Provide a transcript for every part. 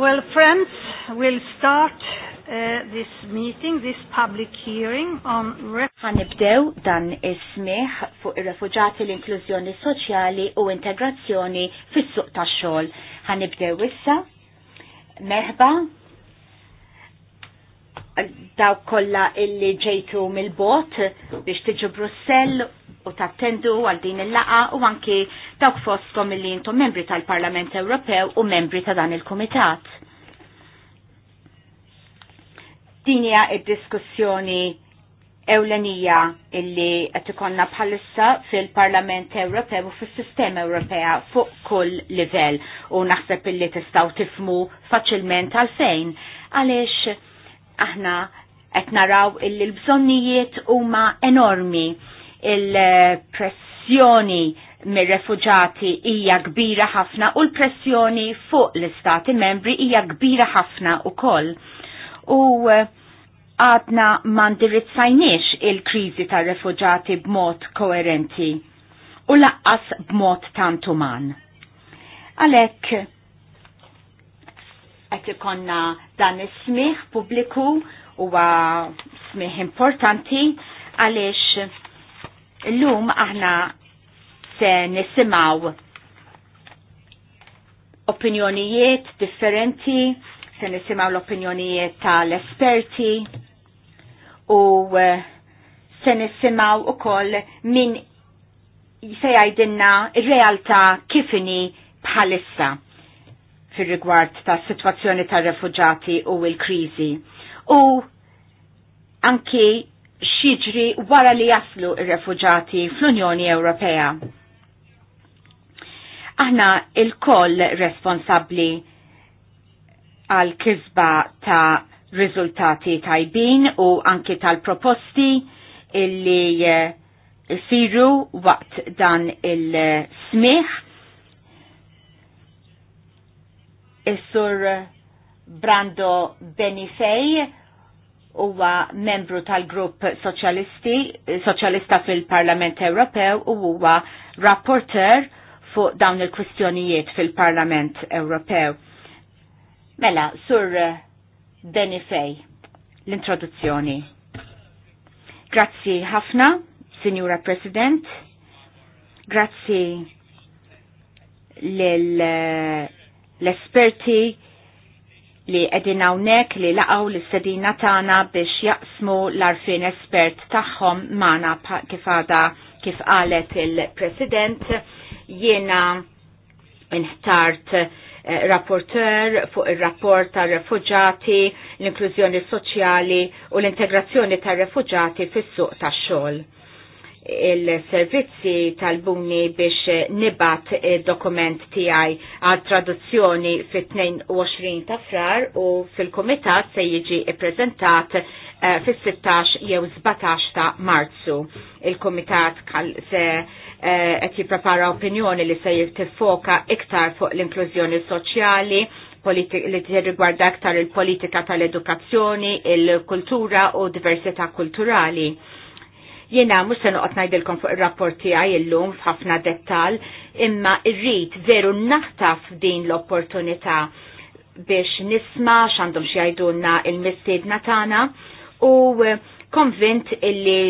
Well, friends, we'll start uh, this meeting, this public hearing on Ħanibdew dan ismiħ fuq ir refugġati l-inklużjoni soċjali u integrazzjoni fis-suq tax-xogħol. Ħanibdew issa. Merħba daw kollha illi ġejtu mill-bot biex tiġu Brussell u tattendu għal din il-laqa u anki dawk fostkom illi intom membri tal-Parlament Ewropew u membri ta' dan il-Komitat. Dinja id-diskussjoni ewlenija illi qed ikonna bħalissa fil-Parlament Ewropew u fis-sistema Ewropea fuq kull livell u naħseb illi tistgħu tifmu faċilment għalfejn għaliex aħna qed naraw illi l-bżonnijiet huma enormi il-pressjoni mir refugjati hija kbira ħafna u l-pressjoni fuq l-istati membri hija kbira ħafna ukoll. U eh, għadna mandirizzajniex il-kriżi tar-refuġati b'mod koerenti u laqqas b'mod tant uman. Għalhekk qed ikonna dan is-smih pubbliku huwa smih importanti għaliex llum aħna se nisimaw opinjonijiet differenti, se nisimaw l-opinjonijiet tal-esperti u eh, se nisimaw u koll min se jajdinna il-realtà kifini bħalissa fir rigward ta' situazzjoni ta' refugjati u il-krizi. U anki xiġri wara li jaslu il refugjati fl-Unjoni Ewropea Aħna il-koll responsabli għal kisba ta' riżultati tajbin u anki tal-proposti illi eh, siru waqt dan il-smiħ. Is-sur Brando Benifej huwa membru tal-grupp soċjalisti, soċjalista fil-Parlament Ewropew u huwa rapporter fuq dawn il-kwistjonijiet fil-Parlament Ewropew. Mela, sur Fej, l-introduzzjoni. Grazzi ħafna, Signora President. Grazzi l-esperti li edin hawnhekk li laqgħu l sedina tagħna biex jaqsmu l-arfin espert tagħhom Mana kif għada kif qalet il-President Jiena inħtart eh, rapporteur fuq il-rapport tar refuġati l-inklużjoni soċjali u l-integrazzjoni tar refuġati fis-suq tax-xogħol. Il-servizzi tal-buni biex nibat dokument tiegħi għal traduzzjoni fit-22 ta' frar u fil-komitat se jiġi ippreżentat eh, fis-16 jew 17 ta' Marzu. Il-komitat se Eh, qed jipprepara opinjoni li se jiftifoka iktar fuq l-inklużjoni soċjali li tirrigwarda aktar il-politika tal-edukazzjoni, il-kultura u diversità kulturali. Jena mux se noqgħod ngħidilkom fuq ir-rapport tiegħi illum f'ħafna dettal, imma rrid veru naħtaf din l-opportunità biex nisma x'għandhom xi jgħidulna il-mistiedna tagħna u konvint illi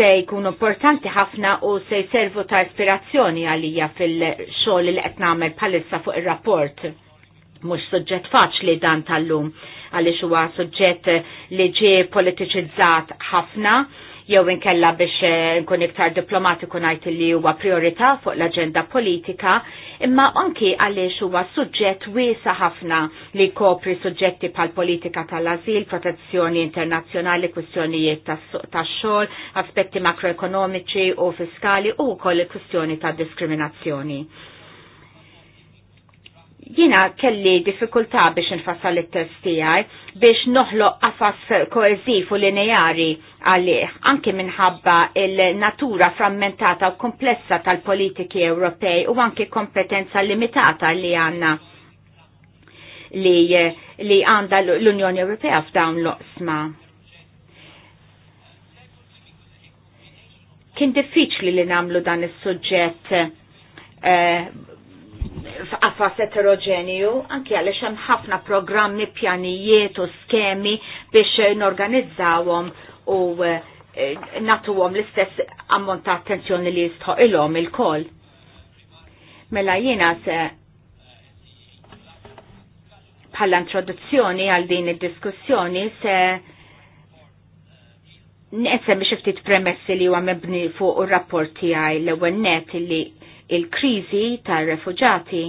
se jkunu importanti ħafna u se jservu ta' ispirazzjoni għalija fil-xogħol li qed nagħmel bħalissa fuq ir-rapport. Mhux suġġett faċli dan tal-lum għaliex huwa suġġett li ġie politiċizzat ħafna jew inkella biex eh, nkun iktar diplomatiku ngħid li huwa priorità fuq l-aġenda politika, imma anki għaliex huwa suġġett wiesa ħafna li kopri suġġetti pal politika tal-azil, protezzjoni internazzjonali, kwistjonijiet tax-xogħol, aspetti makroekonomiċi u fiskali u wkoll il-kwistjoni tad diskriminazzjoni. Jina kelli diffikultà biex nfassal il test tiegħi biex noħloq qafas koeżiv u lineari għalih, anki minħabba il-natura frammentata u komplessa tal-politiki Ewropej u anki kompetenza limitata li għanna li, li għanda l-Unjoni Ewropea f'dawn l-oqsma. Kien diffiċli li namlu dan is-suġġett eh, f'qafas eterogenju, anki għaliex hemm ħafna programmi, pjanijiet u skemi biex norganizzawhom u eh, natuhom l-istess ammont ta' attenzjoni li il ilhom il kol Mela jiena se bħala introduzzjoni għal din id-diskussjoni se neqsem biex ftit premessi li huwa mebni fuq ir rapporti għaj l-ewwel net li il-kriżi tar-refuġati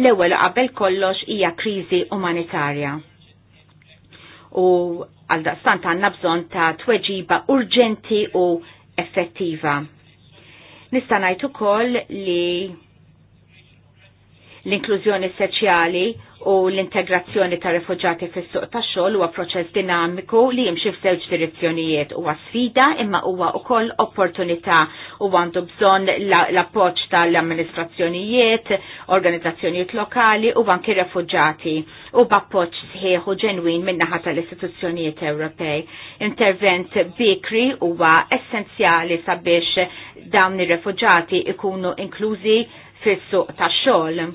l-ewwel qabel kollox hija kriżi umanitarja. U għal daqstant għandna bżonn ta' tweġiba urġenti u effettiva. Nista' ngħid ukoll li l-inklużjoni soċjali u l-integrazzjoni ta' refugjati fis suq ta' xogħol huwa proċess dinamiku li jimxi f'żewġ direzzjonijiet huwa sfida imma huwa wkoll opportunità u għandu bżonn l-appoġġ tal-amministrazzjonijiet, organizzazzjonijiet lokali u anki refugjati u b'appoġġ sħiħ u ġenwin min-naħa tal-istituzzjonijiet Ewropej. Intervent bikri huwa essenzjali sabiex dawn ir-refuġati ikunu inklużi fis-suq tax-xogħol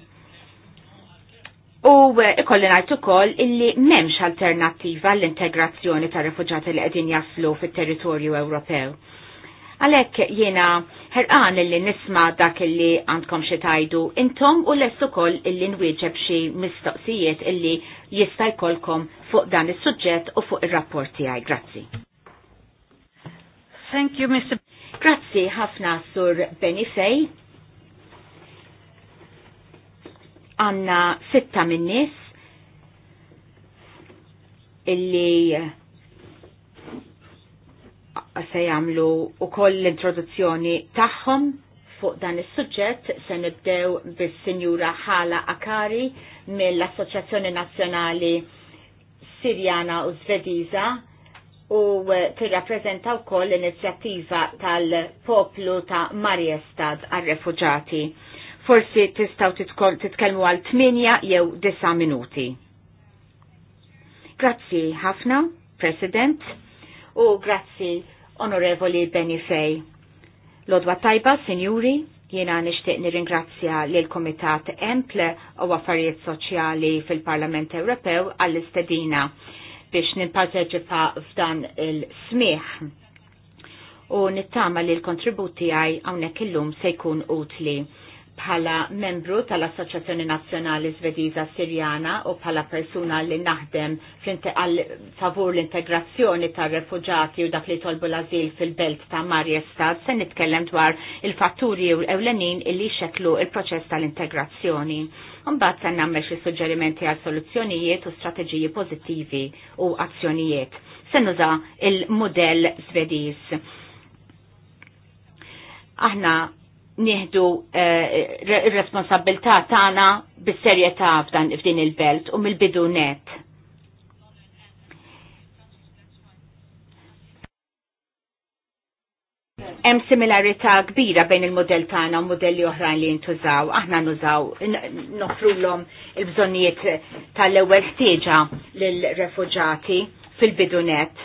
U eh, ikolli ngħid ukoll illi m'hemmx alternattiva l-integrazzjoni ta' rifuġati li qegħdin jaslu fit-territorju Ewropew. Għalhekk jiena ħerqan illi nisma dak illi għandkom xi tajdu intom u lest ukoll illi nwieġeb xi mistoqsijiet illi jista' jkollkom fuq dan is-suġġett u fuq ir-rapport tiegħi. Grazzi. Thank you, Mr. Grazzi ħafna sur Benifej. għanna sitta minnis illi eh, se jamlu u koll l-introduzzjoni taħħom fuq dan is suġġett se nibdew bis-Sinjura Hala Akari mill-Assoċjazzjoni Nazzjonali Sirjana u Svediża u eh, tirrappreżenta wkoll l-inizjattiva tal-poplu ta' Marjestad għar refugġati forsi tistaw titkellmu għal 8 jew 9 minuti. Grazzi ħafna, President, u grazzi Onorevoli Benifej. Lodwa tajba, Sinjuri, jiena nixtieq nirringrazzja lil komitat Emple u Affarijiet Soċjali fil-Parlament Ewropew għall-istedina biex nipparteċipa f'dan il-smieħ u nittama li l-kontributi għaj għawnek illum se jkun utli bħala membru tal-Assoċjazzjoni Nazzjonali Svediża Sirjana u bħala persuna li naħdem favur l-integrazzjoni tar refuġati u dak li tolbu l-azil fil-belt ta' Stad se nitkellem dwar il-fatturi u ewlenin illi xeklu il-proċess tal-integrazzjoni. Mbagħad se nagħmel xi suġġerimenti għal soluzzjonijiet u strateġiji pożittivi u azzjonijiet. Se nuża il-modell Svediż. Aħna nieħdu ir-responsabilità eh, tagħna bis-serjetà f'dan f'din il-belt u mill-bidu net. Hemm similarità kbira bejn il-modell tagħna u modelli oħrajn li ntużaw. Aħna nużaw noffrulhom il-bżonnijiet tal-ewwel stieġa lill-refuġati fil-bidunet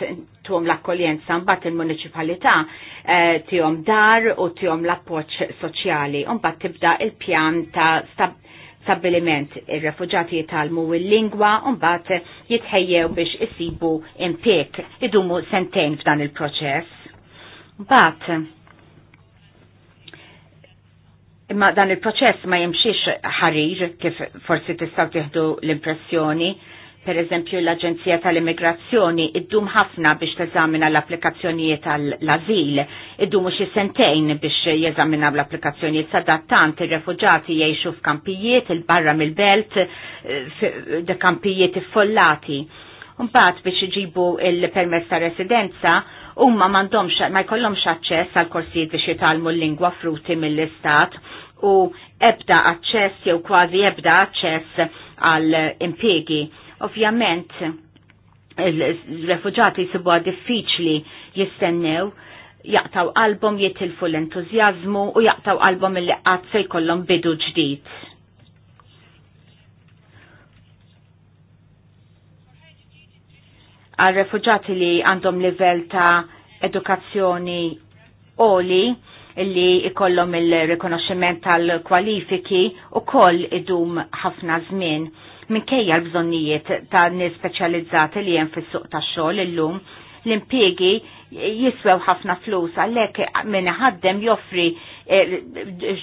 tuħom l-akkoljenza mbatt il municipalita eh, tiħom dar u tiħom l-appoċ soċjali. Mbatt tibda il-pjan ta' stab stabiliment il-refugġati jitalmu il-lingwa mbatt jitħejjew biex isibu impik idumu sentejn f'dan il-proċess. Mbatt imma dan il-proċess ma jimxiex ħarir kif forsi tistaw tieħdu l-impressjoni per eżempju l-Aġenzija tal-Immigrazzjoni iddum ħafna biex teżamina l-applikazzjonijiet tal-azil, iddum xi sentejn biex jeżamina l-applikazzjonijiet sadattant ir-refuġati jgħixu f'kampijiet il-barra mill-belt de kampijiet iffollati. Mbagħad biex iġibu il-permess ta' residenza huma m'għandhomx ma jkollhomx aċċess għal korsijiet biex jitalmu l-lingwa fruti mill-istat u ebda aċċess jew kważi ebda aċċess għal impjegi Ovvjament, il-refugġati jisibu diffiċli jistennew, jaqtaw qalbhom jitilfu l-entużjażmu u jaqtaw qalbhom il qatt se jkollhom bidu ġdid. għal refugġati li għandhom livell ta' edukazzjoni oli li ikollhom il-rikonoxximent tal-kwalifiki u koll idum ħafna żmien minkejja l-bżonnijiet ta' nispeċjalizzati li hemm fis-suq tax-xogħol illum l-impiegi jiswew ħafna flus għalhekk minn ħaddem joffri eh,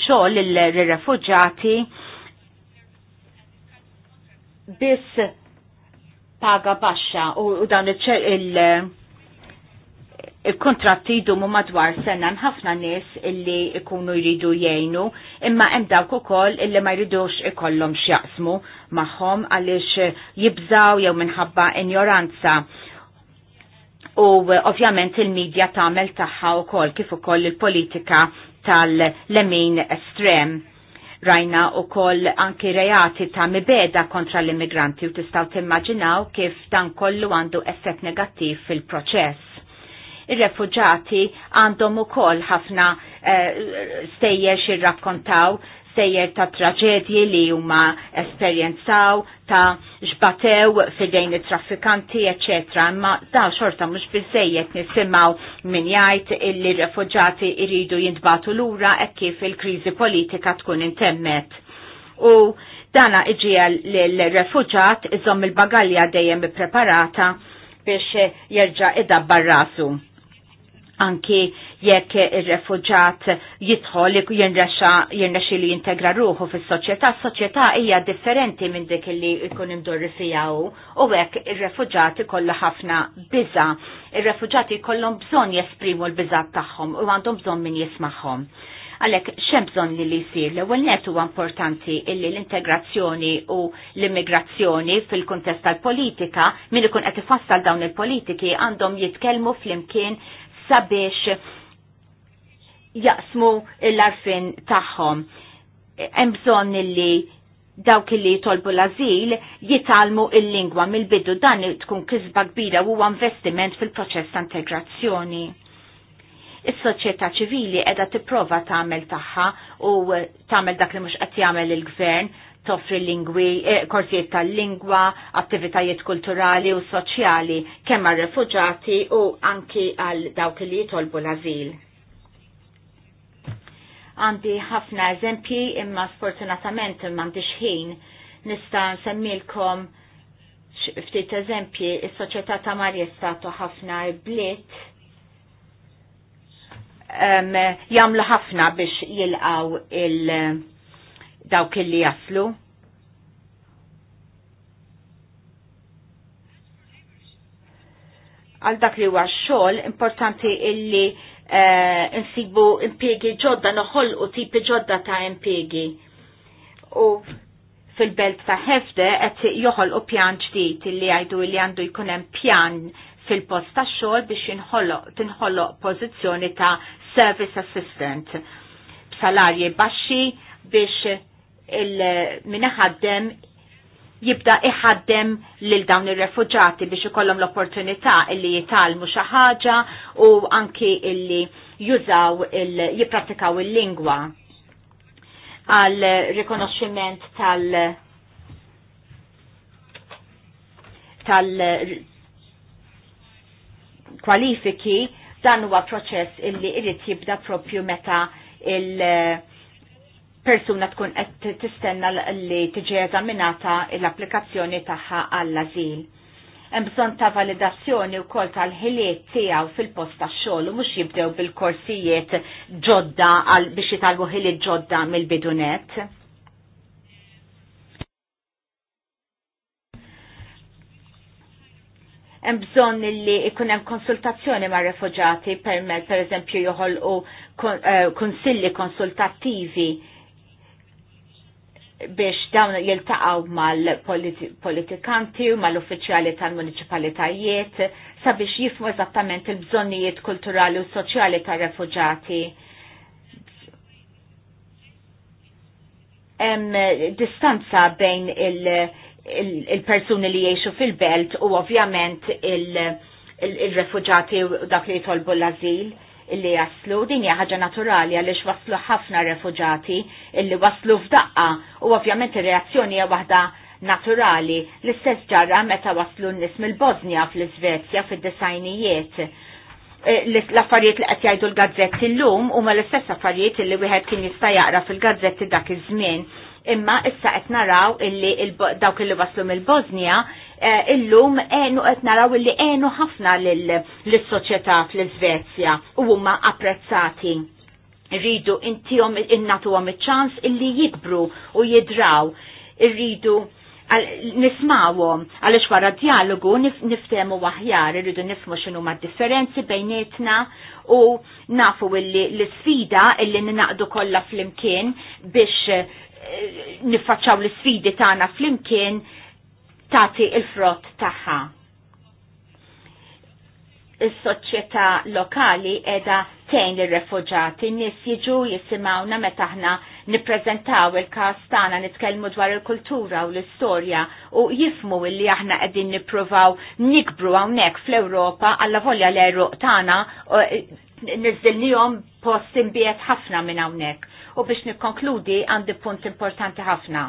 xogħol l-refugġati biss paga baxxa u dan il- il-kontratti jdumu madwar sena ħafna nies illi ikunu jridu jgħinu, imma hemm dawk ukoll illi ma jridux ikollhom x'jaqsmu magħhom għaliex jibżaw jew minħabba injoranza. U eh, ovvjament il-medja tagħmel tagħha wkoll kif ukoll il-politika tal-lemin estrem rajna u koll anki reati ta' mibeda kontra l-immigranti u tistaw timmaġinaw kif dan kollu għandu effett negattiv fil-proċess ir refugġati għandhom ukoll ħafna eh, stejjer xirrakkontaw stejjer ta' traġedji li huma esperjenzaw, ta' ġbatew fidejn it-traffikanti, ecc. Imma da' xorta mhux bizzejiet nisimgħu min jgħid illi refugġati iridu l lura hekk kif il-kriżi politika tkun intemmet. U dana iġija l refugġat iżom il-bagalja dejjem ippreparata biex jerġa' idabbar rasu anki jekk ir refugġat jidħol jirnexxi li jintegra ruħu fis-soċjetà, s-soċjetà hija differenti minn dik li jkun imdorri fija u hekk ir refugġat kollu ħafna biża. Ir-refuġati jkollhom bżonn jesprimu l-biżat tagħhom u għandhom bżonn min jismagħhom. Għalek, xem bżon li li jisir? L-ewel net huwa importanti illi l-integrazzjoni u l-immigrazzjoni fil-kontest tal-politika, min ikun qed dawn il-politiki għandhom jitkellmu fl-imkien sabiex jaqsmu l-arfin tagħhom. Embżon bżonn dawk li jitolbu l-azil jitalmu il-lingwa mill-bidu dan tkun kisba kbira u investiment fil-proċess ta' integrazzjoni. Is-soċjetà ċivili qiegħda tipprova tagħmel tagħha u tagħmel dak li mhux qed jagħmel il-gvern toffri lingwi, eh, korsijiet tal-lingwa, attivitajiet kulturali u soċjali, kemm għal refuġati u anki għal dawk li jitolbu l-azil. Għandi ħafna eżempji imma sfortunatament m'għandix ħin nista' nsemmilkom ftit eżempji is-soċjetà ta' Marja statu ħafna bliet jagħmlu jamlu ħafna biex jilqaw il- dawk illi jaslu. Għal dak li huwa xogħol importanti illi eh, insibu impjegi ġodda noħolqu tipi ġodda ta' impjegi. U fil-belt ta' ħefde qed joħolqu pjan ġdid illi jgħidu li għandu jkun hemm pjan fil-post ta' xogħol biex tinħolloq pożizzjoni ta' service assistant. b'salarji baxxi biex il-minaħaddem jibda iħaddem lil dawn ir-refuġati biex ikollhom l-opportunità illi jitalmu xi ħaġa u anki illi jużaw il jippratikaw il-lingwa għal rikonoxximent tal tal kwalifiki dan huwa proċess illi irrid jibda propju meta il- persuna tkun qed tistenna li tiġi eżaminata l-applikazzjoni tagħha għall-ażil. Hemm bżonn ta' validazzjoni wkoll tal-ħiliet tiegħu fil-post tax-xogħol u mhux jibdew bil-korsijiet ġodda biex jitalgu ħiliet ġodda mill-bidunet. hemm bżonn li ikun hemm konsultazzjoni ma' refuġati permezz pereżempju joħolqu konsilli eh, konsultattivi biex dawn jiltaqaw mal-politikanti u mal-uffiċjali tal-municipalitajiet sabiex jifmu eżattament il-bżonnijiet kulturali u soċjali tal-refuġati. Hemm distanza bejn il-persuni il il li jiexu fil-belt u ovvjament il-refuġati il, il, dak li jitolbu l-azil illi jaslu, din hija ħaġa naturali għaliex waslu ħafna refuġati illi waslu f'daqqa u ovvjament ir-reazzjoni hija waħda naturali l-istess ġarra meta waslu n-nis mill-Bosnia fl-Svezja fid-disajnijiet. E, l-affarijiet li qed jgħidu l-gazzetti llum huma l-istess affarijiet li wieħed kien jista' jaqra fil-gazzetti dak iż-żmien imma issa qed naraw illi dawk illi waslu mill bosnia eh, illum għenu qed naraw illi għenu ħafna lis-soċjetà fl-Iżvezja u huma apprezzati rridu intihom innatuhom iċ-ċans illi jikbru u jidraw irridu nismawom għalix wara dialogu nif, niftemu waħjar irridu nifmu xinu ma differenzi bejnietna u nafu illi l-sfida illi ninaqdu kollha flimkien biex niffaċċaw l-sfidi tagħna flimkien tagħti il-frott tagħha. Is-soċjetà lokali edha tejn ir refugġati nis jiġu jisimgħuna meta aħna nippreżentaw il-każ tagħna nitkellmu dwar il-kultura u l-istorja u jifmu li aħna qegħdin nippruvaw nikbru hawnhekk fl-Ewropa għalla volja l-eruq tagħna niżilnihom postin imbiet ħafna minn hawnhekk U biex nikkonkludi għandi punt importanti ħafna.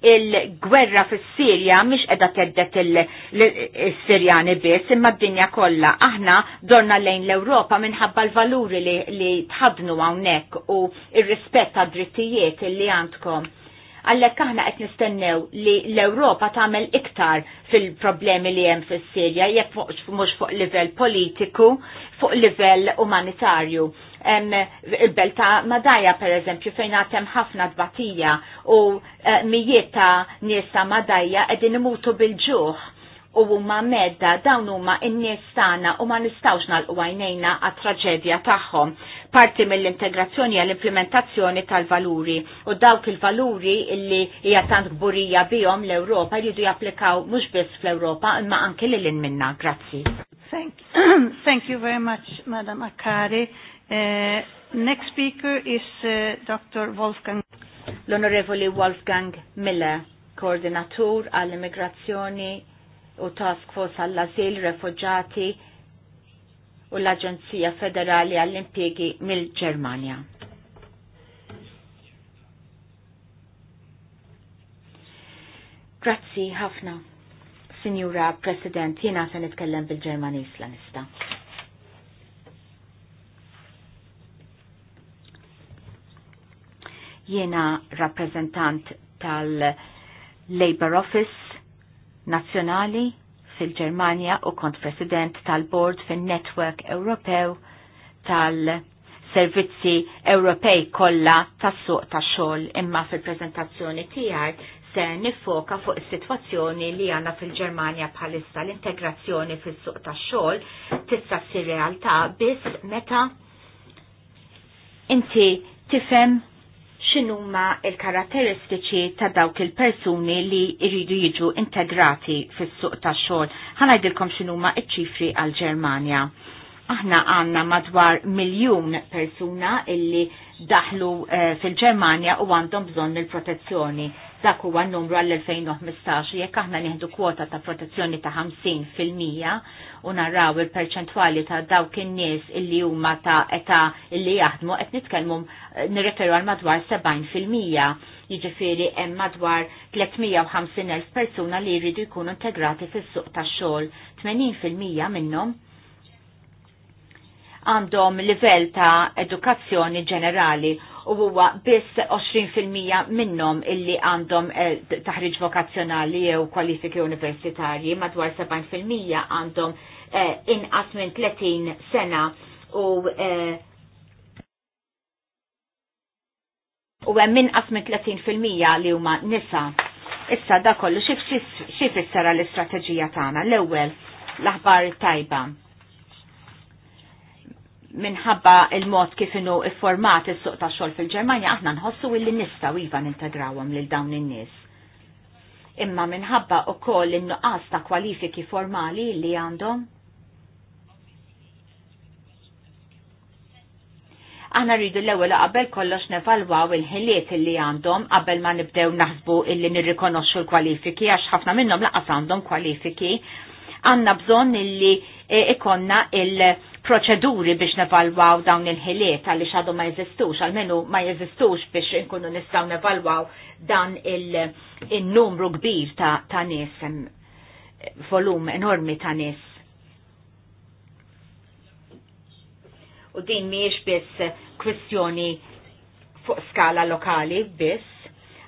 il-gwerra fis sirja mhix qiegħda teddet il-Sirjani biss imma d-dinja kollha. Aħna dorna lejn l-Ewropa minħabba l-valuri li, li tħadnu hawnhekk u ir-rispett għad drittijiet li għandkom. Għallek aħna qed nistennew li l-Ewropa tagħmel iktar fil-problemi li hemm fis-Sirja jekk mhux fuq livell politiku, fuq livell umanitarju. Il-belt ta' Madaja per eżempju fejn għatem ħafna dbatija u eh, mijiet ta' nies ta' Madaja qegħdin imutu bil-ġuħ u huma medda dawn huma in nies tagħna u ma nistgħux nagħlqu għajnejna għat-traġedja tagħhom. Parti mill-integrazzjoni għall implementazzjoni tal-valuri u dawk il-valuri illi hija tant gburija bihom l-Ewropa jridu japplikaw mhux biss fl-Ewropa imma anke lil minna. Grazzi. Thank, thank you very much, Madam Akari. Uh, next speaker is uh, Dr. Wolfgang. L-Onorevoli Wolfgang Miller, koordinatur għall-immigrazzjoni u Task Force għall-Azil, Refugġati u l-Aġenzija Federali għall-Impjegi mill-Ġermanja. Grazzi ħafna, Signora President, jena se nitkellem bil-Ġermanis l-nista. Jena rappresentant tal-Labor Office nazzjonali fil-Ġermanja u kont president tal-Bord fin-Network Ewropew tal-Servizzi Ewropej kollha tas-suq tax-xogħol imma fil-preżentazzjoni tiegħi se nifoka fuq is-sitwazzjoni li għandna fil-Ġermanja bħalissa l-integrazzjoni fis-suq tax-xogħol tista' ssir realtà biss meta inti tifhem x'inhuma il-karatteristiċi ta' dawk il-persuni li jridu jiġu integrati fis-suq tax-xogħol. Ħanajdilkom x'inhuma iċ-ċifri għall-Ġermanja. Aħna għandna madwar miljun persuna illi daħlu uh, fil-Ġermanja u għandhom bżonn il-protezzjoni dak huwa n-numru għall-2015 jekk aħna nieħdu kwota ta' protezzjoni ta' 50% fil-mija u naraw il-perċentwali ta' dawk in-nies illi huma ta' età illi jaħdmu qed nitkellmu eh, nirreferu għal madwar 70% fil-10, jiġifieri hemm madwar 350,000 persuna li jridu jkunu integrati fis-suq tax-xogħol, 80% minnhom għandhom livell ta' edukazzjoni ġenerali u huwa biss 20% minnhom illi għandhom eh, taħriġ vokazzjonali jew kwalifiki universitarji, madwar 70% għandhom eh, inqas minn 30 sena u eh, u hemm inqas minn 30% li huma nisa. Issa da kollu xi fissara l-istrateġija tagħna l-ewwel l-aħbar tajba minħabba il-mod kif il format il suq ta' xogħol fil-Ġermanja aħna nħossu illi nistgħu iva nintegrawhom lil dawn in-nies. Imma minħabba wkoll in-nuqqas ta' kwalifiki formali li għandhom Aħna rridu l-ewwel qabel kollox nevalwaw il-ħiliet li għandhom qabel ma nibdew naħsbu illi nirrikonoxxu l-kwalifiki għax ħafna minnhom laqas għandhom kwalifiki. Għandna bżonn illi eh, ikonna il- proċeduri biex nevalwaw dawn il-ħiliet għalli xadu ma jeżistux, għalmenu ma jeżistux biex nkunu nistaw nevalwaw dan il-numru il kbir ta', ta nis, volum enormi ta' nis. U din miex biss kwestjoni fuq skala lokali biss,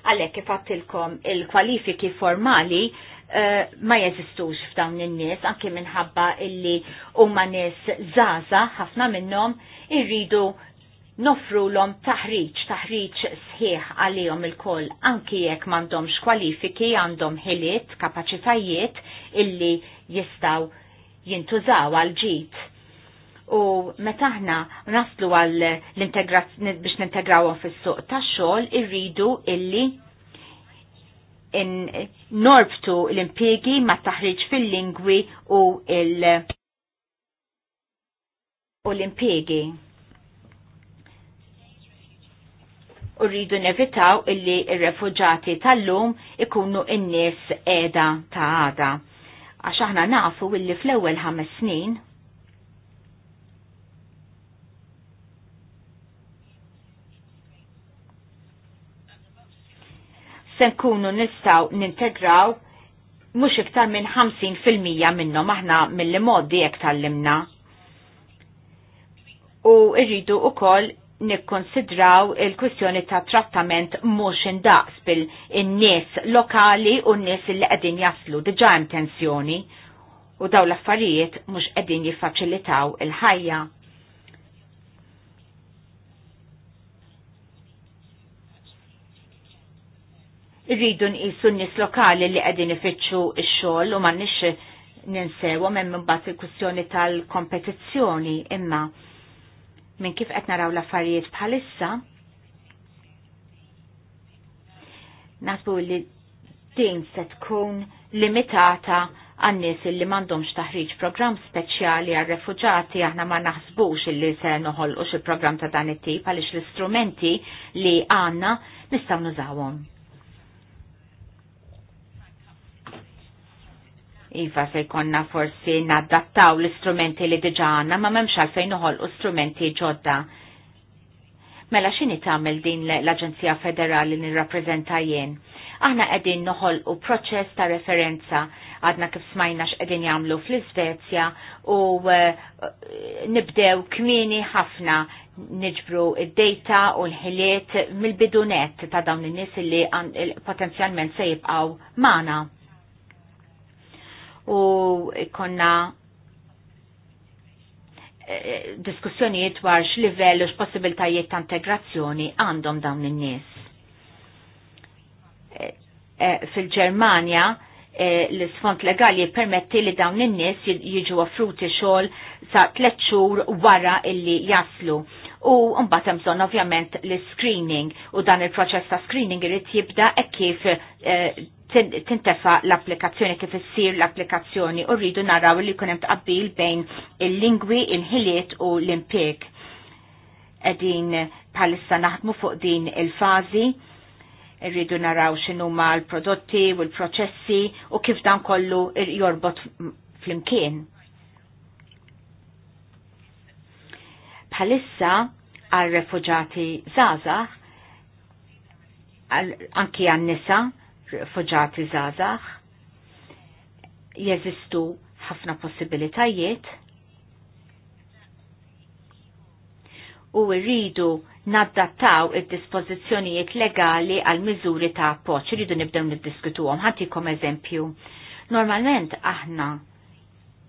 għalek kifattilkom il-kwalifiki formali Eh, ma jeżistux f'dawn in-nies anke minħabba illi huma nies żgħażagħ ħafna minnhom irridu nofrulhom taħriġ taħriġ sħiħ għalihom il-koll anki jekk m'għandhomx kwalifiki għandhom ħiliet kapaċitajiet illi jistgħu jintużaw għal ġid. U meta aħna naslu għal biex nintegrawhom fis-suq tax-xogħol irridu illi norbtu l-impiegi ma' taħriġ fil-lingwi u l-impiegi. U rridu nevitaw illi il-refugġati tal-lum ikunu in-nies edha ta' għada. Għax aħna nafu illi fl-ewwel ħames snin senkunu nkunu nistaw nintegraw mhux iktar minn 50% minnhom aħna mill-li modi tal-limna. U rridu ukoll nikkonsidraw il-kwistjoni ta' trattament mhux indaqs bil-nies lokali u n-nies li qegħdin jaslu diġa' hemm tensjoni u daw l-affarijiet mhux qegħdin jiffaċilitaw il-ħajja Irridu nqisu n-nies lokali li qegħdin ifittxu x-xogħol u m'għandniex ninsewhom hemm imbagħad il-kwistjoni tal-kompetizzjoni imma minn kif qed naraw l-affarijiet bħalissa nasbu li din se tkun limitata għannis li m'għandhomx taħriġ program speċjali għal refuġati aħna ma naħsbux illi se noħol u xil program ta' dan it-tip għaliex l-istrumenti li għanna nistaw nużawhom. Iva se jkonna forsi nadattaw l-istrumenti li diġa għanna ma memx għalfejn uħol u strumenti ġodda. Mela xini tamil din l-Aġenzija Federali li rappresenta jien? Aħna qegħdin noħol u proċess ta' referenza għadna kif smajna x'qegħdin jagħmlu fl-Iżvezja u eh, eh, nibdew kmini ħafna niġbru id-data u l-ħiliet mill-bidunet ta' dawn in-nies li potenzjalment se jibqgħu magħna u konna eh, eh, diskussjonijiet dwar x'livell u x'possibiltajiet ta' integrazzjoni għandhom dawn in-nies. Eh, Fil-Ġermanja l-isfond legali jippermetti li dawn in-nies jiġu offruti xogħol sa' tliet xhur wara illi jaslu. U mbagħad hemm bżonn ovvjament l-screening u dan il-proċess ta' screening irid jibda hekk kif tintefa l-applikazzjoni kif issir l-applikazzjoni u rridu naraw li jkun hemm tqabbil bejn il-lingwi, il-ħiliet u l impieg Qegħdin bħalissa naħdmu fuq din il-fażi rridu naraw x'inhuma l-prodotti u l-proċessi u kif dan kollu jorbot fl-imkien. Bħalissa għal refugġati zazax, anki għan nisa, fuġati zazax. Jeżistu ħafna possibilitajiet u rridu naddattaw id-dispożizzjonijiet legali għal miżuri ta' appoġġ. Rridu nibdew niddiskutuhom. Ħatikom eżempju. Normalment aħna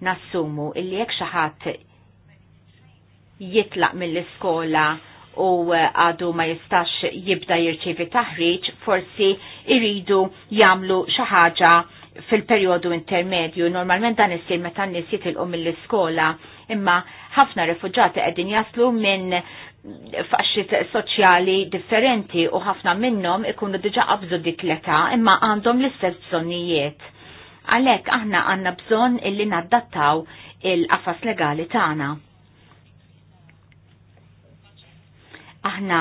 nassumu illi jekk xi ħadd jitlaq mill-iskola u għadu ma jistax jibda jirċivi taħriġ, forsi iridu jagħmlu xi ħaġa fil-perjodu intermedju. Normalment dan isir meta n-nies jitilqu mill-iskola, imma ħafna refuġati qegħdin jaslu minn faxxit soċjali differenti u ħafna minnhom ikunu diġa qabżu dik l-età imma għandhom l-istess bżonnijiet. Għalhekk aħna għandna bżonn illi naddattaw il-qafas legali tagħna. Aħna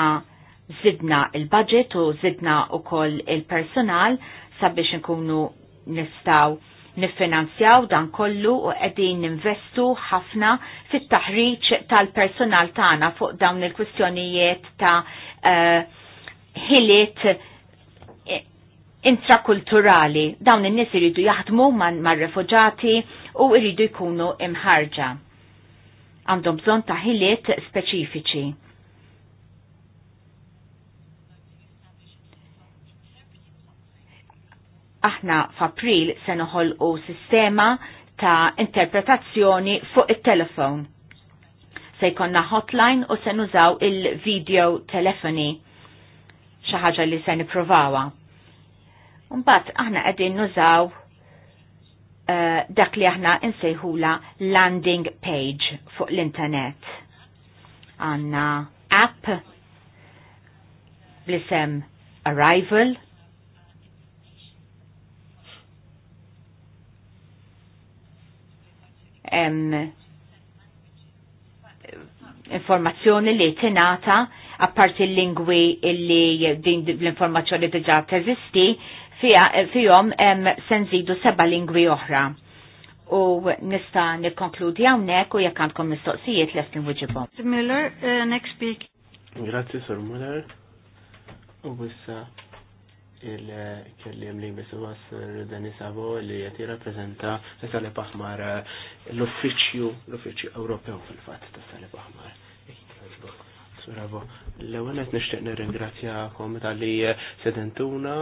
zidna il-budget u zidna u koll il-personal sabiex nkunu nistaw nifinanzjaw dan kollu u qegħdin ninvestu ħafna fit-taħriġ tal-personal tagħna fuq dawn il-kwistjonijiet ta' eh, ħiliet uh, intrakulturali. Dawn in-nies iridu jaħdmu mar-refuġati u iridu jkunu imħarġa. Għandhom bżonn ta' ħiliet speċifiċi aħna f'April se noħolqu sistema ta' interpretazzjoni fuq it-telefon. Se jkonna hotline u se nużaw il-video telefoni xi ħaġa li se nipprovawha. Mbagħad aħna qegħdin nużaw uh, dak li aħna insejħula landing page fuq l-internet. Għanna app blisem Arrival informazzjoni li tingħata apparti l-lingwi illi din l-informazzjoni diġa' teżisti fihom hemm se nżidu seba' lingwi oħra. U nista nikkonkludi hawnhekk u jekk għandkom mistoqsijiet lest inwiġibhom. Miller, uh, next speak. Grazzi, Sir Miller. U issa il-kellim li bisuwas Dani sabo li jati rappresenta Sali paħmar eh, l-uffiċju, l-uffiċju Ewropew fil-fat ta' Sali paħmar. Surabo, l għanet għet nishtiq nir-ingrazzjakom tal-li sedentuna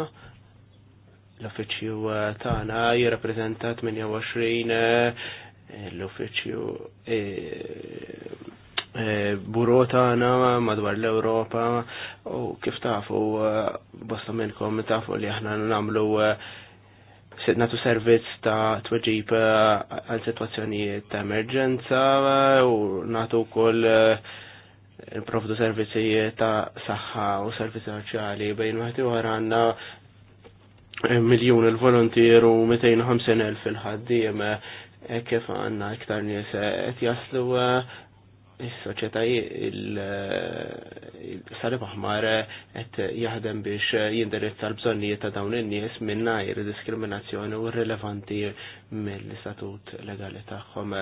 l-uffiċju eh, tana jirrapprezenta 28 eh, l-uffiċju Eh, buro tagħna madwar l-Ewropa u kif tafu eh, bosta minnkom tafu li aħna nagħmlu eh, tu servizz ta' tweġib għal situazzjonijiet ta' emerġenza u natu wkoll provdu servizzi ta' saħħa u servizzi soċjali bejn waħdi wara għandna miljun il-volontier u 250.000 il-ħaddiem kif għanna iktar nies qed jaslu is soċetaj il eh, sarib maħmar qed eh, jaħdem biex jindirizza l-bżonnijiet ta' dawn in-nies mingħajr diskriminazzjoni u rilevanti mill-istatut legali tagħhom.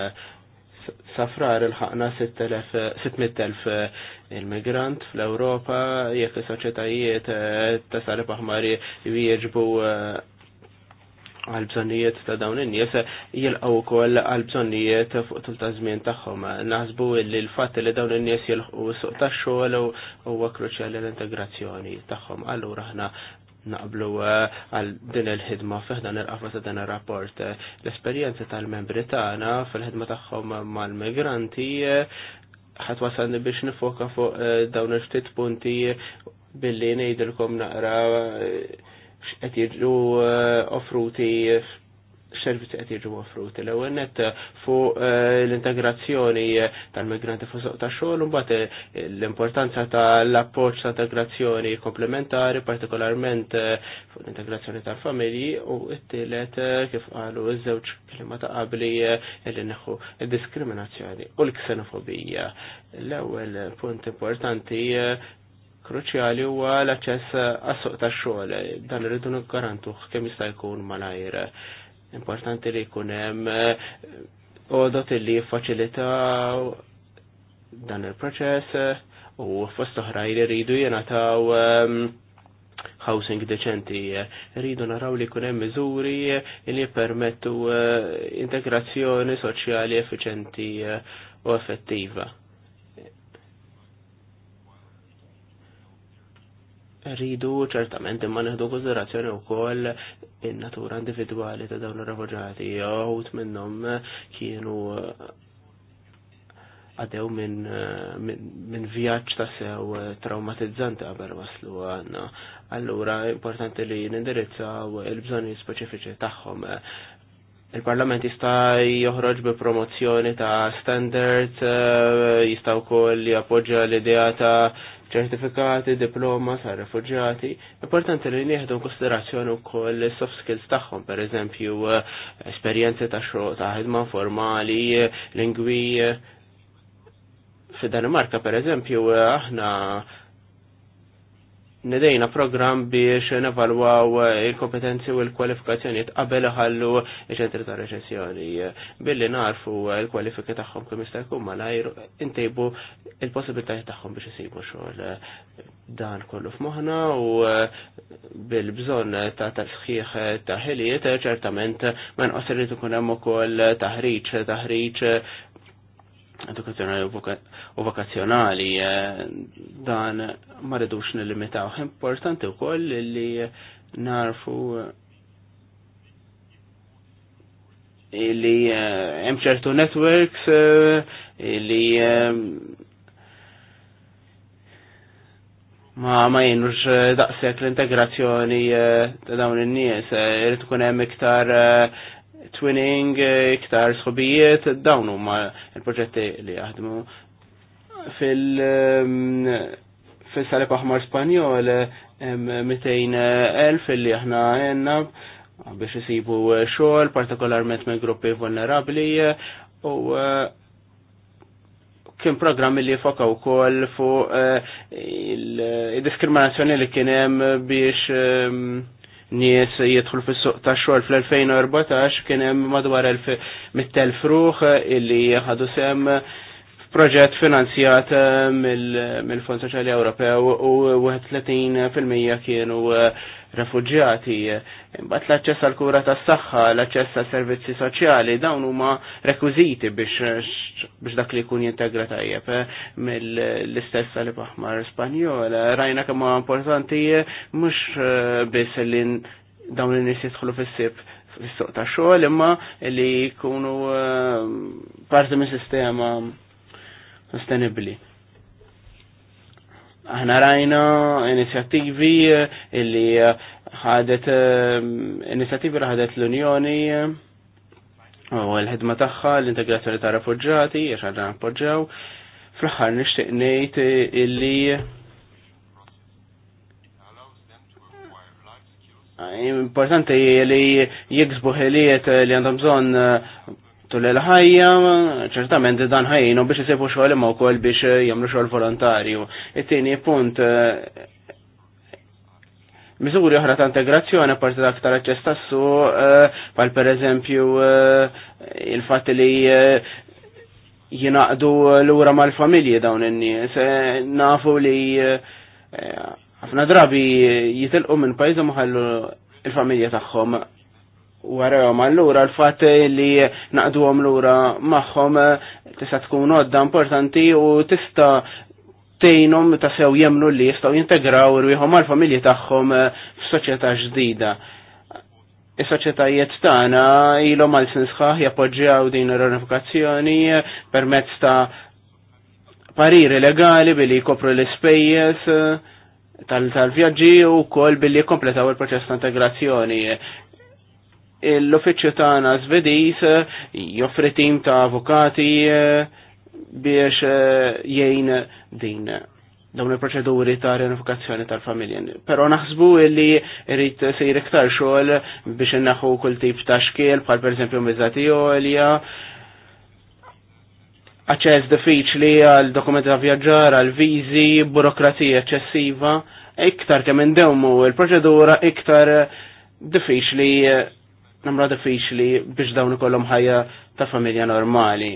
Safrar il-ħakna 600.000 il-migrant fl-Europa, jekk is-soċjetajiet eh, ta' sarib maħmar jieġbu għal-bżonijiet ta' dawn in-nies jilqgħu wkoll għal-bżonijiet fuq tul ta' żmien tagħhom. Naħsbu li l-fatt li dawn in-nies jilħqu suq tax-xogħol huwa kruċjali l-integrazzjoni tagħhom. Allura aħna naqblu eh, għal din il-ħidma fiħdan il-qafa ta' dan ir-rapport. L-esperjenza tal-membri tagħna fil-ħidma tagħhom mal-migranti eh, ħat wasalni biex nifoka fuq eh, dawn il-ftit punti billi ngħidilkom naqra x'qed jiġu eh, offruti servizzi qed jiġu offruti. L-ewwel net eh, fuq eh, l-integrazzjoni tal-migranti fuq soq ta' xogħol imbagħad l-importanza tal-appoġġ ta' integrazzjoni komplementari, partikolarment fuq l-integrazzjoni tal-familji u t-tielet kif qalu ż-żewġ kelima ta' qabli li neħu diskriminazzjoni u l-ksenofobija. L-ewwel punt importanti kruċjali huwa l-aċċess għas-suq tax-xogħol. Dan irridu nikkarantuh kemm jista' jkun malajr. Importanti li jkun hemm eh, għodot li jiffaċilitaw dan il-proċess u fost oħrajn li rridu jenataw ehm, housing deċenti. Rridu naraw li kunem miżuri li permettu eh, integrazzjoni soċjali effiċenti u effettiva. rridu ċertament imma neħdu konsiderazzjoni wkoll in-natura individwali ta' dawn ir-refuġati jew minnhom kienu eh, għadew minn eh, min, min vjaġġ ta' sew traumatizzanti qabel waslu għanna. Allura importanti li nindirizzaw il-bżonni speċifiċi tagħhom. Il-Parlament jista' joħroġ bi promozzjoni ta' standards, eh, jista' wkoll jappoġġja l-idea ta' ċertifikati, diploma sa' refugjati. Importanti li nieħdu konsiderazzjoni wkoll soft skills tagħhom, pereżempju eh, esperjenzi ta' xogħol ta' ħidma formali, lingwi. Eh, Fid-Danimarka pereżempju eh, aħna Nidejna program biex nevalwaw il-kompetenzi u l-kwalifikazzjoni qabel ħallu ċentri ta' reċessjoni. Billi narfu l-kwalifika tagħhom kemm jista' jkun malajr intejbu il-possibilitajiet tagħhom biex isibu xogħol dan kollu f'moħħna u bil-bżonn ta' tasħiħ ta' ħiliet ċertament ma nqos irid ikun hemm ukoll taħriġ taħriġ edukazzjonali u vokazzjonali eh, dan ma ridux nilimitaw. Importanti wkoll li narfu eh, li eh, hemm ċertu networks li ma ma jenux daqshekk l-integrazzjoni ta' dawn in-nies, irid tkun hemm iktar twinning, eh, iktar sħobijiet, dawn huma il-proġetti li jaħdmu fil- ehm, fil-salib aħmar Spanjol 200.000 ehm, li aħna għenna biex jisibu xogħol, partikolarment me gruppi vulnerabli u eh, kien programmi li foka u kol fuq eh, il-diskriminazzjoni li kienem biex ehm, nies jidħol fis-suq tax-xogħol fl-2014 kien hemm madwar 100,000 ruħ illi ħadu sem proġett finanzjat eh, mill-Fond Soċjali Ewropew u 31% kienu eh, refugjati, imbagħad l-aċċess għal kura tas-saħħa, l-aċċess għal servizzi soċjali, dawn huma rekwiżiti biex biex dak li jkun jintegra tajjeb eh, mill-istess tal aħmar Spanjol. Rajna kemm importanti mhux eh, biss li dawn in-nies jidħlu fis-sib fis-suq ta' xogħol imma li jkunu eh, parti minn sistema sostenibbli. Aħna rajna inizjattivi eh, illi eh, ħadet eh, inizjattivi li ħadet l-Unjoni u l-ħidma tagħha l-integrazzjoni ta' refuġġati għax għadna appoġġew. Fl-aħħar nixtieq ngħid illi importanti li jiksbu ħiliet li għandhom bżonn tul il-ħajja, ċertament dan ħajjinu biex jisibu ma' u kol biex eh, jagħmlu xogħol volontarju. It-tieni punt eh, Miżuri oħra ta' integrazzjoni parti dak tal-aċċess tassu, eh, pal pereżempju il fat li jinaqdu l-ura mal-familji dawn in-nies. Nafu li ħafna drabi jitilqu minn pajjiżhom ħallu il-familja tagħhom warajom allura l-fat li naqdu għom l-ura maħħom tista tkun għodda importanti u tista tejnom ta' sew jemnu li jistaw jintegraw rwiħom għal-familji tagħhom soċieta ġdida. Is-soċjetajiet tagħna ilhom għal sinsħaħ jappoġġjaw din ir-unifikazzjoni permezz ta' pariri legali billi kopru l-ispejjeż tal-vjaġġi u kol billi kompletaw il-proċess ta' integrazzjoni l-uffiċċju tagħna Żvediż eh, joffri tim ta' avukati eh, biex eh, jgħin din dawn il-proċeduri ta' renifikazzjoni tal-familja. Pero naħsbu li rrit sejr iktar xogħol biex innaħu kull tip ta' xkiel bħal pereżempju miżati olja, aċċess diffiċli għal dokumenti ta' vjaġġar, għal viżi, burokrazija eċċessiva, iktar kemm indewmu il-proċedura iktar diffiċli namra diffiċli biex dawn ikollhom ħajja ta' familja normali.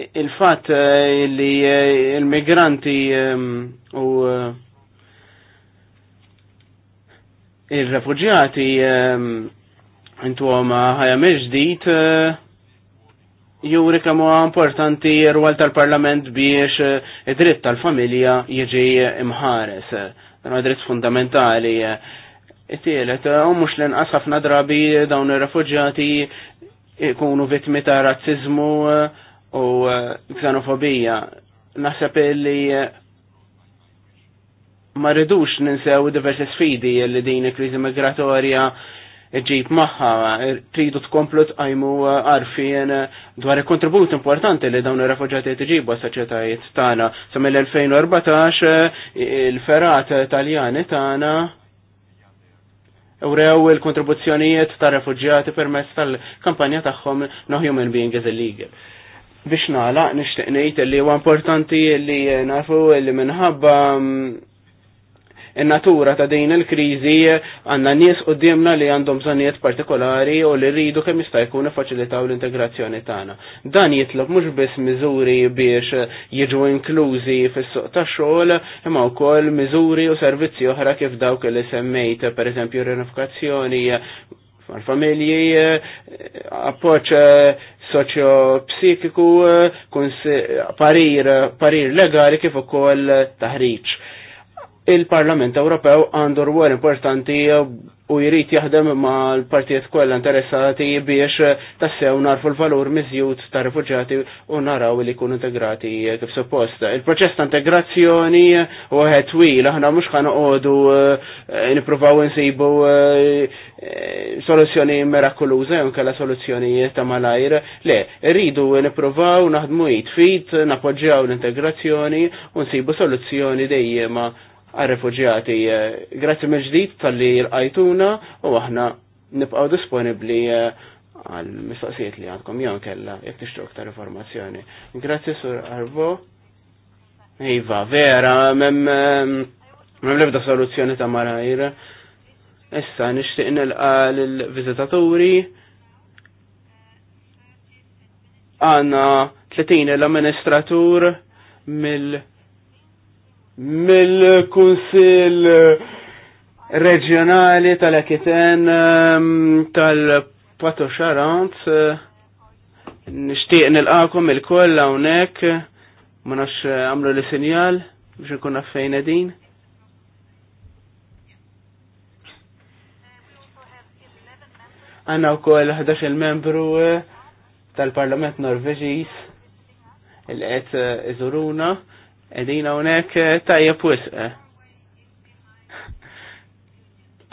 Il-fatt eh, li eh, il-migranti ehm, u eh, il-refugjati ehm, intu għoma ħajja meġdit juri kamu importanti rwal tal-parlament biex id-dritt tal-familja jieġi imħares. Dan dritt fundamentali it Tielet, eh, u mux l-inqas ħafna drabi dawn ir refugġati ikunu vittmi ta' razzizmu eh, u eh, xenofobija. Naħseb li ma ridux ninsew diversi sfidi li din il-kriżi migratorja ġib maħħa, tridu tkomplu tqajmu għarfien dwar il-kontribut importanti li dawn ir-refuġati tġibu għas-soċjetajiet tagħna. Sa mill-2014 il-ferat Taljani tagħna Urew il-kontribuzzjonijiet ta' refugjati permess tal-kampanja tagħhom no human being is illegal. Biex nagħlaq nixtieq ngħid li huwa importanti li nafu li minħabba mm, natura ta' din il-krizi għanna nies u dimna li għandhom zanijiet partikolari u li rridu kemm jista' jkun faċilitaw l-integrazzjoni tagħna. Dan jitlob mhux biss miżuri biex jiġu inklużi fis-suq tax-xogħol, imma wkoll miżuri u servizzi oħra kif dawk li semmejt, pereżempju mal familji, appoċ soċjo-psikiku, parir, parir legali kif ukoll taħriġ il-Parlament Ewropew għandu rwol importanti u jrid jaħdem ma' l-partijiet kollha interessati biex tassew narfu l-valur miżjud ta' rifuġjati u naraw li jkunu integrati kif supposta. Il-proċess ta' integrazzjoni u għed twil, aħna mhux għodu eh, nippruvaw insibu eh, soluzzjoni mirakoluża jew kella soluzzjonijiet ta' malajr. Le, rridu nippruvaw naħdmu jitfit, napoġġjaw l-integrazzjoni u nsibu soluzzjoni dejjema għal-refugjati. Eh, grazzi mill-ġdid tal-li rqajtuna u aħna nipqaw disponibli eh, għal-mistoqsijiet li għandkom jgħan kella jekk tixtru aktar informazzjoni. Grazzi sur Arbo. Iva, vera, mem eh, mem lebda soluzzjoni ta' marajra. Issa nixtieq nilqa lill-viżitaturi għanna 30 l-amministratur mill- mill-Kunsil Reġjonali tal-Akiten um, tal-Pato Charant. nishtiq nilqakom il-koll hawnhekk ma nafx uh, għamlu li sinjal biex nkun fejn din. Għanna wkoll 11 membru uh, tal-Parlament Norveġiż il-qed uh, iżuruna Edin hawnhekk eh, tajja wisq. Eh.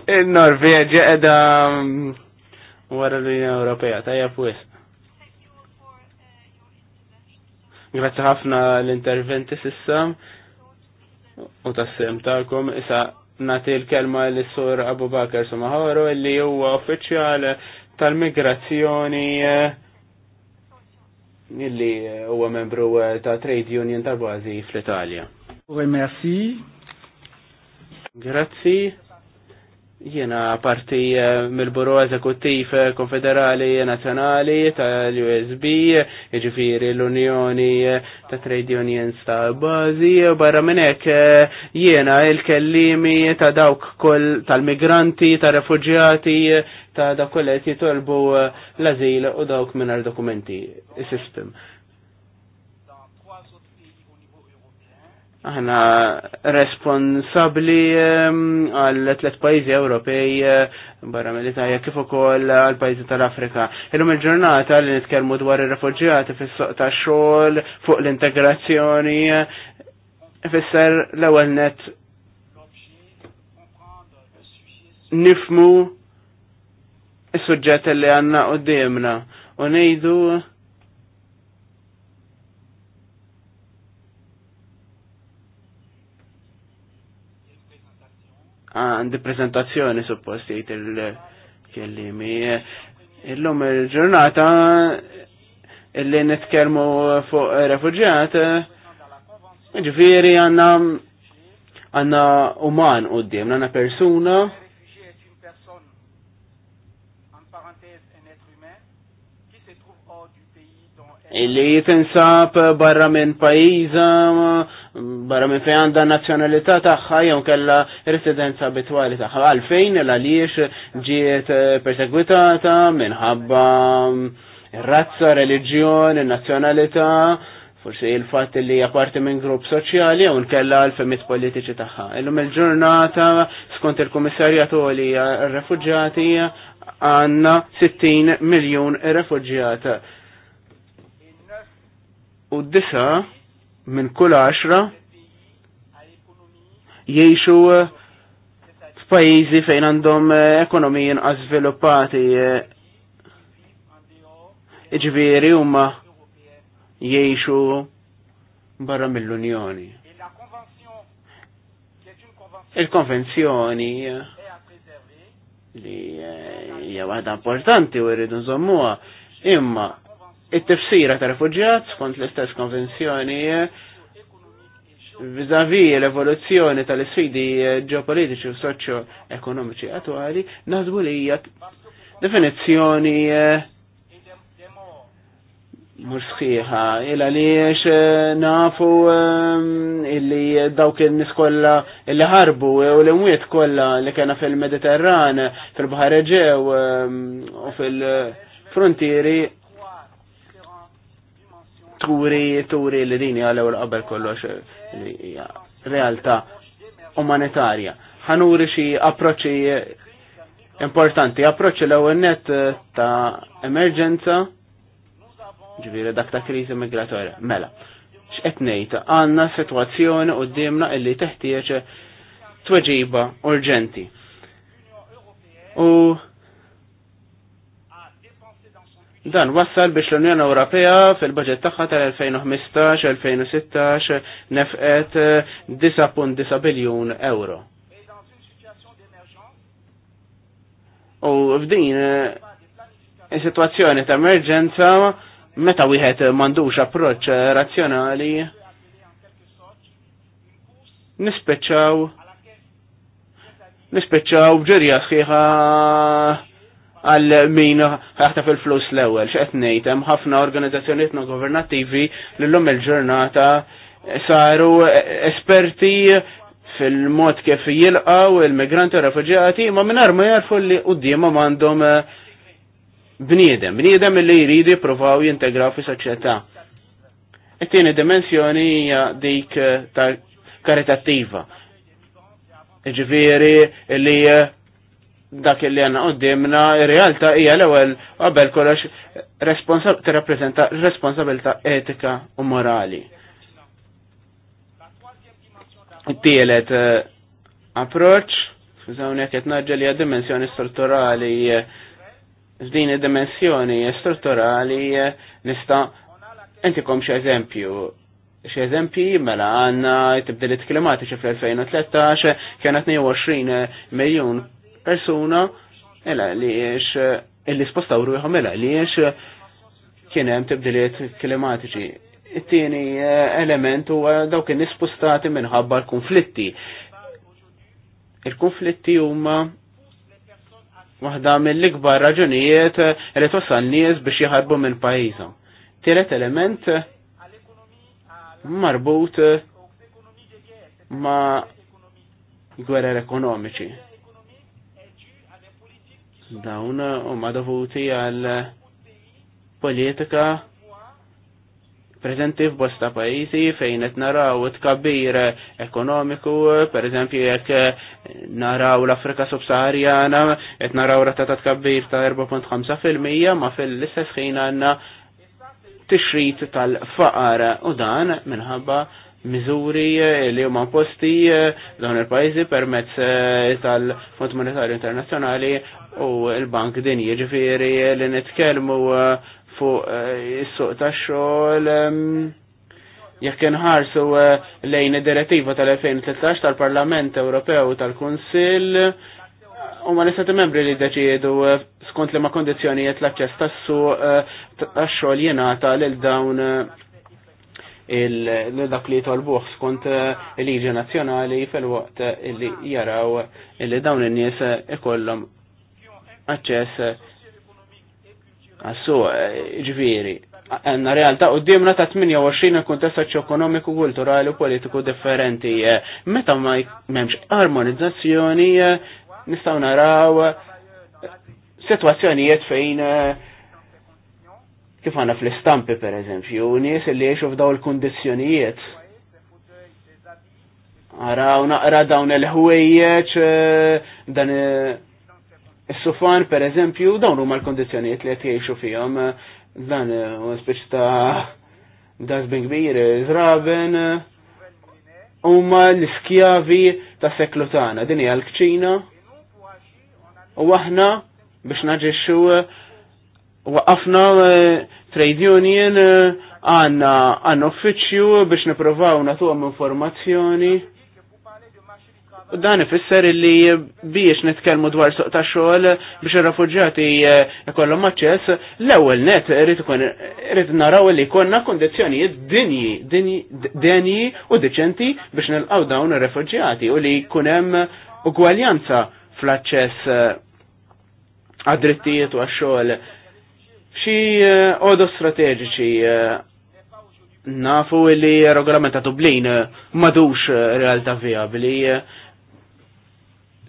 Il-Norveġa edha mm, wara l-Unjoni Ewropea, tajja wisq. Grazzi ħafna l-interventi sissa u tassim talkom isa nati l-kelma l-sur Abu Bakr Sumahoro illi huwa uffiċjal tal-migrazzjoni eh, li huwa membru eh, ta' Trade Union ta' Bazi fl-Italja. Merci. Grazzi. Jena parti eh, mill-Buru Eżekuttiv eh, Konfederali Nazzjonali tal-USB, ġifiri l-Unjoni eh, ta' Trade Unions ta' Bazi, barra minnek jena il-kellimi ta' dawk tal-migranti, ta' refugjati, ta' dawk kollet jitolbu l-azil u dawk minar dokumenti, il-sistem. Aħna responsabli ehm, għal tlet pajjiżi Ewropej eh, barra mill-Italja kif ukoll għal pajjiżi tal-Afrika. Illum il-ġurnata li nitkellmu dwar ir-refuġjati fis-soq tax-xogħol fuq l-integrazzjoni fisser l-ewwel net nifmu is-suġġett li għandna qudiemna u ngħidu għandi prezentazzjoni suppost jgħid il-kellimi. Illum il-ġurnata illi nitkelmu fuq refuġjat, ġifieri għanna għanna uman u d-dim, għanna persuna illi jitinsab barra minn pajiza barra minn fejn għandha nazzjonalità tagħha jew kellha residenza abitwali tagħha għalfejn l għaliex ġiet eh, persegwitata minħabba mm, razza, reliġjon, nazzjonalità, forsi il-fatt li hija parti minn grupp soċjali jew nkella l-femmit politiċi tagħha. Illum il-ġurnata skont il-Kummissarjat li r refuġġjati għandna 60 miljun refuġjat. U d-disa' minn kull għaxra jiexu eh, f'pajjiżi fejn għandhom eh, ekonomiji inqas sviluppati. Eh, iġviri huma jiexu barra mill-Unjoni. Il-konvenzjoni li hija waħda importanti u rridu nżommuha, imma it-tifsira ta' refugjat skont l-istess konvenzjoni vizavi l-evoluzzjoni tal-sfidi ġeopolitiċi u soċio ekonomiċi attuali nazbu li hija definizzjoni eh, mhux sħiħa il għaliex eh, nafu eh, illi dawk in-nies kollha illi ħarbu u l mwiet kollha li kena fil-Mediterran, fil-Baħar Eġew u fil-frontieri turi, turi li dini għal ewwel qabel kollox eh, realtà umanitarja. Ħanuri xi approċċi eh, importanti, approċċi l-ewwel net eh, ta' emerġenza, ġviri dak ta' kriżi migratorja. Mela, x'qed ngħid għandna sitwazzjoni dimna illi teħtieġ tweġiba urġenti. U Dan wassal biex l-Unjoni Ewropea fil-budget tagħha tal-2015-2016 nefqet 9.9 biljun euro. U f'din eh, is-sitwazzjoni ta' emerġenza meta wieħed m'għandux approċċ razzjonali nispeċċaw nispeċċaw bġerja sħiħa għal min ħaħta fil-flus l-ewel, xaqet nejtem, ħafna organizazzjoniet no governativi l-lum il-ġurnata saru esperti fil-mod kif jilqaw il-migranti u refugjati, ma minnar ma jarfu li u d-dima mandom eh, bniedem, bniedem li jridi provaw jintegraw fi soċieta. It-tieni dimensjoni hija dik eh, ta' karitattiva. Ġifieri li eh, dak li għanna għoddimna, realta hija l-ewel għabel kollox t-rapprezenta responsabilta etika u morali. Tielet eh, approċ, f'żawni għet naġġeli għad dimensjoni strutturali, eh, f'din id-dimensjoni strutturali eh, nista' intikom xie eżempju xie eżempji mela għanna tibdilit klimatiċi fl-2013 kienet 22 miljon persuna ela li jiex eh, illi spostaw ruħom ela li jiex eh, kienem tibdiliet klimatiċi. It-tieni eh, element huwa dawk kien spostati minħabba l-konflitti. Il-konflitti huma waħda mill-ikbar raġunijiet li tosal nies biex jħarbu minn pajjiża Tielet element marbut ma' gwerer ekonomiċi. Dawn huma dovuti għal politika prezenti f'bosta pajjiżi fejn qed naraw tkabbir ekonomiku, pereżempju jekk naraw l-Afrika Subsaharjana qed naraw rata ta' tkabbir ta' 4.5% ma fil-istess ħin għandna tixrid tal-faqar u dan minħabba miżuri eh, li huma posti eh, dawn il-pajjiżi permezz eh, tal-Fond Monetarju Internazzjonali u l-Bank Dinji. jiġifieri li nitkellmu fuq is-suq tax-xogħol ehm, jekk inħarsu lejn id-direttiva tal-2013 tal-Parlament Ewropew tal-Kunsill u ma nistati membri li deċidu skont li ma kondizjonijiet l-aċċess tas-suq tax-xogħol jingħata lil dawn dak li jitolbuħ skont eh, il-liġi nazjonali fil-waqt eh, li jaraw li dawn in-nies eh, ikollhom aċċess għassu ġviri. Għanna realta u dimna ta' 28 kontest ekonomiku, kulturali u politiku differenti. Meta ma memx armonizzazzjoni nistaw naraw situazzjonijiet fejn kif għana fl-istampi per eżempju, nies li jiexu f'daw il-kondizjonijiet. Araw naqra dawn il-ħwejjeċ, eh, dan eh, il-sufan per eżempju, dawn huma l-kondizjonijiet li qed jgħixu fihom dan eh, u speċ ta' dasbin kbir, zraben, huma l-iskjavi ta' seklu tagħna, din hija l-kċina. U aħna biex naġixxu waqafna eh, trade union eh, għanna għanna uffiċju biex niprovaw natuqam informazzjoni. Dan ifisser li biex nitkellmu dwar suq ta' xogħol biex ir-refuġjati jkollhom eh, aċċess, l-ewwel net irid ikun irid naraw li jkollna kundizzjonijiet dinji, denji u diċenti biex nilqgħu dawn ir-refuġjati u li jkun hemm ugwaljanza fl-aċċess għad-drittijiet u għax-xogħol Xi eh, għodu strateġiċi eh, nafu li regolament ta' Dublin eh, madux realtà viabli.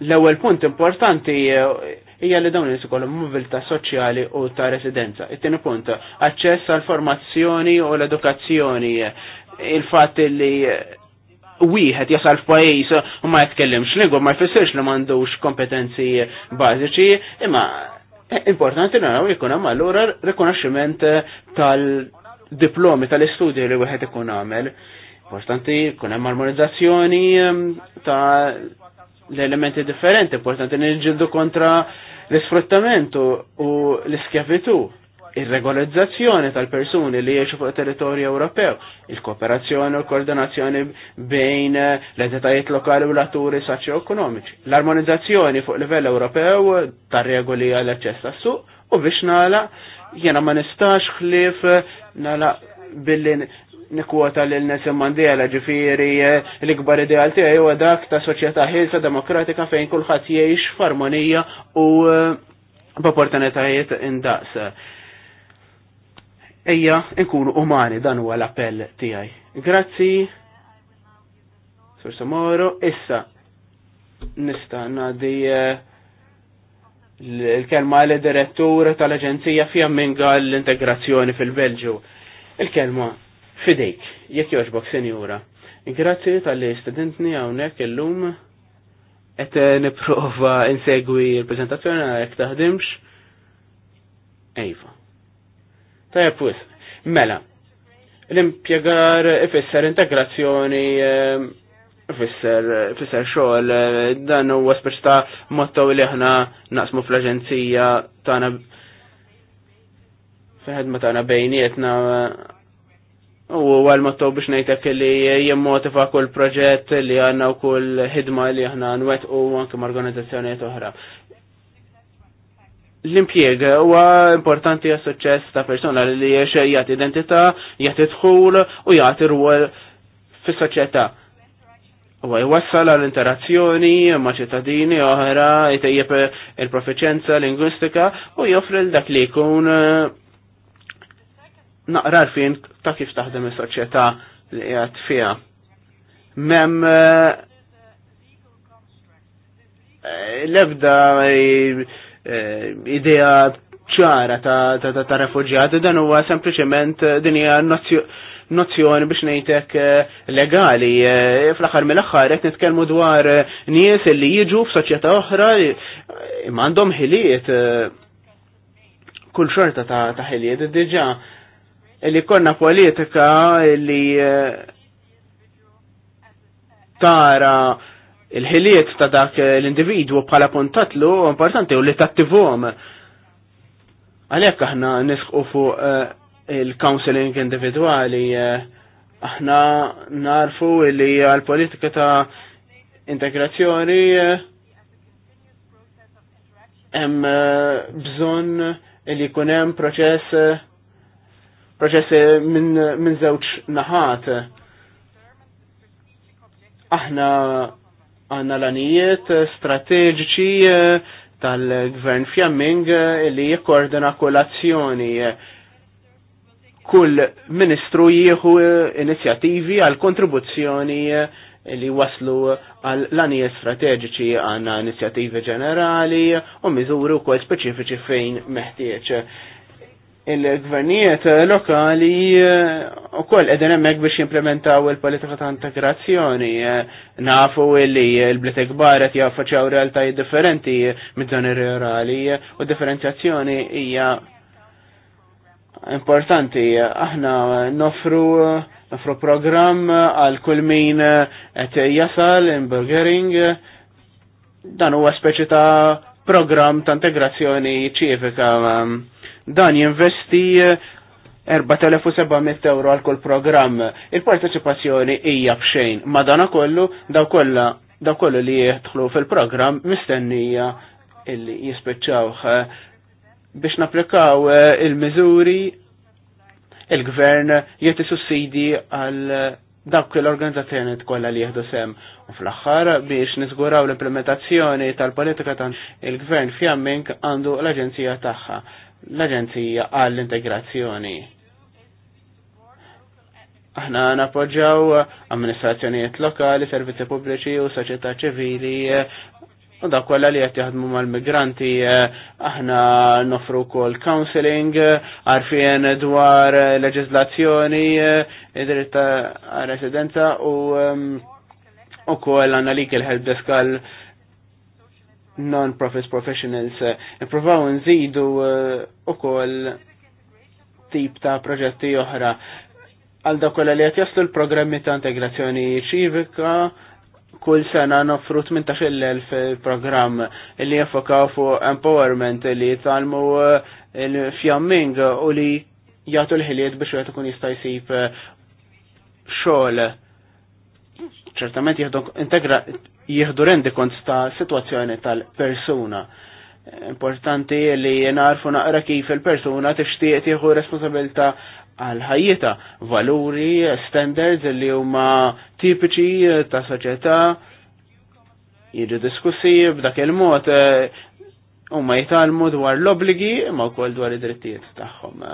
L-ewwel punt importanti hija li dawn nies ikollhom mobilità soċjali u ta' residenza. It-tieni punt, aċċess għal formazzjoni u l-edukazzjoni. Il-fatt li wieħed jasal f'pajjiż u ma jitkellimx lingwa ma jfissirx li m'għandux kompetenzi bażiċi, imma Eh, importanti naraw jkun hemm allura rikonoxximent eh, tal-diplomi tal-istudji li wieħed ikun għamel. Importanti jkun hemm armonizzazzjoni ehm, ta' l-elementi differenti, importanti nilġildu kontra l-isfruttamentu u l-iskjavitu ir-regolizzazzjoni tal-persuni li jiexu fuq territorju Ewropew, il-kooperazzjoni u l koordinazzjoni bejn l-entitajiet lokali u l-atturi soċjo-ekonomiċi, l-armonizzazzjoni fuq livell Ewropew tar regoli għall aċċess tas-suq u biex nala jena ma nistax ħlief nala billi nikwota lil Nelson Mandela ġifiri l-ikbar ideal tiegħi u dak ta' soċjetà ħilsa demokratika fejn kulħadd jgħix f'armonija u b'opportunitajiet indaqsa ejja nkunu umani dan huwa l-appell tiegħi. Grazzi. Sur Samoro, issa nista' ngħaddi eh, l-kelma l direttur tal-Aġenzija fija minga l-integrazzjoni fil-Belġu. Il-kelma fidejk, jekk joġbok senjura. Grazzi tal-li studentni hawnhekk illum qed eh, niprofa insegwi l-preżentazzjoni jekk taħdimx. Ejfa. Iva. Tajab wis. Mela, l impiegar ifisser integrazzjoni ifisser xogħol dan huwa speċ ta' motto li aħna naqsmu fl-aġenzija tagħna fil-ħedma tagħna bejnietna u għal motto biex ngħidlek li jimmotiva kull proġett li għandna u kull ħidma li aħna nwet u anke organizzazzjonijiet oħra l-impjeg huwa importanti għas suċċess ta' persona li jiexe jgħati identità, jgħati tħul u jgħati rwol fis soċjetà U jwassal għal interazzjoni ma' ċittadini oħra, jtejjeb il proficienza lingwistika u joffri l dak li kun eh, naqra fin ta' kif taħdem is-soċjetà li jgħat fija. Mem eh, eh, l-ebda Eh, idea ċara ta', ta, ta, ta refugjati dan huwa sempliċement eh, din hija nozzjoni biex ngħidlek eh, legali. Fl-aħħar mill-aħħar qed nitkellmu dwar nies li jiġu f'soċjetà oħra m'għandhom għandhom ħiliet kull xorta ta' ta' ħiliet diġà li konna politika li tara il-ħiliet ta' dak eh, l-individwu bħala puntatlu importanti u li tattivhom. Għalhekk aħna nisqu fuq eh, il-counseling individwali eh, aħna narfu li għal-politika ta' integrazzjoni hemm bżonn li jkun hemm proċess proċess minn min żewġ naħat. Aħna għanna l eh, strateġiċi eh, tal-gvern Fjamming eh, li jikkoordina kolazzjoni. Kull ministru jieħu inizjattivi għal kontribuzzjoni li waslu għal l strateġiċi għanna inizjattivi ġenerali u miżuri u kol speċifiċi fejn meħtieċ il-gvernijiet lokali eh, u koll edin emmek biex jimplementaw il-politika ta' integrazzjoni. Eh, nafu li il-bliet gbaret jaffaċaw realtajiet differenti mid-żoni rurali eh, u differenzjazzjoni hija importanti. Aħna nofru nofru programm għal kull min qed jasal in Burgering. dan huwa speċi ta' program ta' integrazzjoni ċivika Dan jinvesti 4700 eh, euro għal kull programm. Il-parteċipazzjoni hija bxejn, ma dana kollu daw daw kollu li jidħlu fil-programm mistennija illi jispeċċawh biex naplikaw eh, il-miżuri il-gvern jieti sussidi għal eh, dawk l-organizzazzjoni kollha li jieħdu sem. U fl-aħħar biex niżguraw l-implementazzjoni tal-politika tan il-gvern fjamming għandu l-aġenzija tagħha l-Aġenzija għall-Integrazzjoni. Aħna napoġġaw amministrazzjonijiet lokali, servizzi pubbliċi u soċjetà ċivili u dak kollha li qed jaħdmu mal-migranti aħna nofru wkoll counseling, għarfien dwar leġiżlazzjoni, id-dritt residenza u um, u għandna għanna li il-help deskal non-profit professionals Nipruvaw eh, nżidu eh, u koll tip ta' proġetti oħra għal dakolla li jaslu l-programmi ta' integrazzjoni ċivika kull sena noffru 18.000 program li jaffokaw fuq empowerment li jitalmu eh, l-fjamming u li jgħatu l-ħiliet biex għet ikun jista' jsib xogħol. Ċertament jieħdu jieħdu rendi kont ta' situazzjoni tal-persuna. Importanti li narfu naqra kif il-persuna tixtieq tieħu responsabilta għal ħajjita, valuri, standards li huma tipiċi ta' soċjetà jiġu diskussi b'dak il-mod eh, huma jitalmu dwar l-obligi imma wkoll dwar id-drittijiet tagħhom.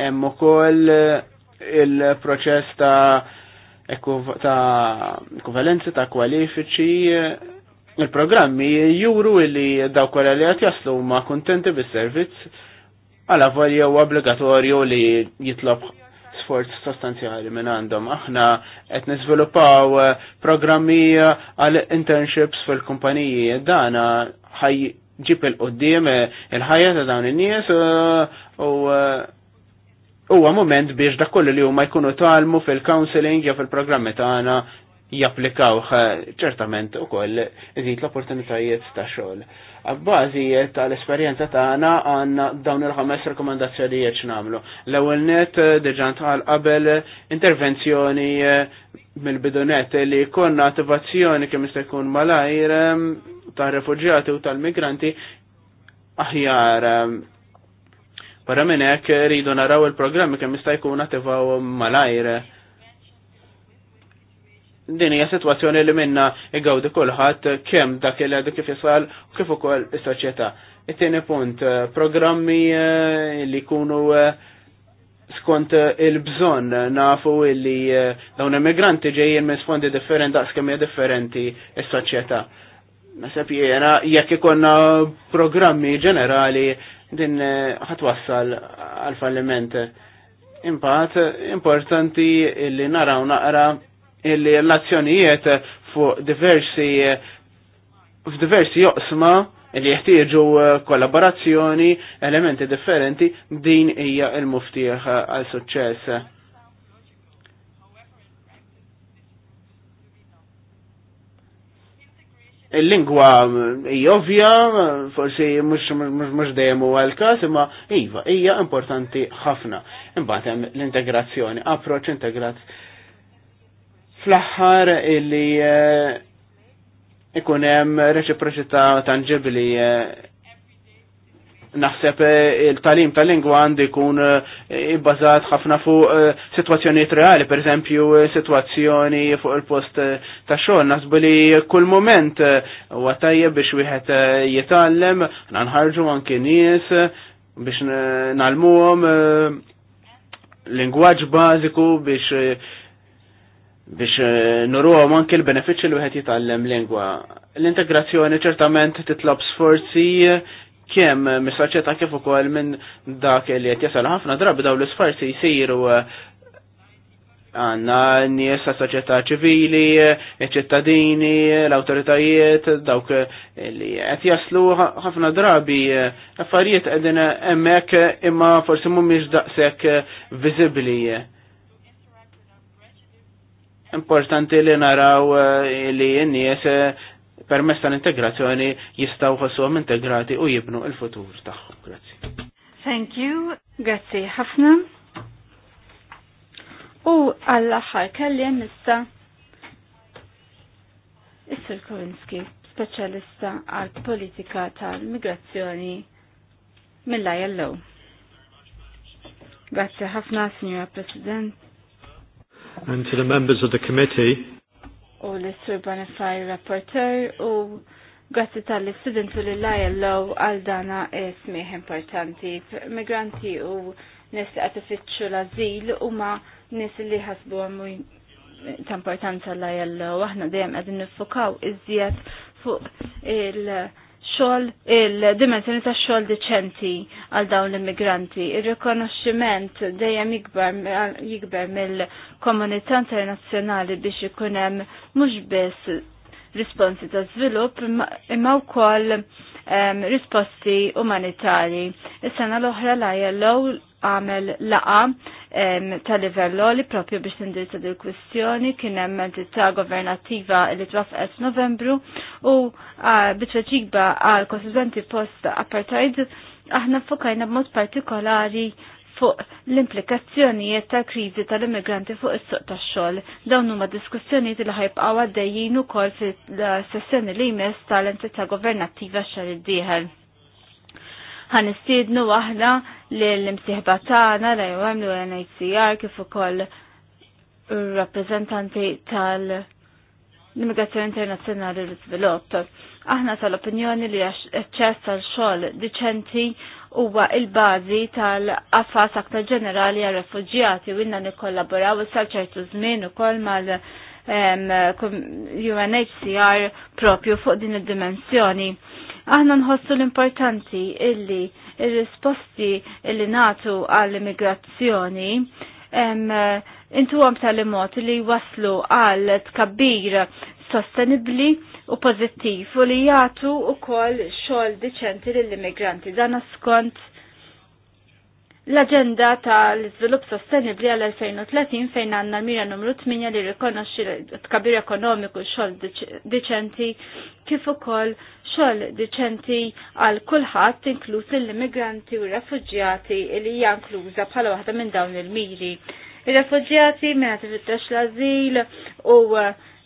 Hemm ukoll il-proċess ta' ta' ekvivalenzi ta' kwalifiċi il-programmi juru illi daw kolla li għat jaslu ma kontenti bis-servizz għala volja u obbligatorju li jitlob sforz sostanzjali minn għandhom. Aħna qed niżviluppaw eh, programmi eh, għal internships fil-kumpaniji dana eh, ħaj ġib il-qoddim il-ħajja ta' dawn in-nies u huwa moment biex dak kollu li huma jkunu talmu fil-counseling jew fil-programmi tagħna japplikaw eh, ċertament ukoll iżid l-opportunitajiet ta' xogħol. Abbażi tal-esperjenza tagħna għandna dawn il-ħames rekomandazzjonijiet x'namlu. L-ewwel net eh, diġà tħal qabel intervenzjoni eh, mill-bidunet li konna attivazzjoni kemm jista' jkun malajr ta' refuġjati u tal-migranti aħjar Para minn hekk rridu naraw il-programmi kemm jista' jkun attivaw malajr. Din hija sitwazzjoni li minna igawdi kulħadd kemm dak il għadu kif isal u kif ukoll is-soċjetà. It-tieni punt, programmi eh, li jkunu eh, skont eh, il-bżon nafu illi dawn immigranti ġejjin minn sfondi differenti daqs kemm differenti s-soċjetà. Nasab jena, jekk ikonna programmi ġenerali din eh, ħatwassal għal falliment. Impat, importanti illi naraw naqra illi l-azzjonijiet fuq diversi f'diversi joqsma li jeħtieġu eh, kollaborazzjoni, elementi differenti, din hija il-muftiħ għal suċċess il-lingwa hija ovvja, forsi mhux dejjem huwa l-każ, imma iva hija importanti ħafna. Imbagħad hemm l-integrazzjoni, approċċ integrat fl-aħħar illi eh, ikun hemm reċiproċità tanġibli eh, naħseb eh, il-talim tal-lingwa għandi jkun eh, ibbażat ħafna fuq eh, situazzjoni reali, per eżempju situazzjoni fuq il-post ta' xogħol. Nasbu li kull moment huwa tajjeb biex wieħed jitgħallem, nħarġu anki nies biex nalmuhom lingwaġġ bażiku biex biex nuruhom anke l-benefiċċji li wieħed jitgħallem lingwa. L-integrazzjoni ċertament titlob sforzi kemm mis-soċjetà kif ukoll minn dak li qed jasal ħafna drabi daw l isfarsi jsiru eh, għanna n-nies soċjetà ċivili, eh, ċittadini, eh, l-autoritajiet, dawk li qed jaslu ħafna drabi affarijiet qegħdin hemmhekk imma forsi mhumiex daqshekk viżibbli. Importanti li naraw li n-nies permessa tal-integrazzjoni jistaw ħossuhom integrati u jibnu il-futur tagħhom. Grazzi. Thank you. Grazie ħafna. U għall-aħħar kelliem issa Isser Kowinski, speċjalista għal politika tal-migrazzjoni mill-ILO. Grazzi ħafna, Signora President. And to the members of the committee, u l-Sur Bonifaj rapporter u grazzi tal-istudentu l-law għal dana smieħ importanti. Migranti u nis għat ifittxu l-azil u ma nis li ħasbu għamu ta' importanza lajellow. Aħna dejjem għadin nifokaw iżjed fuq il- xogħol il-dimensjoni ta' xogħol diċenti għal dawn l-immigranti. Ir-rikonoxximent dejjem jikber mill-komunità internazzjonali biex ikun hemm mhux biss risponsi ta' żvilupp imma wkoll um, risposti umanitari. Is-sena l-oħra la jellow għamel laqa um, ta' livello li propju biex tindirta dil kwistjoni kien hemm entità governattiva li twafqet f'Novembru u uh, bitweġiba għal konsultanti post apartheid aħna fokajna b'mod partikolari fuq l-implikazzjonijiet tal-kriżi tal-immigranti fuq is-suq tax-xogħol. Dawn huma diskussjonijiet li ħajbqgħu għaddejjin ukoll fil-sessjoni li jmiss tal-entità governattiva xar id Għan Ħan istiednu aħna l-imsieħba tagħna l IOM l kif ukoll rappreżentanti tal- l-immigrazzjoni internazzjonali l-iżvilupp. Aħna tal-opinjoni li eċċess tal-xogħol diċenti huwa il-bażi tal affas aktar ġenerali għal refuġjati u inna nikkollaboraw sal ċertu żmien ukoll mal UNHCR propju fuq din id-dimensjoni. Aħna nħossu l-importanti illi il-risposti illi natu għall-immigrazzjoni intu għam tal-imot li waslu għal tkabbir sostenibli u pozittiv u li jagħtu wkoll xogħol diċenti lill-immigranti dan skont l-agenda tal izvilup sostenibli għal-2030 fejn għanna mira numru 8 li t tkabir ekonomiku xogħol diċenti kif ukoll xogħol diċenti għal kulħadd inkluż l-immigranti u r-refuġjati li hija inkluża bħala waħda minn dawn il-miri. Ir-refuġjati meta tifittex l-azil u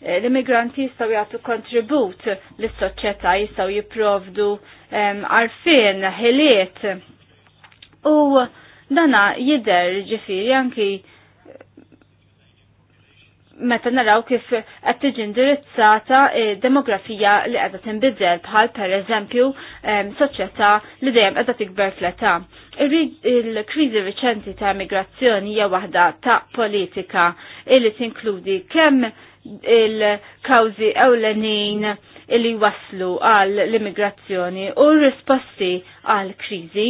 Eh, l-immigranti jistaw jgħatu kontribut l-soċieta jistaw jiprovdu għarfien ħiliet. U dana jider ġifiri anki meta naraw kif qed tiġi indirizzata eh, demografija li qiegħda tinbidel bħal pereżempju soċjetà li dejjem qiegħda tikber fl-età. Il-kriżi riċenti ta' migrazzjoni hija waħda ta' politika li tinkludi kemm il-kawzi ewlenin li waslu għal l-immigrazzjoni u risposti għal krizi.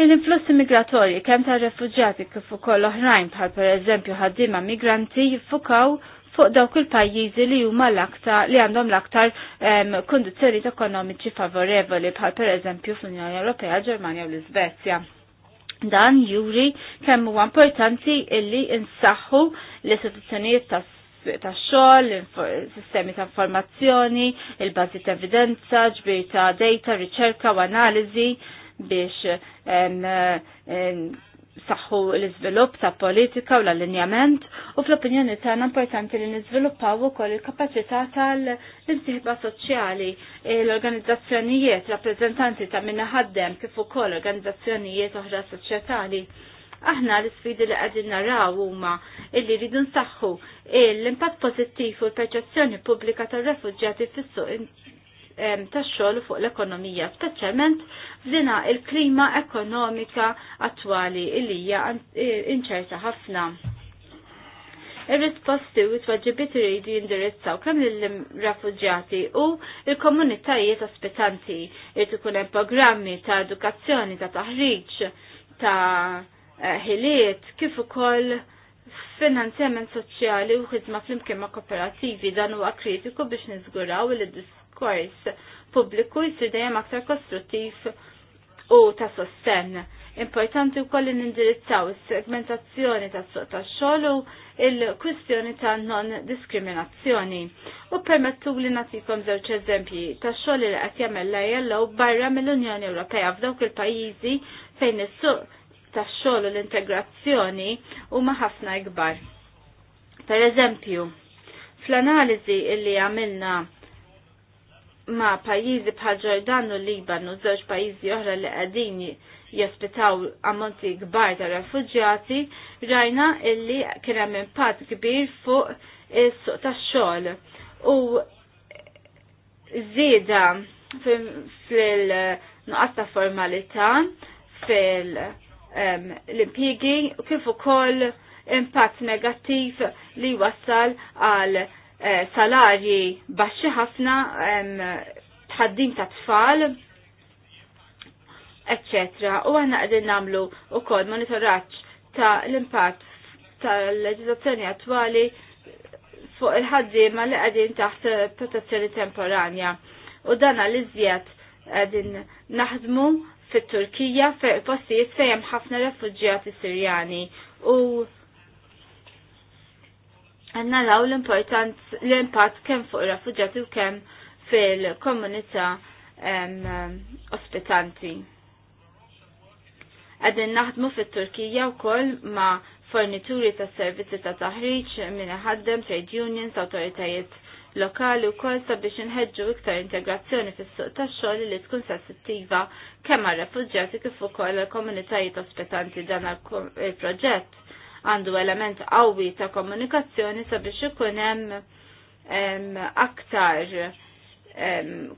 Il-influss immigratori kemm ta' refuġjati kif ukoll oħrajn bħal pereżempju ħaddiema migranti jiffukaw fuq dawk il-pajjiżi li huma l-aktar li għandhom l-aktar kondizzjoni ekonomiċi favorevoli bħal pereżempju fl-Unjoni Ewropea, Ġermanja u l-Iżvezja. Dan juri kemm huwa importanti illi insaħħu l-istituzzjonijiet tas ta' xogħol, sistemi ta' informazzjoni, il-bażi ta' evidenza, ġbir ta' data, riċerka u analiżi biex saħħu l-izvilupp ta' politika u l-allinjament u fl-opinjoni tagħna importanti li niżviluppaw ukoll il-kapaċità tal-imsieħba soċjali l-organizzazzjonijiet rappreżentanti ta' minna ħaddem kif ukoll organizzazzjonijiet oħra soċjetali Aħna l-sfidi li għadin naraw huma illi rridu nsaħħu l-impatt pożittiv u l-perċezzjoni pubblika tar-refuġġjati fis-suq tax-xogħol fuq l-ekonomija, speċjalment f'dina il-klima ekonomika attwali illi hija inċerta ħafna. Ir-risposti u t-waġibiet iridu jindirizzaw kemm lill-refuġjati u l-komunitajiet ospitanti irid ikun hemm programmi ta' edukazzjoni ta' taħriġ ta' Eh, ħiliet kif ukoll finanzjament soċjali u ħidma flimkien ma' kooperativi dan huwa kritiku biex niżguraw li diskors pubbliku jsir dejjem aktar kostruttiv u ta' sostenn. Importanti wkoll li nindirizzaw is-segmentazzjoni tas-suq tax-xogħol u il-kwistjoni ta' non-diskriminazzjoni. U permettu li natikom żewġ eżempji ta' xogħol li qed jagħmel barra mill-Unjoni Ewropea f'dawk il-pajjiżi fejn is-suq tax-xogħol u l-integrazzjoni huma ħafna ikbar. Per eżempju, fl-analiżi li għamilna ma' pajjiżi bħal Ġordan u l-liban u żewġ pajjiżi oħra li qegħdin jospitaw ammonti kbar ta' refuġjati, rajna illi kien hemm impatt kbir fuq is-suq tax-xogħol. U żieda fil-nuqqas ta' formalità fil-, fil l-impjigi u kif ukoll impatt negattiv li wassal għal eh, salarji baxxi ħafna tħaddim ta' tfal etc. U għanna għedin namlu u kod monitoraċ ta' l-impatt tal-leġizazzjoni attwali fuq il ħaddim li għedin taħt protezzjoni temporanja. U dan għal-iżjed għedin naħdmu fit-Turkija fe postijiet fejn ħafna refuġjati Sirjani u għandna law l-importanz l-impatt kemm fuq ir refuġjati u kemm fil-komunità ospitanti. Għadin naħdmu fit-Turkija wkoll ma' fornituri ta' servizzi ta' taħriġ minn ħaddem, trade unions, autoritajiet lokali u kol sabiex nħedġu iktar integrazzjoni fis-suq tax-xogħol li tkun sensittiva kemm għar-refuġjati kif ukoll il komunitajiet ospitanti dan il-proġett għandu element qawwi ta' komunikazzjoni sabiex ikun hemm aktar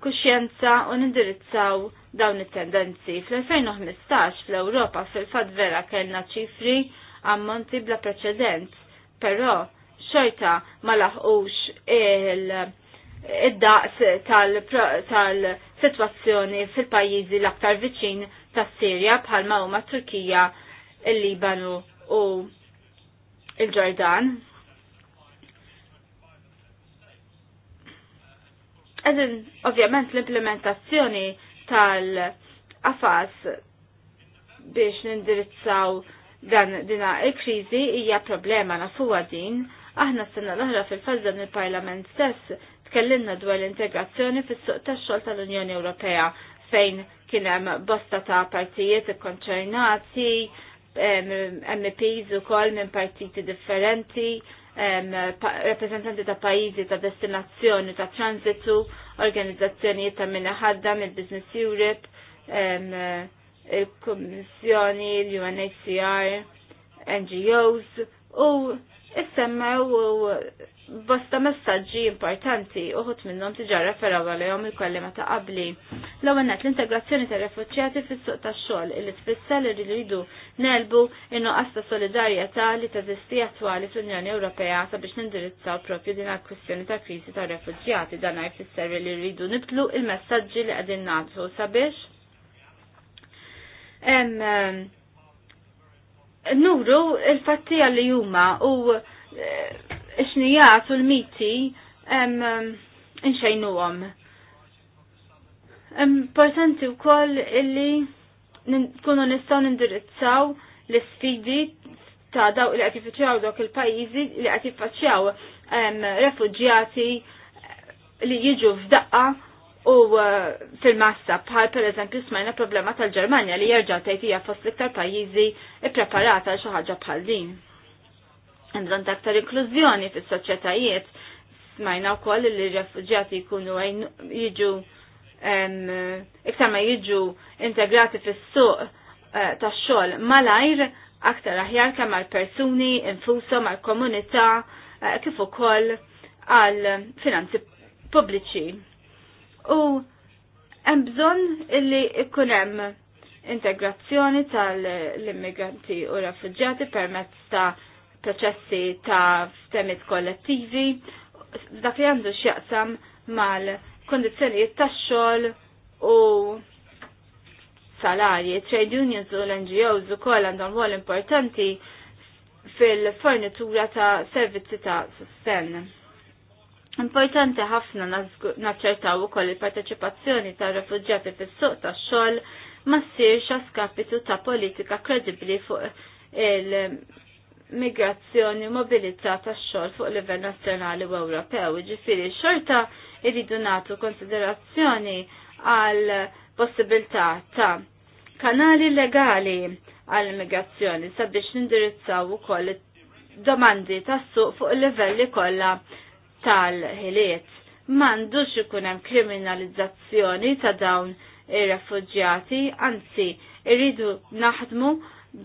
kuxjenza u nindirizzaw dawn it-tendenzi. Fl-2015 fl-Ewropa fil-fat vera kellna ċifri ammonti bla preċedent, però ċerta ma laħqux il-daqs tal-situazzjoni fil-pajjiżi l-aktar viċin tas sirja bħalma huma Turkija, il-Libanu u il-Ġordan. Eżin, ovvjament, l-implementazzjoni tal-afas biex nindirizzaw dan dina il-krizi hija problema nafuwa din Aħna s-sena l-oħra fil-fazza il-Parlament stess tkellimna dwar l-integrazzjoni fis-suq tax-xogħol tal-Unjoni Ewropea fejn kien hemm bosta ta' partijiet ikkonċernati, MPs ukoll minn partiti differenti, rappresentanti ta' pajjiżi ta' destinazzjoni ta' transitu, organizzazzjonijiet ta' minna ħadda mill-Business Europe, il-Kommissjoni, l-UNHCR, NGOs u issemmew u bosta messaġġi importanti uħut minnhom tiġa referaw għalihom il-kellima ta' qabli. L-ewwel nett l-integrazzjoni ta' refuċjati fis-suq tax-xogħol illi tfisser li rridu nelbu in-nuqqas ta' solidarjetà li teżisti attwali fl-Unjoni Ewropea sabiex nindirizzaw propju din għall-kwistjoni ta' kriżi ta' refuġjati dan jfisser li rridu nitlu il-messaġġi li qegħdin nagħtu sabiex nuru il-fattija li juma u eh, xnijat u l-miti nxajnu għom. Importanti u koll illi kunu nistaw nindirizzaw l-sfidi ta' daw li għati faċċaw dawk il-pajizi li għati faċċaw refugjati li jiġu f'daqqa u uh, fil-massa bħal per eżempju smajna problema tal-Ġermanja li jerġa' tgħid hija fost l-iktar pajjiżi ippreparata għal xi ħaġa bħal din. Għandhom aktar inklużjoni fis-soċjetajiet smajna wkoll li r-refuġjati jkunu jiġu iktar ma jiġu integrati fis-suq eh, tax-xogħol malajr aktar aħjar kemm għal persuni infushom mal komunità eh, kif ukoll għall finanzi pubbliċi u hemm bżonn illi ikun hemm integrazzjoni tal-immigranti u rifuġjati permezz ta' proċessi ta' stemit kollettivi, dak li għandu x'jaqsam mal-kondizzjonijiet tax-xogħol u salarji, trade unions u l-NGOs ukoll għandhom rol importanti fil-fornitura ta' servizzi ta' sostenn. Importanti ħafna naċċertaw ukoll il-parteċipazzjoni tar refuġġjati fis-suq tax-xogħol ma ssirx skapitu ta' politika kredibbli fuq il-migrazzjoni u mobilità tax-xogħol fuq livell nazzjonali u Ewropew. Ġifieri xorta jridu nagħtu konsiderazzjoni għal possibilità ta' kanali legali għall immigrazzjoni sabiex nindirizzaw ukoll domandi tas-suq fuq il-livelli kollha tal-ħiliet. M'għandux ikun hemm kriminalizzazzjoni ta' dawn ir-refuġjati, anzi irridu naħdmu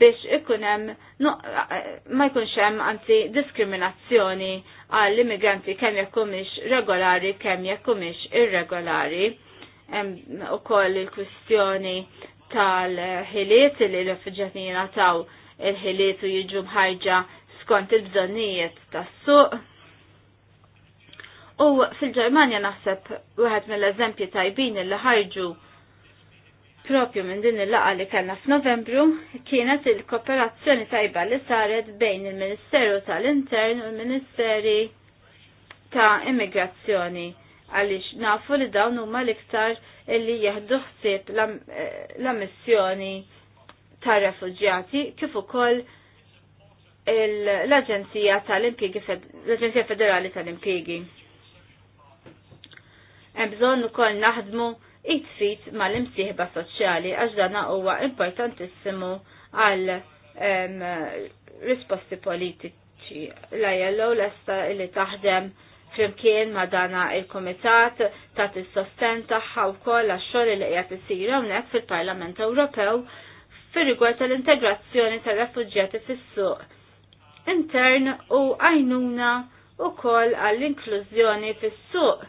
biex ikun hemm no, ma jkunx hemm anzi diskriminazzjoni għall immigranti kemm jekk regolari kemm jekk irregolari. Hemm ukoll il-kwistjoni tal-ħiliet li l-refuġjati jingħataw il-ħiliet u jiġu mħarġa skont il-bżonnijiet tas-suq U fil-Ġermanja naħseb wieħed mill-eżempji tajbin li ħarġu propju minn din il-laqa li kellna f'Novembru kienet il-kooperazzjoni tajba li saret bejn il-Ministeru tal-Intern u l-Ministeri ta' Immigrazzjoni għaliex nafu li dawn huma l-iktar illi jeħdu ħsieb la eh, missjoni tar refugjati kif ukoll l-Aġenzija tal-Impjegi l-Aġenzija Federali tal-Impjegi ebżon bżonn ukoll naħdmu it fit mal-imsieħba soċjali għax dan huwa importantissimu għal risposti politiċi. La l-esta li taħdem flimkien ma dana il-Komitat ta' t-sosten taħħa u koll għaxxol li qiegħed isir hawnhekk fil-Parlament Ewropew fir-rigward tal-integrazzjoni tal-refuġjati fis-suq intern u għajnuna u koll għall-inklużjoni fis-suq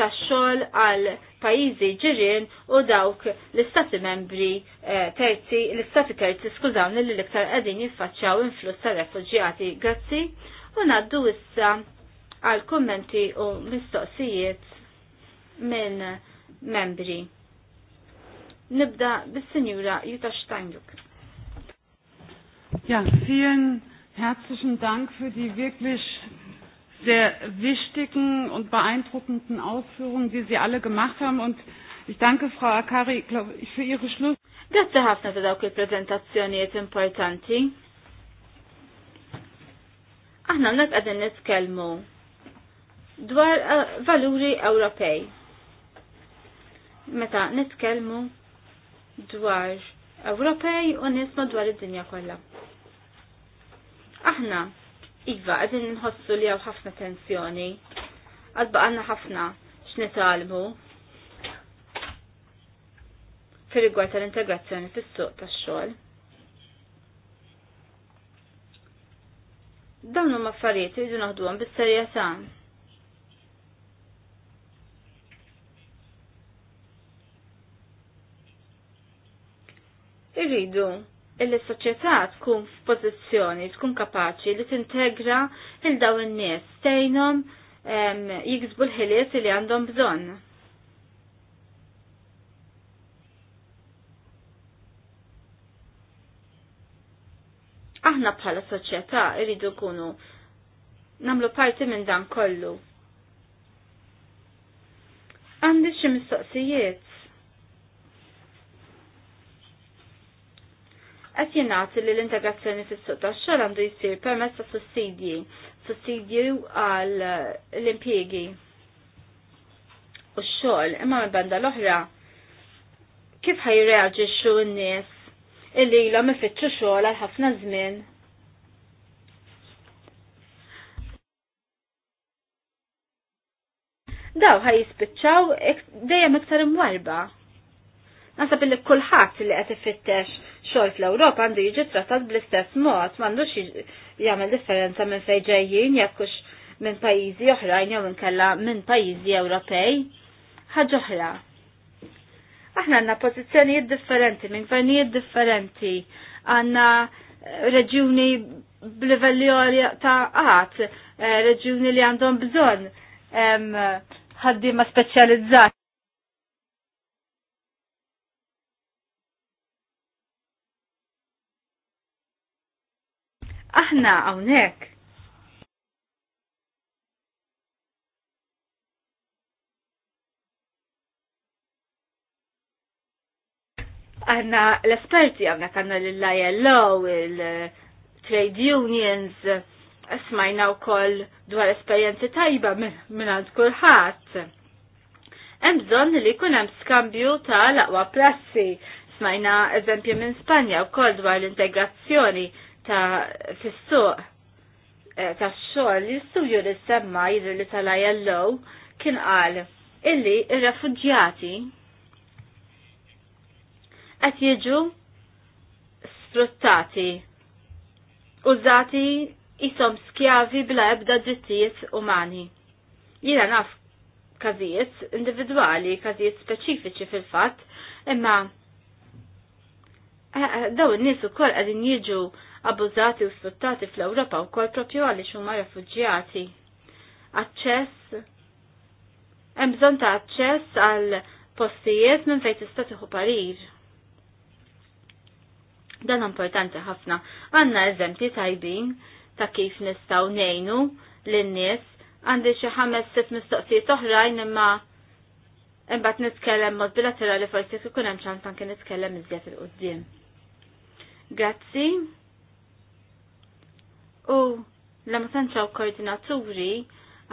tax-xogħol għal pajjiżi ġirien u dawk l-istati membri eh, terzi, l-istati terzi skużawni li l-iktar qegħdin jiffaċċjaw influss ta' refuġjati. Grazzi u ngħaddu issa għal kummenti u mistoqsijiet minn membri. Nibda bis-Sinjura Jutta Steinjuk. Ja, vielen herzlichen Dank für die wirklich sehr wichtigen und beeindruckenden Ausführungen, die Sie alle gemacht haben. Und ich danke Frau Akari glaub, für Ihre Schluss. Grazie ħafna ta' dawk il-prezentazzjonijiet importanti. Aħna mnek għadin nitkellmu dwar eh, valuri Ewropej. Meta nitkellmu dwar Ewropej u nisma dwar id-dinja kollha. Aħna Iva, għadin nħossu li għaw ħafna tensjoni. Għadba għanna ħafna x'nitalmu fir rigward tal-integrazzjoni fis-suq tax-xogħol. Dawn huma affarijiet li jridu naħduhom bis-serjetà. Irridu il-soċjetà tkun f'pożizzjoni, tkun kapaċi li tintegra il daw in-nies tgħinhom jiksbu l-ħiliet li għandhom bżonn. Aħna bħala soċjetà jridu kunu namlu parti minn dan kollu. Għandi xi mistoqsijiet. qed jingħati li l-integrazzjoni fis-suq tax-xogħol għandu jsir permezz ta' sussidji, sussidji għal l-impjiegi u x-xogħol imma mill-banda l-oħra kif ħajreaġixxu n-nies illi ilhom ifittxu xogħol għal ħafna żmien. Daw ħaj jispiċċaw dejjem iktar imwarba. Nasab illi kulħadd li qed ifittex xogħol l ewropa għandu jiġi trattat bl-istess mod, m'għandux jagħmel differenza minn fejn ġejjin jekkux minn pajjiżi oħrajn jew inkella minn pajjiżi Ewropej. Ħaġa oħra. Aħna għandna pożizzjonijiet differenti, minn gvernijiet differenti, għandna eh, reġjuni b'livelli ta' qatt, eh, reġjuni li għandhom bżonn ħaddiema speċjalizzati. Aħna hawnhekk. Aħna l-esperti għamna kanna l-ILO, il-trade unions, smajna u koll dwar esperienzi tajba minn għand kulħadd. Hemm bżonn li jkun hemm skambju ta' laqwa prassi. Smajna eżempju minn Spanja wkoll dwar l-integrazzjoni ta' fis-suq eh, ta' xogħol li studju li semma jidher li tal jallow kien qal illi il refuġjati qed jiġu sfruttati użati jisom skjavi bla ebda drittijiet umani. Jira naf kazijiet individwali, każijiet speċifiċi fil-fatt, imma eh, eh, daw in-nies ukoll għadin jiġu abbużati u sfruttati fl-Ewropa wkoll propju għaliex huma refuġjati. Aċċess hemm bżonn ta' aċċess għal postijiet minn fejn tista' tieħu parir. Dan importanti ħafna. Għandna eżempji tajbin ta' kif nistgħu ngħinu lin-nies għandi xi ħames sitt mistoqsijiet oħrajn imma imbagħad nitkellem mod bilaterali forsi kif ikun hemm ċans anke nitkellem iżjed il-qudiem. Grazzi. U la ma tanċaw koordinaturi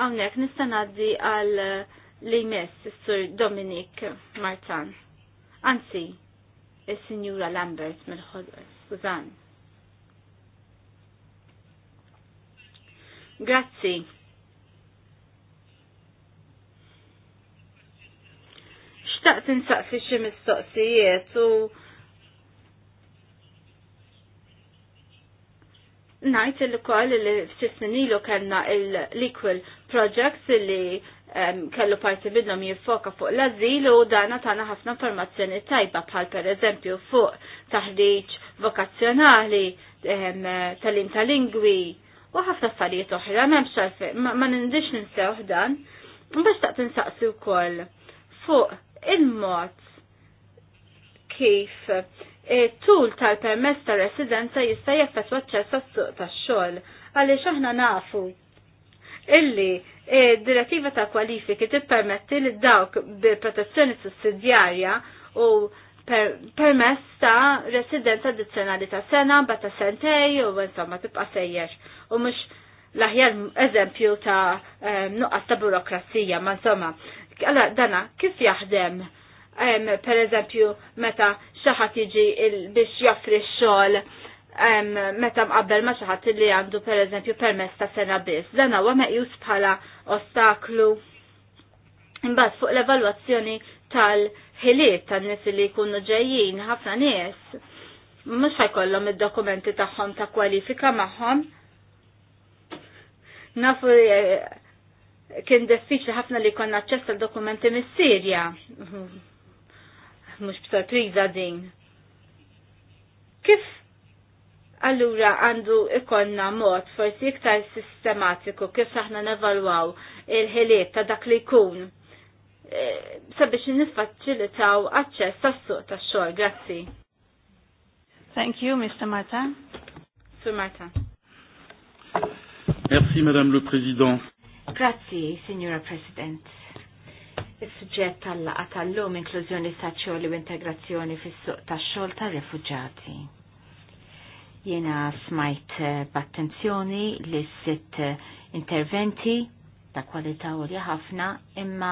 għawnek nistanaddi għal eh, li mess sur Dominik Martan. Anzi, il-Sinjura Lambert mill-ħodor, Suzanne. Grazzi. Xtaqt insaqsi xi mistoqsijiet u Najt il-koll li f-sissinilu kellna l-Equal Projects li kellu parti bidlom jiffoka fuq l-azil u dana tana ħafna informazzjoni tajba bħal per eżempju fuq taħriġ vokazzjonali, talim tal-lingwi u ħafna affarijiet oħra, ma xalfej, ma nindix ninsew dan, mbax taqt nsaqsi wkoll fuq il-mod kif tul tal-permess ta' residenza jista' jeffess aċċess għas-suq tax-xogħol għaliex aħna nafu illi eh, direttiva ta' kwalifiki tippermetti li dawk bi protezzjoni sussidjarja u permess ta' residenza addizzjonali ta' sena, bata ta' sentej u insomma tibqa' sejjer u mhux l-aħjar eżempju ta' eh, nuqqas ta' burokrazija, ma' insomma, dana kif jaħdem per eżempju meta xaħat jiġi biex joffri xogħol meta mqabbel ma xaħat li għandu per eżempju permess ta' sena biss. Dan huwa meqjus bħala ostaklu. Imbagħad fuq l-evalwazzjoni tal-ħiliet tan-nies li jkunu ġejjin ħafna nies mhux ħajkollhom id-dokumenti tagħhom ta' kwalifika magħhom. Nafu eh, kien diffiċli ħafna li konna aċċess l-dokumenti mis-Sirja mhux trida din. Kif allura għandu ikonna mod forsi iktar sistematiku kif aħna nevalwaw il-ħiliet ta' dak li jkun e, sabiex nifaċilitaw aċċess tas-suq tax-xogħol. Grazzi. Thank you, Mr. Marta. Sir Marta. Merci, Madame le Président. Grazie, Signora President. Is-suġġett tal-laqa tal-lum inklużjoni saċjoli u integrazzjoni fis-suq tax-xogħol tar-refuġati. Jiena smajt eh, b'attenzjoni li sitt eh, interventi ta' kwalità għolja ħafna imma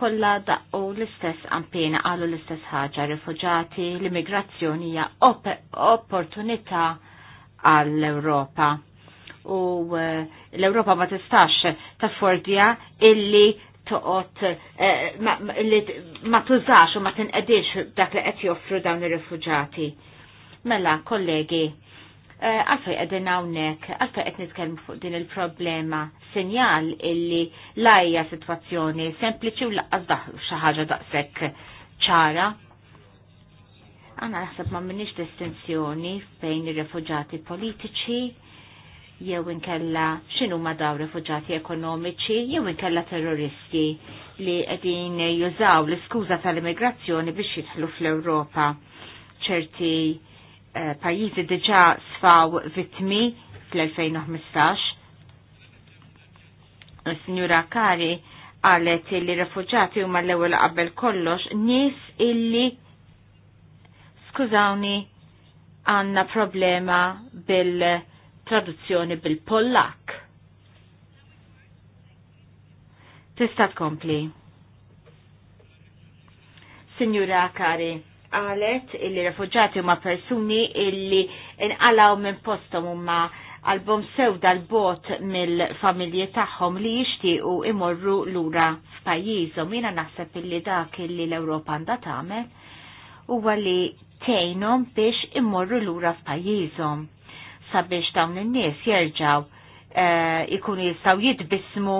kollha daqqu l-istess ampina qalu l-istess ħaġa rifuġati l-immigrazzjoni hija opportunità għall-Ewropa u eh, l-Ewropa ma tistax taffordja illi toqgħod eh, li ma tużax u ma tinqedix dak li qed joffru dawn ir-rifuġati. Mela, kollegi, eh, għalfej għedin għawnek, għalfej għed nitkellmu fuq din il-problema, sinjal illi lajja situazzjoni sempliċi u laqqas xaħġa daqsek ċara. Għana naħseb ma minnix distinzjoni fejn ir-refugġati politiċi, jew inkella xinu ma daw rifuġati ekonomiċi jew inkella terroristi li qegħdin jużaw l-iskuża tal-immigrazzjoni biex jidħlu fl-Ewropa. ċerti eh, pajjiżi diġà sfaw vittmi fl-2015. Eh, Signora Kari għalet li rifuġati huma l-ewwel qabel kollox nies illi skużawni għandna problema bil- traduzzjoni bil-Pollak. Tista' tkompli. Sinjura Kari, għalet illi refugġati huma persuni illi inqalaw minn postom huma album sewda l-bot mill-familji tagħhom li jixtiequ imorru lura f'pajjiżhom. Jiena naħseb illi dak illi l-Ewropa għandha tagħmel huwa li tgħinhom biex imorru lura f'pajjiżhom sabiex dawn in-nies jerġgħu. Eh, ikunu jistgħu jitbismu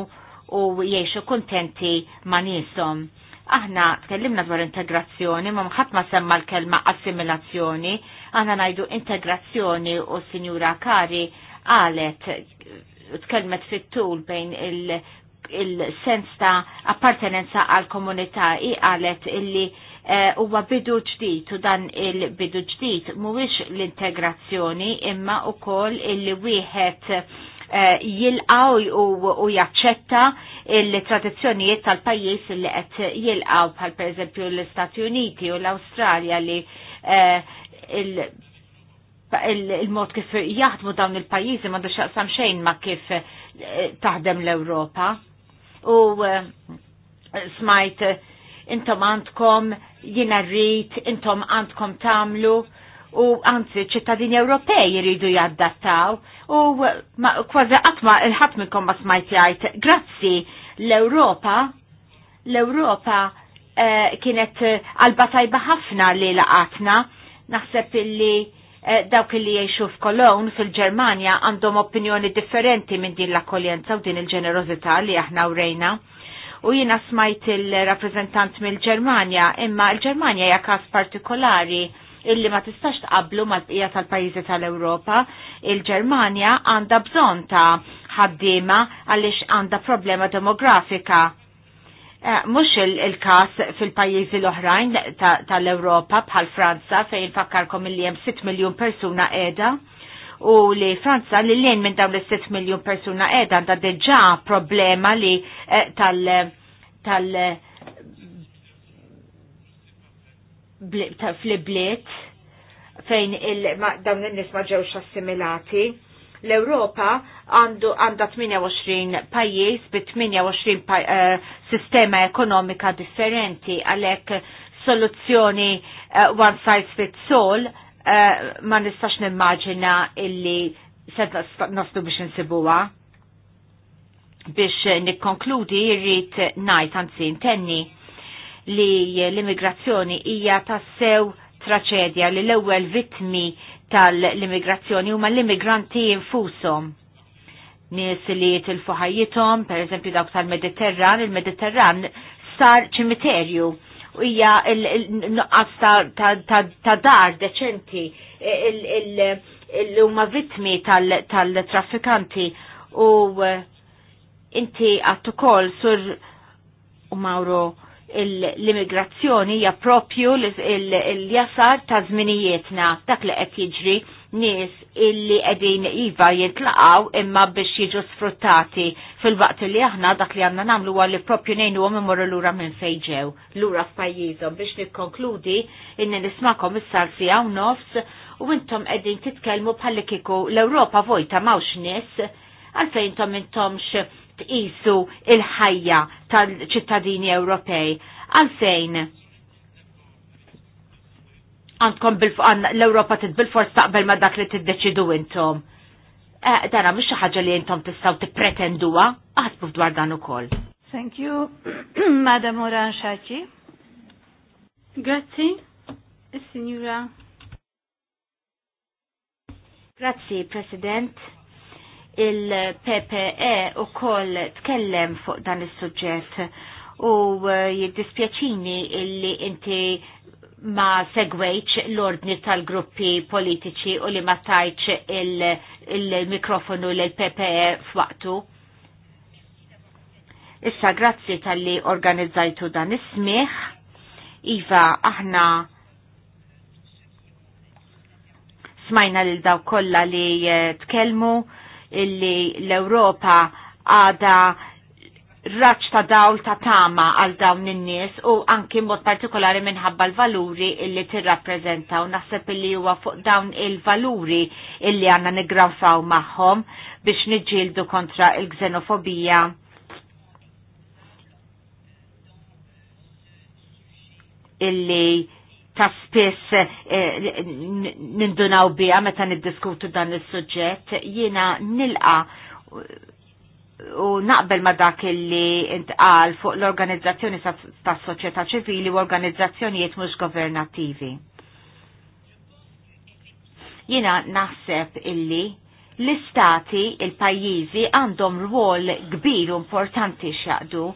u jgħixu kuntenti ma' nisom. Aħna tkellimna dwar integrazzjoni, ma mħat ma semma l-kelma assimilazzjoni, aħna najdu integrazzjoni u sinjura Kari għalet tkellmet fit-tul bejn il- il-sens ta' appartenenza għal komunità i għalet illi Eh, huwa bidu ġdid u dan il-bidu ġdid mhuwiex l-integrazzjoni imma wkoll illi wieħed eh, jilqaw u jaċċetta il-tradizzjonijiet tal-pajjiż li qed jilqaw bħal pereżempju l-Istati Uniti u l-Awstralja li eh, il-mod kif jaħdmu dawn il-pajjiżi m'għandux jaqsam xejn ma kif taħdem l-Ewropa. U smajt intom għandkom jina rrit, intom għandkom tamlu u għanzi ċittadini Ewropej jiridu jaddattaw u kważi għatma il-ħat minnkom ma smajt jgħajt. Grazzi l-Europa, l-Europa eh, kienet għalba eh, tajba ħafna li laqatna, naħseb illi eh, dawk li jiexu f'Kolon fil-Germania għandhom opinjoni differenti minn din l-akkoljenza u din il-ġenerozità li aħna u rejna u jina smajt il-rappresentant mill-Germania, imma il-Germania hija kas partikolari illi ma tistax tqablu mal-bqija tal-pajjiżi tal-Ewropa, il-Germania għandha bżonn ta' ħaddiema għaliex għandha problema demografika. Eh, Mux il-kas il kas fil l-oħrajn tal-Ewropa bħal Franza fejn fakkarkom il-li 6 miljun persuna qiegħda u li Franza li l minn dawn l-6 miljon persuna edha għanda deġa problema li eh, tal tal fl-bliet fejn dawn n-nis maġewx assimilati. L-Europa għanda 28 pajjiż bi 28 pa, uh, sistema ekonomika differenti għalek soluzzjoni uh, one size fits all Eh, ma nistax nimmaġina illi se naslu biex nsibuwa. Biex nikkonkludi jirrit ngħid anzi intenni li l-immigrazzjoni hija tassew traċedja li l-ewwel vittmi tal-immigrazzjoni huma l-immigranti infushom nies li tilfu ħajjithom, per eżempju dawk tal-Mediterran, il-Mediterran sar ċimiterju u hija l-nuqqas ta' dar deċenti l-huma vittmi tal-traffikanti u eh, inti għattu kol sur u Mauro l-immigrazzjoni hija propju l-jasar ta' żminijietna dak li qed jiġri nies illi qegħdin iva jintlaqgħu imma biex jiġu sfruttati fil-waqt li aħna dak li għandna għalli propju li għom ngħinuhom imorru lura minn fejn ġew, lura f'pajjiżhom biex nikkonkludi inni nismakom s-salsi għaw nofs u intom qegħdin titkellmu bħalli kiku l-Ewropa vojta mawx nies għalfejn intom intomx tqisu il-ħajja tal-ċittadini Ewropej. Għalfejn għandkom l-Europa tit bil fors taqbel ma dak li tiddeċidu intom. Eh, dana, mux ħaġa li intom tistaw t-pretenduwa, għasbu dwar dan ukoll. Thank you, Madam Oran Xaċi. Grazzi, signora Grazzi, President. Il-PPE u koll tkellem fuq dan il-sujġet u eh, jiddispjaċini illi inti ma segwejċ l-ordni tal-gruppi politiċi u li ma tajċ il-mikrofonu il l-PPE f'waqtu. Issa grazzi tal-li organizzajtu dan ismiħ. Iva, aħna smajna lil daw kolla li eh, tkellmu illi l-Europa għada raċ ta' dawl ta' tama għal dawn in-nies u anki mod partikolari minħabba l-valuri illi t-rapprezenta u naħseb illi huwa fuq dawn il-valuri illi għanna nigrafaw magħhom biex niġġieldu kontra il-gżenofobija. illi ta' spess eh, nindunaw bija meta niddiskutu dan il-sujġett, jiena nilqa u naqbel ma dak illi intqal fuq l-organizzazzjoni ta' soċjetà ċivili u organizzazzjonijiet mhux governattivi. Jina naħseb illi l-istati, il-pajjiżi għandhom rwol kbir u importanti x'jaqdu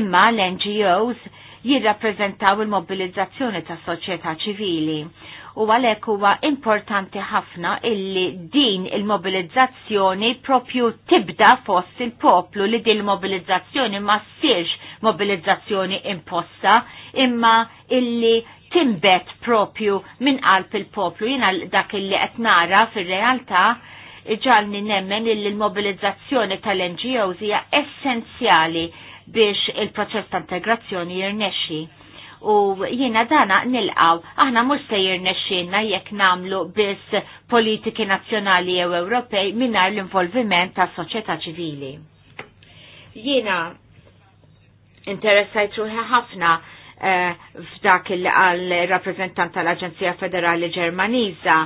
imma l-NGOs jirrappreżentaw il-mobilizzazzjoni ta' soċjetà ċivili. U għalhekk huwa importanti ħafna illi din il-mobilizzazzjoni propju tibda fost il-poplu li din il-mobilizzazzjoni ma ssirx mobilizzazzjoni imposta imma illi timbet propju minn qalb il-poplu jiena dak illi qed nara fir-realtà iġalni nemmen il-mobilizzazzjoni tal-NGOs hija essenzjali biex il-proċess ta' integrazzjoni jirnexxi u jiena dana nilqaw, aħna mhux se jirnexxinna jekk namlu biss politiki nazzjonali jew Ewropej mingħajr l-involviment ta' soċjetà ċivili. Jiena interessajt ruħi ħafna eh, f'dak il rappreżentant tal-Aġenzija Federali Ġermaniża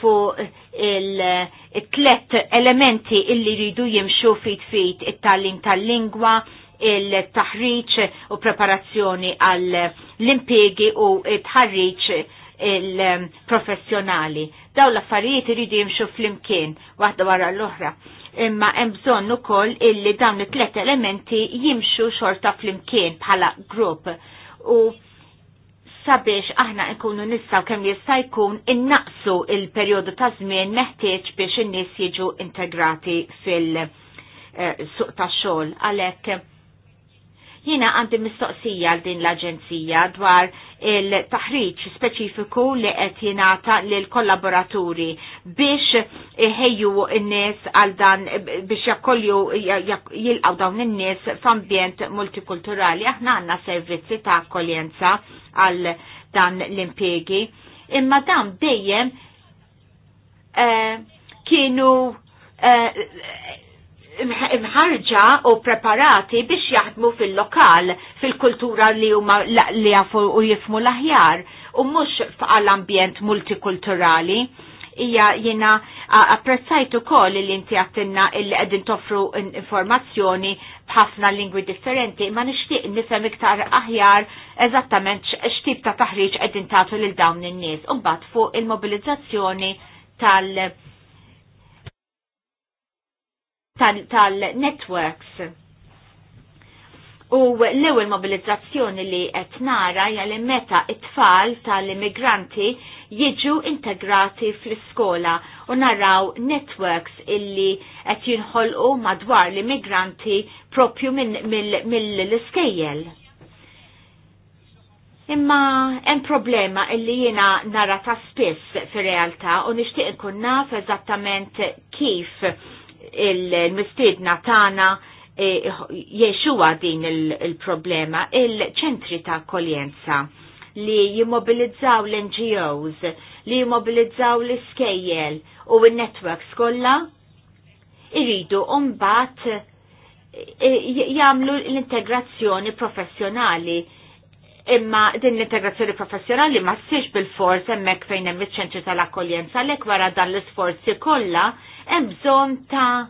fuq il-tlet elementi illi ridu jimxu fit fit it-tallim tal-lingwa, il-taħriċ u preparazzjoni għall l-impiegi u tħarriċ il-professjonali. Daw l-affarijiet iridu jimxu fl-imkien waħda wara l-oħra. Imma hemm bżonn ukoll illi dawn it-tlet elementi jimxu xorta fl-imkien bħala grupp. U sabiex aħna nkunu nistgħu kemm jista' jkun innaqsu il-perjodu ta' żmien meħtieġ biex in-nies jiġu integrati fil-suq eh, tax xogħol. Għalhekk Jiena għandi mistoqsija għal din l-Aġenzija dwar il-taħriġ speċifiku li qed jingħata lil kollaboraturi biex iħejju n-nies għal dan biex jakkolju jilqgħu dawn in-nies f'ambjent multikulturali. Aħna għandna servizzi ta' akkoljenza għal dan l-impjegi. Imma dan dejjem eh, kienu eh, imħarġa u preparati biex jaħdmu fil-lokal, fil-kultura li huma li jafu u jifmu l-aħjar u mhux f'għall-ambjent multikulturali. Ija jina apprezzajtu kol li inti għattinna li għedin toffru informazzjoni bħafna lingwi differenti, ma nishtiq nifem iktar aħjar eżattament xtib ta' taħriġ għedin tatu lil dawn in-nies. Umbat fuq il-mobilizzazzjoni tal- tal-networks. U l-ewel mobilizzazzjoni li qed nara hija li meta it-tfal tal-immigranti jiġu integrati fl-iskola u naraw networks illi qed jinħolqu madwar l-immigranti propju mill-iskejjel. Imma hemm problema illi jiena nara ta' spiss fir-realtà u nixtieq inkun naf eżattament kif il-mistidna tana e, jiexuwa din il-problema il-ċentri ta' kolienza li jimmobilizzaw l-NGOs, li jimmobilizzaw l-iskejjel u il-networks kolla, irridu umbat e, jamlu l-integrazzjoni professjonali imma din l-integrazzjoni professjonali ma ssirx bil-fors emmek fejn hemm iċ-ċentri tal-akkoljenza lek wara dan l-isforzi kollha hemm bżonn ta'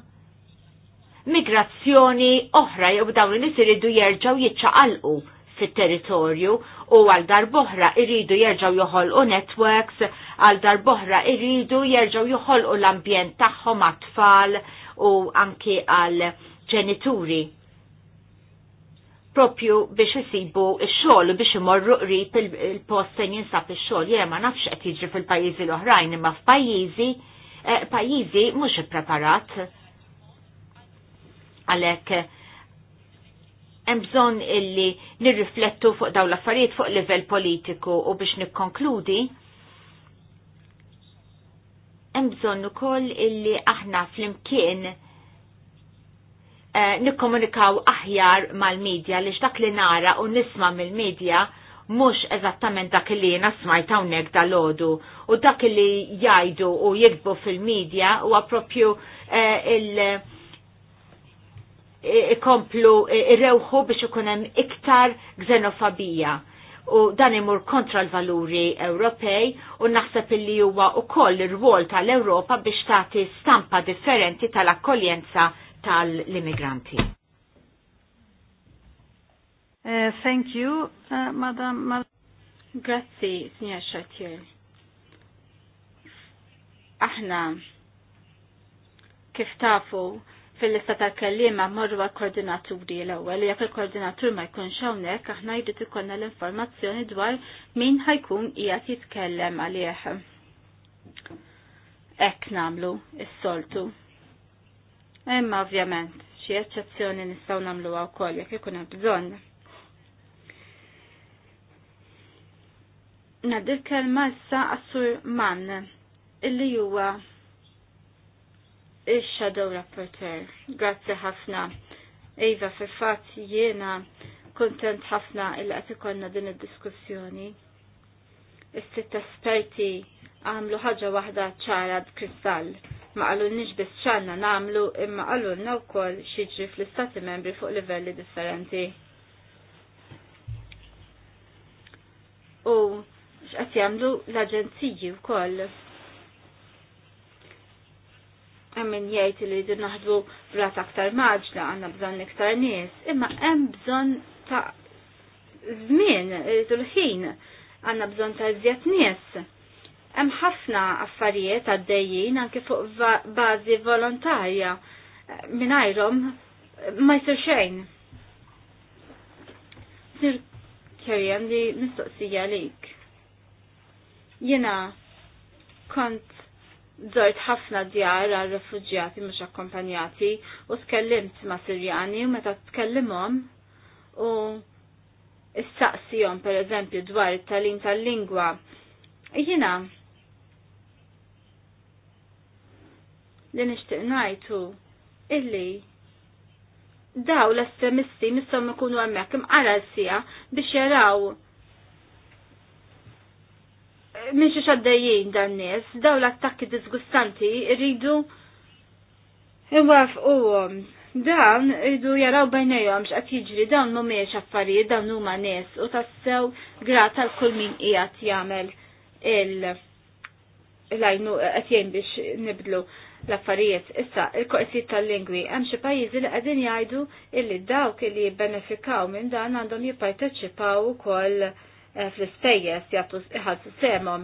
migrazzjoni oħra jew dawn li iridu jerġgħu jiċċaqalqu fit-territorju u għal darboħra iridu jerġaw joħolqu networks, għal darboħra iridu jerġaw joħolqu l-ambjent tagħhom għat-tfal u anki għal ġenituri. Propju biex isibu x-xogħol u biex imorru qrib il-post fejn jinsab ix-xogħol. Jiena ma nafx qed jiġri fil-pajjiżi l-oħrajn imma f'pajjiżi Eh, pajizi mux preparat għalek eh, bżonn illi nirriflettu fuq daw l-affarijiet fuq livell politiku u biex nikkonkludi hemm bżonn ukoll illi aħna flimkien eh, nikkomunikaw aħjar mal-medja li dak li nara u nisma mill-medja mhux eżattament dak li nasmaj smajt hawnhekk dal-għodu u dak li jgħidu u jikbu fil-medja huwa għapropju eh, il- ikomplu irrewħu biex ikun hemm iktar xenofobija u dan imur kontra l-valuri Ewropej u naħseb illi huwa wkoll ir-rwol tal-Ewropa biex tagħti stampa differenti tal-akkoljenza tal-immigranti. Uh, thank you, uh, Madam. Mal Grazzi, signor Xatier. Aħna, kif tafu, fil-lista tal-kellima morru għal-koordinaturi l-ewwel, jekk il-koordinatur ma jkunx hawnhekk aħna jrid ikollna l-informazzjoni dwar min ħajkun qiegħed jitkellem għalih. Hekk nagħmlu is-soltu. Imma ovvjament xi eċċezzjoni nistgħu nagħmluha wkoll jekk ikun hemm bżonn. Nadir kelma issa Assur Mann, illi huwa il-Shadow Rapporteur. Grazzi ħafna. Iva, fil-fat jiena kontent ħafna illi qed ikollna din id-diskussjoni. Is-sitt esperti għamlu ħaġa waħda ċara kristall. Ma qalulniex biss ċanna nagħmlu imma qalulna wkoll xiġri fl-istati membri fuq livelli differenti. U qed jagħmlu l-aġenziji wkoll. Hemm min jgħid li jridu naħdu blat aktar maġla għandna bżonn iktar nies, imma hemm bżonn ta' żmien irridu l-ħin għandna bżonn ta' zjat nies. Hemm ħafna affarijiet għaddejjin anke fuq bażi volontarja mingħajrhom ma jsir xejn. Sir kjerjem li mistoqsija lik. Jena kont zort ħafna djar għal refugjati mhux akkompanjati u tkellimt ma' Sirjani u meta tkellimhom u per pereżempju dwar it-talim tal-lingwa. Jiena li nixtieq ngħidu illi daw l-estremisti nistgħu ikunu hemmhekk imqara sija biex jaraw minn xi dan nies, daw l-attakki disgustanti rridu iwafquhom. Dawn rridu jaraw bejnejhom x'qed jiġri dawn mhumiex affarijiet dawn huma nies u tassew grat għal kull min qiegħed jagħmel il lajnu qed jgħin biex nibdlu l-affarijiet. Issa, il-koqsijiet tal-lingwi, hemm xi pajjiżi li qegħdin jgħidu illi dawk illi jibbenefikaw minn dan għandhom jipparteċipaw ukoll koll Eh, fl-ispejjeż jagħtu iħadsu semhom.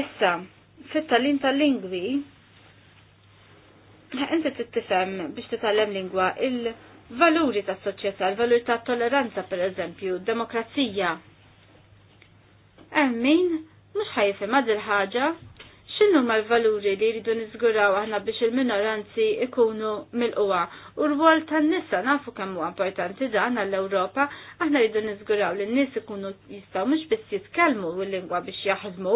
Issa, fit-talin tal-lingwi, inti tifhem biex titgħallem lingwa il-valuri tas-soċjetà, il-valuri tat-tolleranza pereżempju, demokrazija. Hemm min mhux ħajfhem għad ħaġa ma l valuri li jridu niżguraw aħna biex il-minoranzi ikunu mil qwa U r-wol tan-nisa nafu kemm huwa importanti dan għall-Ewropa, aħna rridu niżguraw li n-nies ikunu jistgħu mhux biss jitkellmu l-lingwa biex jaħdmu,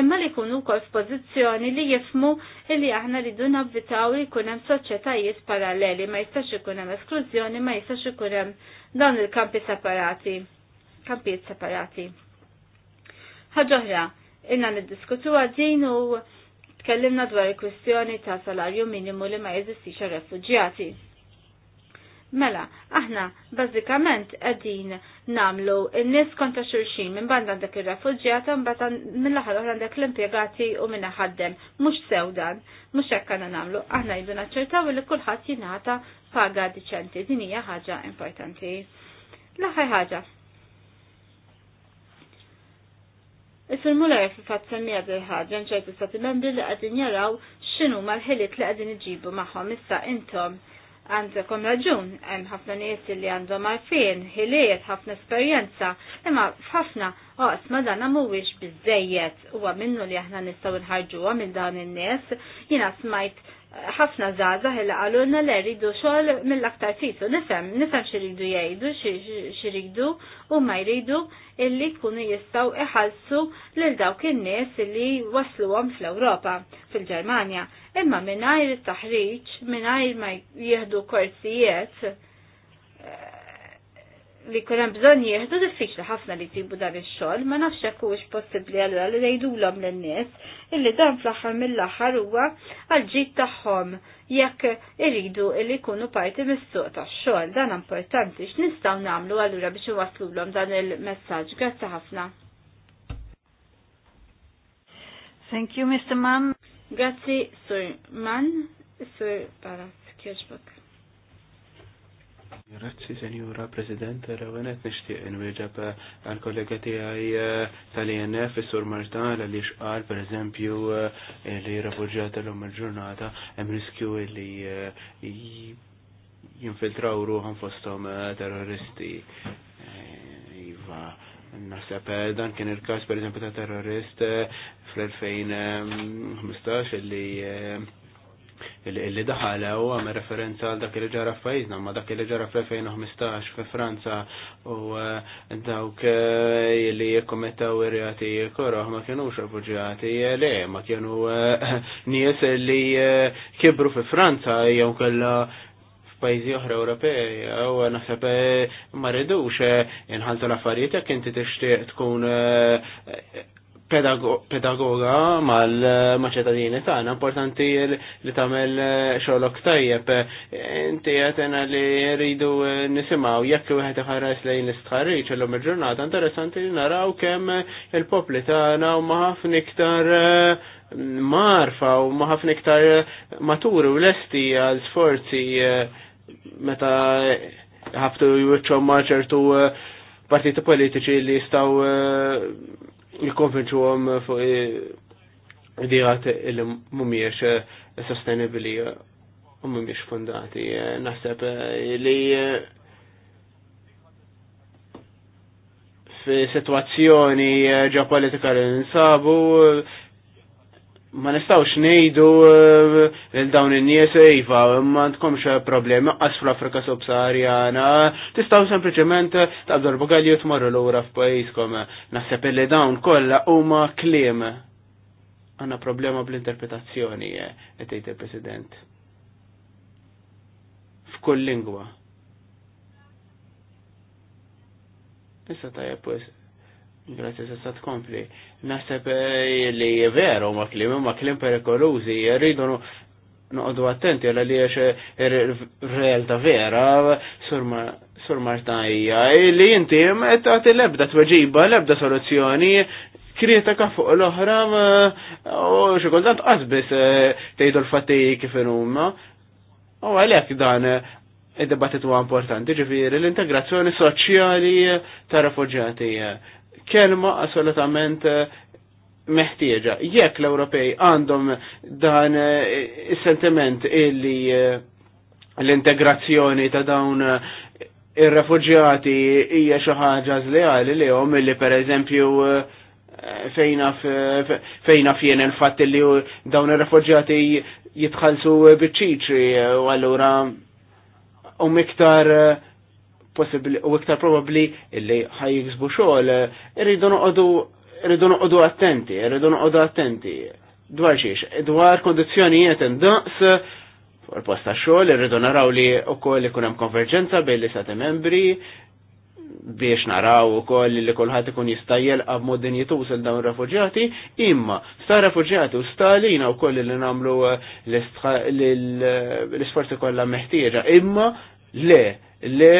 imma li jkunu wkoll f'pożizzjoni li jifmu li aħna rridu navvitaw li jkun hemm soċjetajiet paralleli, ma jistax ikun hemm esklużjoni, ma jistax ikun hemm dawn il-kampi separati, kampijiet separati. Ħaġa oħra, inna niddiskutu għadin u tkellimna dwar il-kwistjoni ta' salarju minimu li ma jeżistix refugjati. Mela, aħna bażikament qegħdin namlu n-nies konta xulxin minn band għandek ir-refuġjat mbagħad mill-aħħar għandek l-impjegati u minn ħaddem. Mhux sewdan, mux mhux hekk għandna nagħmlu. Aħna jdu naċċertaw li kulħadd jingħata paga diċenti. Din hija ħaġa importanti. L-aħħar ħaġa, Is-Sur Muller semmi fatt semmija dil-ħagġa ċertu stati membri li qegħdin jaraw xinu marħilit ħiliet li qegħdin iġibu magħhom issa intom Għandekom raġun, hemm ħafna nies li għandhom għarfien, ħilejet ħafna esperjenza, imma f'ħafna ma dan mhuwiex biżejjed huwa minnu li aħna nistgħu nħarġuha minn dan in-nies. Jiena smajt ħafna żgħażagħ illi qalulna li rridu xogħol mill-aktar fisu Nifhem, nifhem xiridu jgħidu, xiridu u ma jridu illi jkunu jistgħu iħallsu lil dawk in-nies illi wasluhom fl-Ewropa, fil-Ġermanja. Imma mingħajr it-taħriġ, mingħajr ma jieħdu korsijiet li kuna bżon jieħdu diffiċli ħafna li tibu dan ix-xogħol, ma nafx hekk huwiex possibbli allura li jgħidulhom lin-nies illi dan fl-aħħar mill-aħħar huwa għal ġid tagħhom jekk iridu illi jkunu parti mis-suq tax-xogħol. Dan importanti x'nistgħu nagħmlu allura biex iwaslulhom dan il-messaġġ. Grazzi ħafna. Thank you, Mr. Mann. Grazzi, Sur Mann, Sur Baras, Kirchbach. Grazzi, Signora President, rawenet nishtiq nwieġab eh, għal kollega tiegħi eh, tal-INF, Sur Martan, li xqal per eżempju eh, li rafuġġjat l-lum il-ġurnata hemm riskju li jinfiltraw ruħan fostom terroristi. Iva, naħseb dan kien il-każ per eżempju ta' terrorist fl-2015 li Il-li daħal u għam referenza għal dak li ġara f'pajjiżna, ma dak li ġara fl-2015 fi Franza u eh, dawk eh, li jikkommentaw ir-reati korroħ ma kienux refuġjati, eh, le, ma kienu nies li kibru fi Franza jew kella f'pajjiżi oħra Ewropej, u naħseb ma rridux inħaltu l-affarijiet jekk inti tixtieq tkun pedagoga mal-maċetadini tagħna importanti li tagħmel eh, xogħlok tajjeb. Inti għatena li rridu eh, nisimgħu jekk wieħed iħares lejn li istħarriġ ċellum il-ġurnata interessanti li naraw kemm eh, il-popli tagħna u ħafna iktar marfa u ma ħafna iktar maturi u lesti għal sforzi meta ħabtu jwiċċhom maċertu ċertu partiti politiċi li jistaw il-konvenċu għom fuq id-dirat il mumiex sostenibili u mumiex fundati. Naħseb li fi situazzjoni ġeopolitika li nsabu ma nistawx nejdu lil eh, dawn in-nies iva, ma tkomx problemi qas fl-Afrika subsaharjana, tistgħu sempliċement taqdu l-bugalju tmorru lura f'pajjiżkom. Naħseb li dawn kollha huma kliem. Għanna problema bl-interpretazzjoni, qed eh, tgħid il-President. F'kull lingwa. Issa tajja pues Grazie se stat tkompli. Naħseb eh, li veru ma klim, ma klim perikolużi, rridu noqdu attenti għal li għax eh, realta vera, sur martajja, eh, li jinti għet lebda tweġiba, lebda soluzzjoni, kritika fuq l-oħra, u xikultant qasbis tejdu l-fatti kif huma. U għalek dan id debattitu importanti, ġifieri l-integrazzjoni soċjali ta' refuġjati kelma assolutament eh, meħtieġa. Jekk l-Ewropej għandhom dan eh, is-sentiment illi eh, l-integrazzjoni ta' dawn ir-refuġjati hija xi ħaġa żleali li hom illi pereżempju fejna fejna il-fatt li dawn ir-refuġjati jitħallsu biċċiċi u allura hum miktar possibli u iktar probabli illi ħaj xogħol irridu noqogħdu irridu attenti, irridu noqogħdu attenti. Dwar xiex, dwar n-daqs, indaqs posta xogħol irridu naraw li wkoll ikun hemm konverġenza bejn li sati membri biex naraw ukoll li kulħadd ikun jista' għab moddin din jitusel dawn refuġjati, imma sta refuġjati u sta u wkoll li nagħmlu l-isforzi kollha meħtieġa, imma le li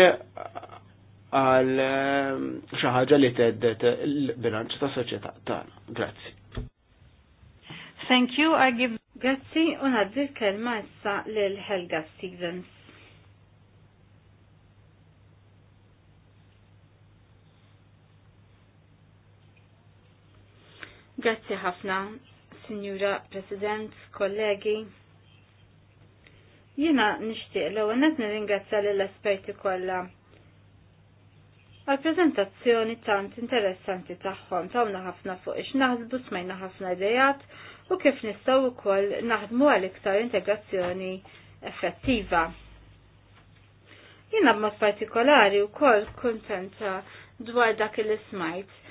għal ehm, xaħġa li teddet il-bilanċ ta' soċjetà tagħna. Grazzi. Thank you, I give grazzi u l-kelma issa lil Helga Stevens. Grazzi ħafna, Signora President, kollegi. Jina nishtiq l għonet nirringazza l-esperti kolla għal-prezentazzjoni tant interessanti tagħhom tawna ħafna fuq ix naħdbu, smajna ħafna idejat u kif nistgħu wkoll naħdmu għal iktar integrazzjoni effettiva. Jina b'mod partikolari wkoll kontenta dwar dak il-smajt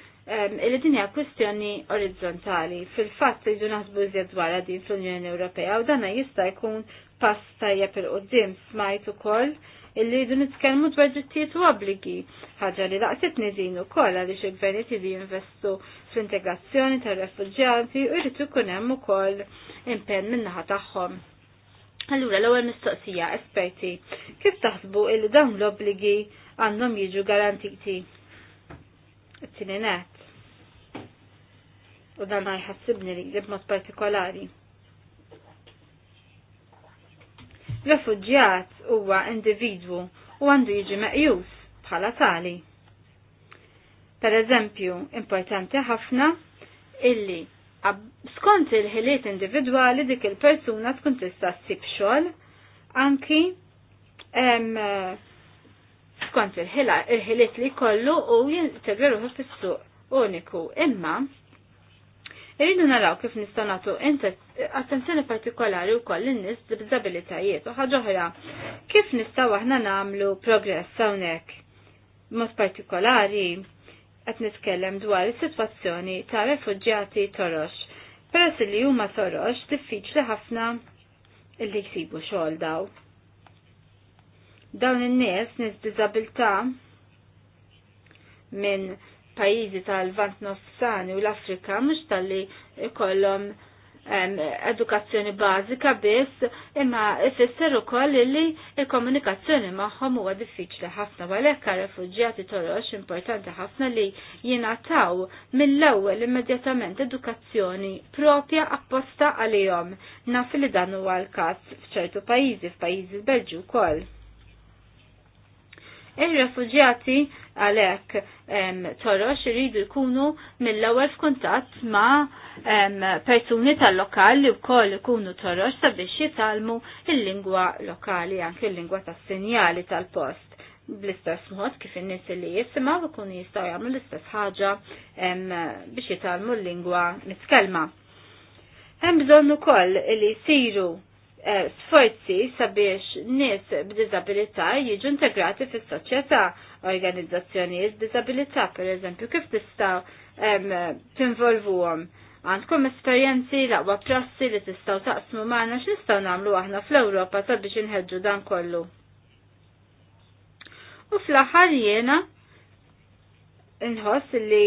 il-li dinja kwistjoni orizzontali. Fil-fatt li dunas iżjed dwar din fl-Unjoni Ewropea u dana jista' jkun pasta jep il-qoddim smajt ukoll illi jridu nitkellmu dwar drittijiet u obbligi. Ħaġa li laqset nidin ukoll għaliex il-gvernijiet li jinvestu fl-integrazzjoni tar-refuġjati u jrid ikun hemm ukoll impenn min-naħa tagħhom. Allura l-ewwel mistoqsija esperti, kif taħsbu illi dawn l obligi għandhom jiġu garantiti? it U dan għajħassibni li b'mod partikolari. Refuġjat huwa individwu u għandu jiġi meqjus bħala tali. Per eżempju, importanti ħafna illi skont il-ħiliet individwali dik il-persuna tkun tista' ssib xogħol anki eh, skont il-ħiliet li kollu u jintegreruħu fis-suq uniku. Imma Irridu naraw kif nistgħu nagħtu attenzjoni partikolari wkoll lin-nies b'disabilitajiet u ħaġa oħra kif nistgħu aħna nagħmlu progress hawnhekk. Mod partikolari qed nitkellem dwar is-sitwazzjoni ta' refuġjati torox. Peress li huma torox diffiċli ħafna illi jsibu xogħol daw. Dawn in-nies nies b'diżabilità minn pajizi tal-Vant Nofsani u l-Afrika mux tal-li kollom edukazzjoni bazika biss imma u koll li il komunikazzjoni magħhom huwa diffiċli ħafna għalhekk għar-refuġjati torox importanti ħafna li jingħataw mill-ewwel immedjatament edukazzjoni propja apposta għalihom. Naf li dan huwa l-każ f'ċertu pajjiżi f'pajjiżi belġju wkoll ir refugjati għalek torox iridu jkunu mill-ewwel f'kuntatt ma' persuni tal-lokal li wkoll ikunu torox sabiex jitalmu il-lingwa lokali anke il-lingwa tas-sinjali tal-post bl-istess mod kif in-nies li jisimgħu jkunu jistgħu jagħmlu l-istess ħaġa biex jitalmu l-lingwa mitkellma. Hemm bżonn ukoll li jsiru Eh, sforzi sabiex nis b'dizabilità jiġu integrati fis-soċjetà organizzazzjonijiet b'dizabilità, per eżempju, kif tistgħu tinvolvuhom għandkom esperjenzi laqwa prassi li tistaw taqsmu maħna x'nistgħu nagħmlu aħna fl-Ewropa sabiex inħeġġu dan kollu. U fl-aħħar jiena inħoss li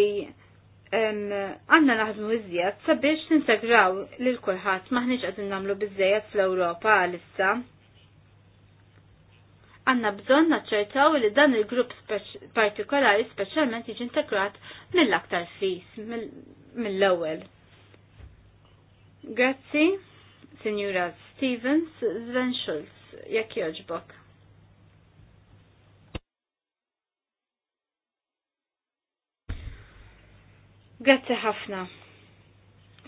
għanna naħdmu iżjed sabiex ninsegraw lil kulħadd maħniex qegħdin nagħmlu biżejjed fl-Ewropa għalissa. Għanna bżonn naċċertaw li dan il-grupp partikolari speċjalment jiġi integrat mill-aktar fis, mill-ewwel. Grazzi, Signora Stevens, Sven Schulz, jekk joġbok. Grazzi ħafna,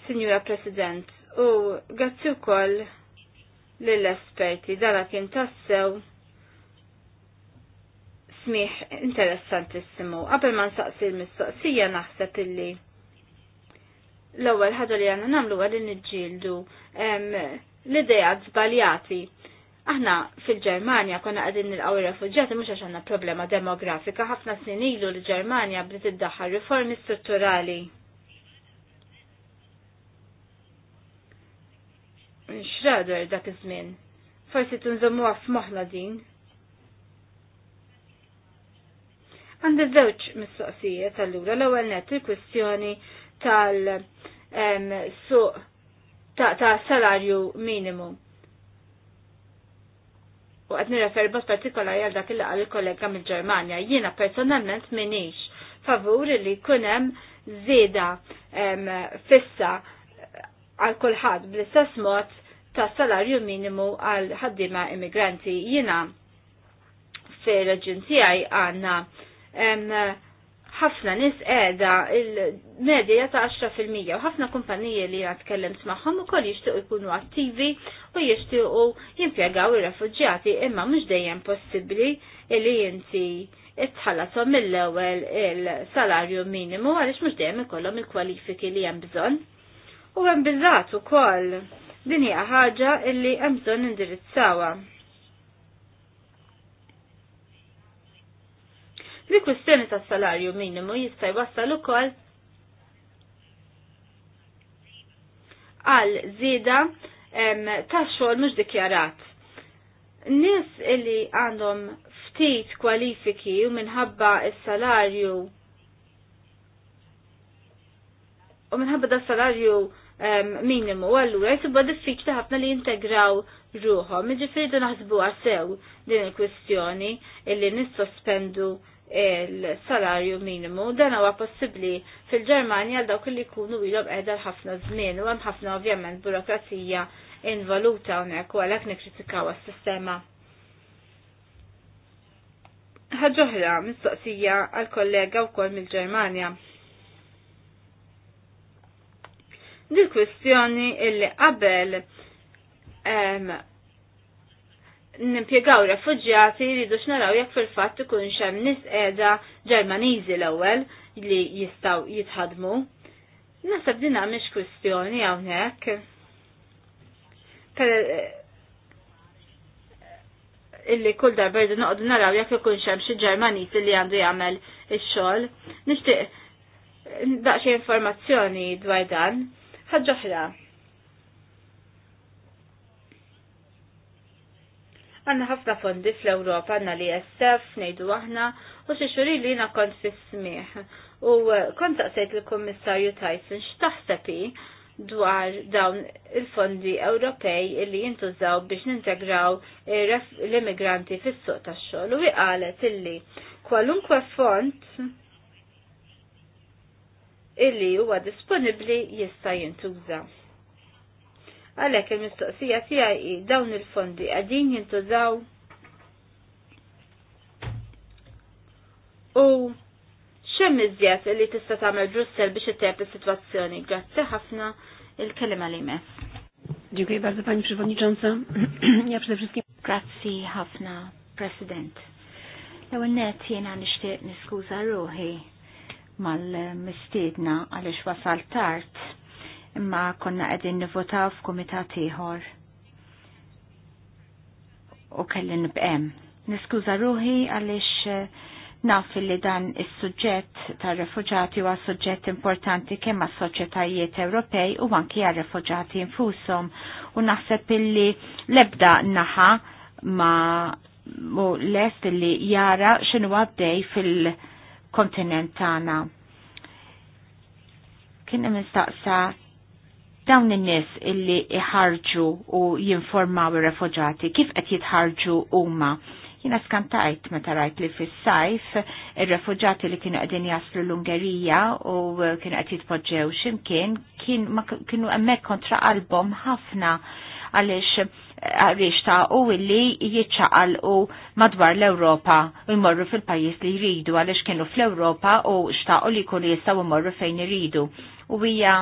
Signora President, u grazzi wkoll lill-esperti dalla kien tassew smiħ interessantissimu. Għabel ma saqsi l-mistoqsija naħseb illi l-ewwel ħadu li għandna namlu għal niġġieldu ehm, l ideja żbaljati Aħna fil-Ġermanja konna għadin nilqaw ir refugġati mhux għax għandna problema demografika ħafna snin ilu l-Ġermanja bdiet iddaħħal riformi strutturali. Xradur dak iż-żmien. Forsi għaf f'moħħna din. Għandi żewġ mistoqsijiet allura l-ewwel net il-kwistjoni tal-suq ta' salarju minimum u għadni nirrefer bost partikolari għal dak il għal kollega mill-Ġermanja. Jiena personalment minix favur li kunem zeda fissa għal kulħadd bl-istess mod ta' salarju minimu għal ħaddima immigranti. Jiena fil-reġun tiegħi għandna ħafna nis qiegħda il-medja ta' 10% u ħafna kumpaniji li jena tkellimt magħhom ukoll jixtiequ jkunu attivi u jixtiequ jimpjegaw ir-refuġjati imma mhux dejjem possibbli li inti itħallasom mill-ewwel il-salarju minimu għaliex mhux dejjem ikollhom il-kwalifiki li hemm bżonn. U hemm biżgħat ukoll din hija ħaġa li hemm bżonn indirizzawha. Li kwestjoni ta' salarju minimu jista' jwassal ukoll għal zida ta' xogħol mhux dikjarat. Nies illi għandhom ftit kwalifiki u minħabba s-salarju u minħabba da salarju minimu, għallura jtibba diffiċli ħafna li jintegraw ruħom. Ġifiri da naħsbu għasew din il-kwistjoni illi nissospendu il-salarju minimu. Dan huwa possibbli fil-Ġermanja dawk li jkunu ilhom qiegħda ħafna żmien u hemm ħafna ovvjament burokrazija involuta hawnhekk u għalhekk nikkritikaw is-sistema. Ħaġoħra mistoqsija għal kollega wkoll mill-Ġermanja. Dil kwistjoni illi qabel nimpiegaw refugjati dux naraw jekk fil-fatt ikun xem nis qiegħda Ġermaniżi l-ewwel li jistgħu jitħadmu. Nasab din miex kwistjoni hawnhekk. Eh, illi kull darba jridu noqogħdu naraw jekk ikun xem xi Ġermaniżi li għandu jagħmel ix-xogħol. Nixtieq eh, daqxie informazzjoni dwar dan. Ħaġa Għanna ħafna fondi fl-Ewropa, għanna li jessef, nejdu aħna, u xiexuri li jina kont fi smiħ U eh, kont taqsejt l-Kommissarju Tyson x'taħsepi dwar dawn il-fondi Ewropej li jintużaw biex nintegraw l-immigranti fis-suq tax-xogħol u qalet illi kwalunkwe font illi huwa disponibbli jista' jintuża. Għalhekk il-mistoqsija tiegħi dawn il-fondi qegħdin jintużaw u xemm iżjed li tista' tagħmel Brussel biex itteb is-sitwazzjoni. Grazzi ħafna il-kelima li mess. Dziękuję bardzo Pani Przewodnicząca. ja przede wszystkim... Grazzi ħafna, President. L-ewwel nett jiena nixtieq niskuża ruħi mal-mistiedna għaliex wasal tard imma konna qegħdin nivotaw f'kumitat ieħor. U kelli nibqem. Niskuża ruħi għaliex eh, naf li dan is-suġġett tar-refuġati huwa suġġett importanti kemm għas-soċjetajiet Ewropej u anki għar-refuġati infushom u naħseb illi lebda naħa ma u lest li jara x'inhu għaddej fil-kontinent tagħna kien imistaqsa dawn in-nies illi iħarġu u jinformaw ir-refuġati kif qed jitħarġu huma. Jina skantajt meta rajt li fis-sajf ir-refuġati li kienu qegħdin jaslu l-Ungerija u kienu qed jitpoġġew x'imkien kien kienu hemmhekk kontra qalbhom ħafna għaliex għarriċ ta' u illi jitxaqal u madwar l-Europa u jmorru fil-pajis li jridu għalix kienu fl-Europa u xtaqu li kun jistaw morru fejn jridu. U hija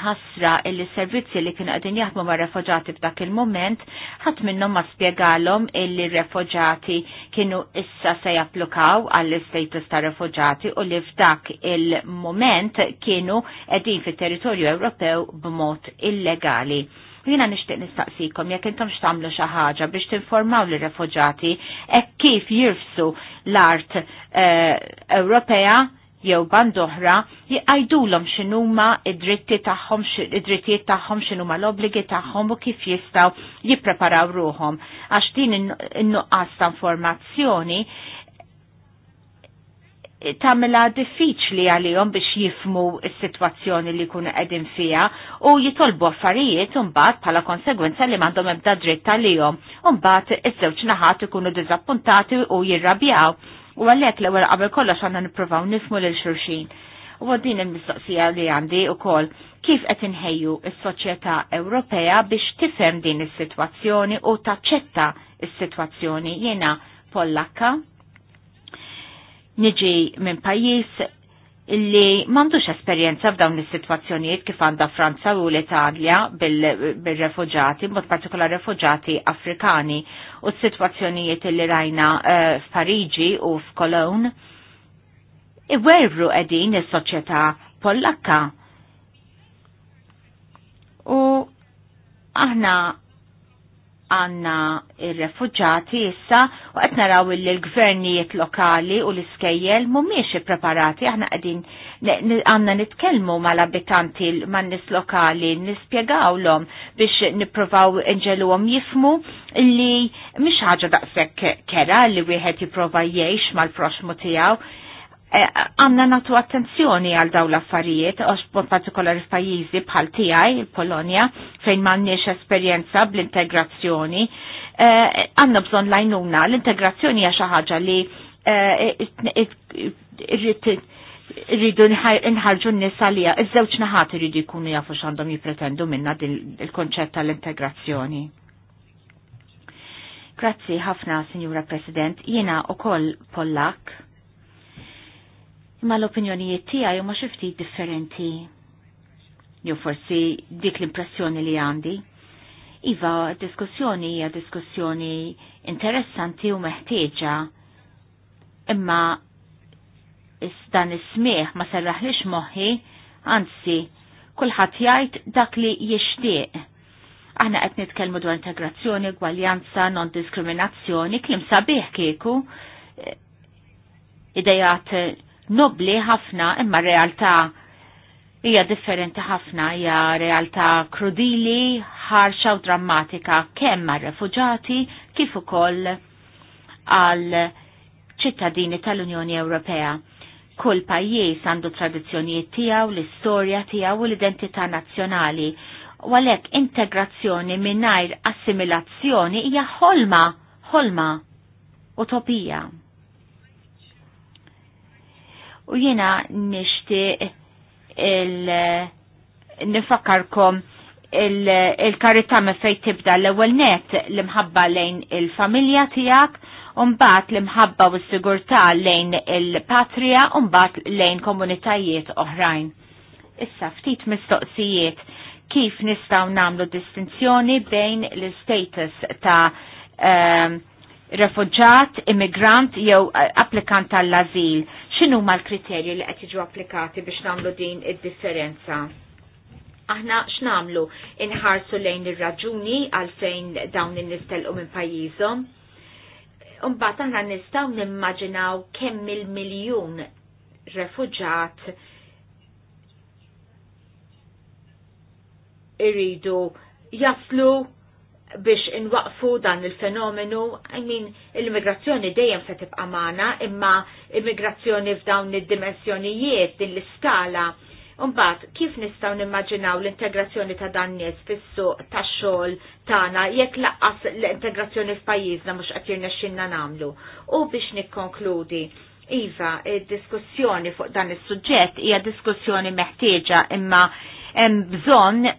ħasra illi servizzi li kienu għadin jaħdmu ma' refoġati f'dak il-moment, ħadd minnhom ma spjegalhom illi refoġati kienu issa se japplukaw għall-istatus ta' refoġati u li f'dak il-moment kienu qegħdin fit-territorju Ewropew b'mod illegali. Jina nishtiq nistaqsikom jekk intom xtamlu xi ħaġa biex tinformaw li refoġati hekk kif jirfsu l-art eh, Ewropea jew band oħra jgħidulhom x'inhuma id-dritti tagħhom id-drittijiet tagħhom x'inhuma l-obbligi tagħhom u kif jistgħu jippreparaw ruhom għax din in-nuqqas ta' informazzjoni tamela diffiċli għalihom biex jifmu s-sitwazzjoni li kunu qegħdin fiha u jitolbu affarijiet mbagħad bħala konsegwenza li m'għandhom ebda dritt għalihom. u Mbagħad iż-żewġ naħat ikunu diżappuntati u jirrabjaw U għalhekk l-ewwel qabel kollox għandna nippruvaw nifmu lil xulxin. U għoddin il-mistoqsija li għandi u kol kif qed inħejju s-soċjetà Ewropea biex tifhem din is-sitwazzjoni u taċċetta is-sitwazzjoni jiena Pollakka niġi minn pajjiż li mandux esperienza f'dawn is-sitwazzjonijiet kif għandha Franza u l-Italja bil refugġati bil mod partikolar refugġati Afrikani u s-sitwazzjonijiet li rajna uh, f'Pariġi u f'Kolon. Iwerru edin is-soċjetà Pollakka. U aħna għanna il refugġati issa u qed naraw li l-gvernijiet lokali u l-iskejjel mhumiex ippreparati aħna qegħdin għandna nitkellmu mal-abitanti man-nies lokali nispjegawlhom biex nippruvaw għom jifmu li mhix ħaġa daqshekk kera li wieħed jipprova jgħix mal-proxmu tiegħu għanna natu attenzjoni għal daw l-affarijiet, għax partikolari f'pajjiżi bħal tiegħi, il-Polonja, fejn m'għandniex esperjenza bl-integrazzjoni. Eh, għanna bżon lajnuna, l-integrazzjoni hija xi ħaġa li eh, rridu nħarġu n-nies għalija, iż-żewġ naħat rridu jkunu jafu x'għandhom jipretendu minna il-konċett tal-integrazzjoni. Grazzi ħafna, Sinjura President, jiena u koll Pollak imma l-opinjonijiet tiegħi huma xi ftit differenti. Jew forsi dik l-impressjoni li għandi. Iva, diskussjoni hija diskussjoni interessanti u meħtieġa, imma dan is-smieħ ma serraħlix moħħi, anzi, kulħadd jgħid dak li jixtieq. Aħna qed nitkellmu dwar integrazzjoni, gwaljanza, non-diskriminazzjoni, klim sabiħ kieku, idejat nobli ħafna imma realtà hija differenti ħafna hija realtà krudili, ħarxa u drammatika kemm ma' refuġati kif ukoll għal ċittadini tal-Unjoni Ewropea. Kull pajjiż għandu tradizzjonijiet tiegħu, l-istorja tiegħu u l-identità nazzjonali. U għalhekk integrazzjoni mingħajr assimilazzjoni hija ħolma, ħolma, utopija u jiena nixtieq il- nifakkarkom il-karità il fej tibda l-ewwel net l-imħabba lejn il-familja tiegħek Umbat l-imħabba u s-sigurta lejn il-patria, umbat lejn komunitajiet oħrajn. Issa ftit mistoqsijiet kif nistaw namlu distinzjoni bejn l-status ta' um, refugġat, immigrant jew eh, applikant tal-azil. X'inhu mal l-kriterji li qed jiġu applikati biex nagħmlu din id-differenza? Aħna x'namlu? Inħarsu lejn ir-raġuni għalfejn dawn in minn pajjiżhom? Imbagħad aħna nistgħu nimmaġinaw kemm il-miljun refugġat iridu jaslu biex inwaqfu dan il-fenomenu, I mean, l-immigrazzjoni dejjem se tibqa' magħna, imma immigrazzjoni f'dawn id-dimensjonijiet, din l-iskala. Umbat, kif nistgħu nimmaġinaw l-integrazzjoni ta' dan nies fis-suq tax-xogħol tagħna jekk laqqas l-integrazzjoni f'pajjiżna mhux qed jirnexxinna nagħmlu. U biex nikkonkludi, iva, id-diskussjoni fuq dan is-suġġett hija diskussjoni meħtieġa imma hemm bżonn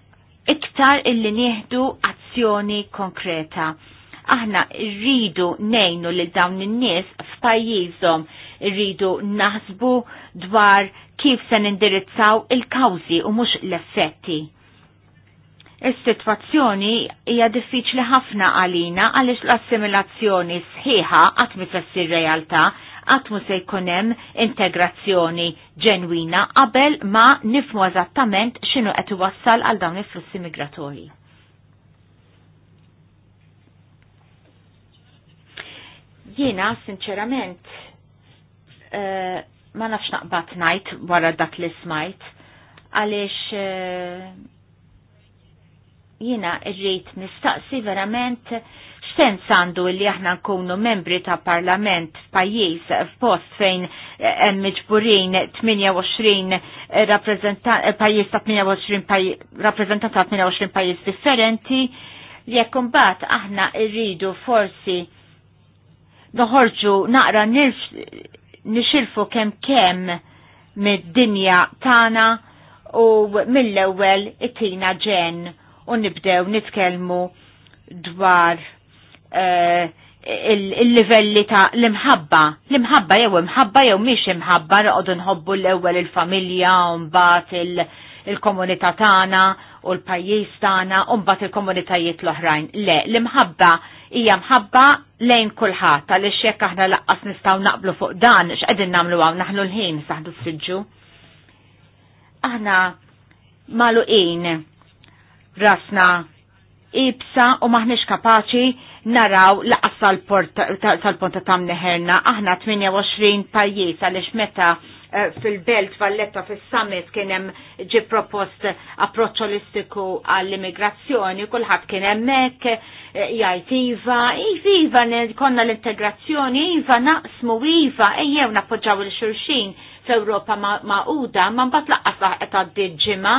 iktar illi nieħdu azzjoni konkreta. Aħna rridu nejnu lil dawn in-nies f'pajjiżhom, rridu naħsbu dwar kif se nindirizzaw il-kawżi u mhux l-effetti. Is-sitwazzjoni hija diffiċli ħafna għalina għaliex l-assimilazzjoni sħiħa qatt ma tfessir realtà qatt mu se jkun hemm integrazzjoni ġenwina qabel ma nifmu eżattament x'inhu qed iwassal għal dawn il-flussi migratorji. Jiena sinċerament eh, ma nafx naqbad ngħid wara dak li smajt għaliex eh, jiena rrid nistaqsi verament uh, sens għandu li aħna nkunu membri ta' parlament f'pajjiż f'post fejn eh, hemm miġburin 28 eh, eh, pajjiż ta' 28 rappreżentant ta' 28 pajjiż differenti li jekk imbagħad aħna rridu forsi noħorġu naqra nixilfu kemm kemm mid-dinja tagħna u mill-ewwel it-tina ġen u nibdew nitkellmu dwar Eh, il-livelli ta' l-imħabba, l-imħabba jew imħabba jew miex imħabba, raqodu nħobbu l-ewwel il-familja, mbagħad il-komunità tagħna u l-pajjiż tagħna u mbagħad il-komunitajiet l-oħrajn. Le, l-imħabba hija mħabba lejn kulħadd għaliex jekk aħna laqqas nistgħu naqblu fuq dan x'qegħdin nagħmlu hawn naħlu l-ħin saħdu s-siġġu. Aħna maluqin rasna ibsa u maħniex kapaċi naraw laqas tal-ponta tam neħerna. Aħna 28 pajjiż għaliex meta fil-belt valletta fil-summit kienem ġi propost approċċolistiku għall-immigrazzjoni, kullħat kien hemmhekk jgħid iva, iva konna l-integrazzjoni, iva naqsmu iva, ejjew nappoġġaw il-xurxin f'Ewropa ma' uda, ma' mbagħad laqqas qed għaddi ġimgħa,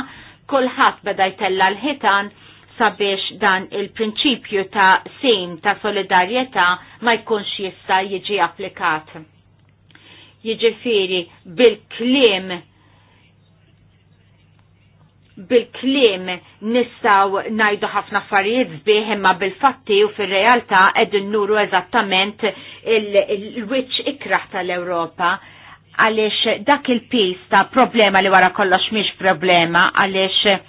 kulħadd beda jtella l-ħitan sabiex dan il-prinċipju ta' sejm ta' solidarjetà ma jkunx jista' jiġi applikat. Jiġifieri bil-kliem bil-klim nistaw najdu ħafna affarijiet zbieħ imma bil-fatti u fil-realtà qegħdin nuru eżattament il-wiċċ ikraħ tal-Ewropa għaliex dak il-pis ta' problema li wara kollox mhix problema għaliex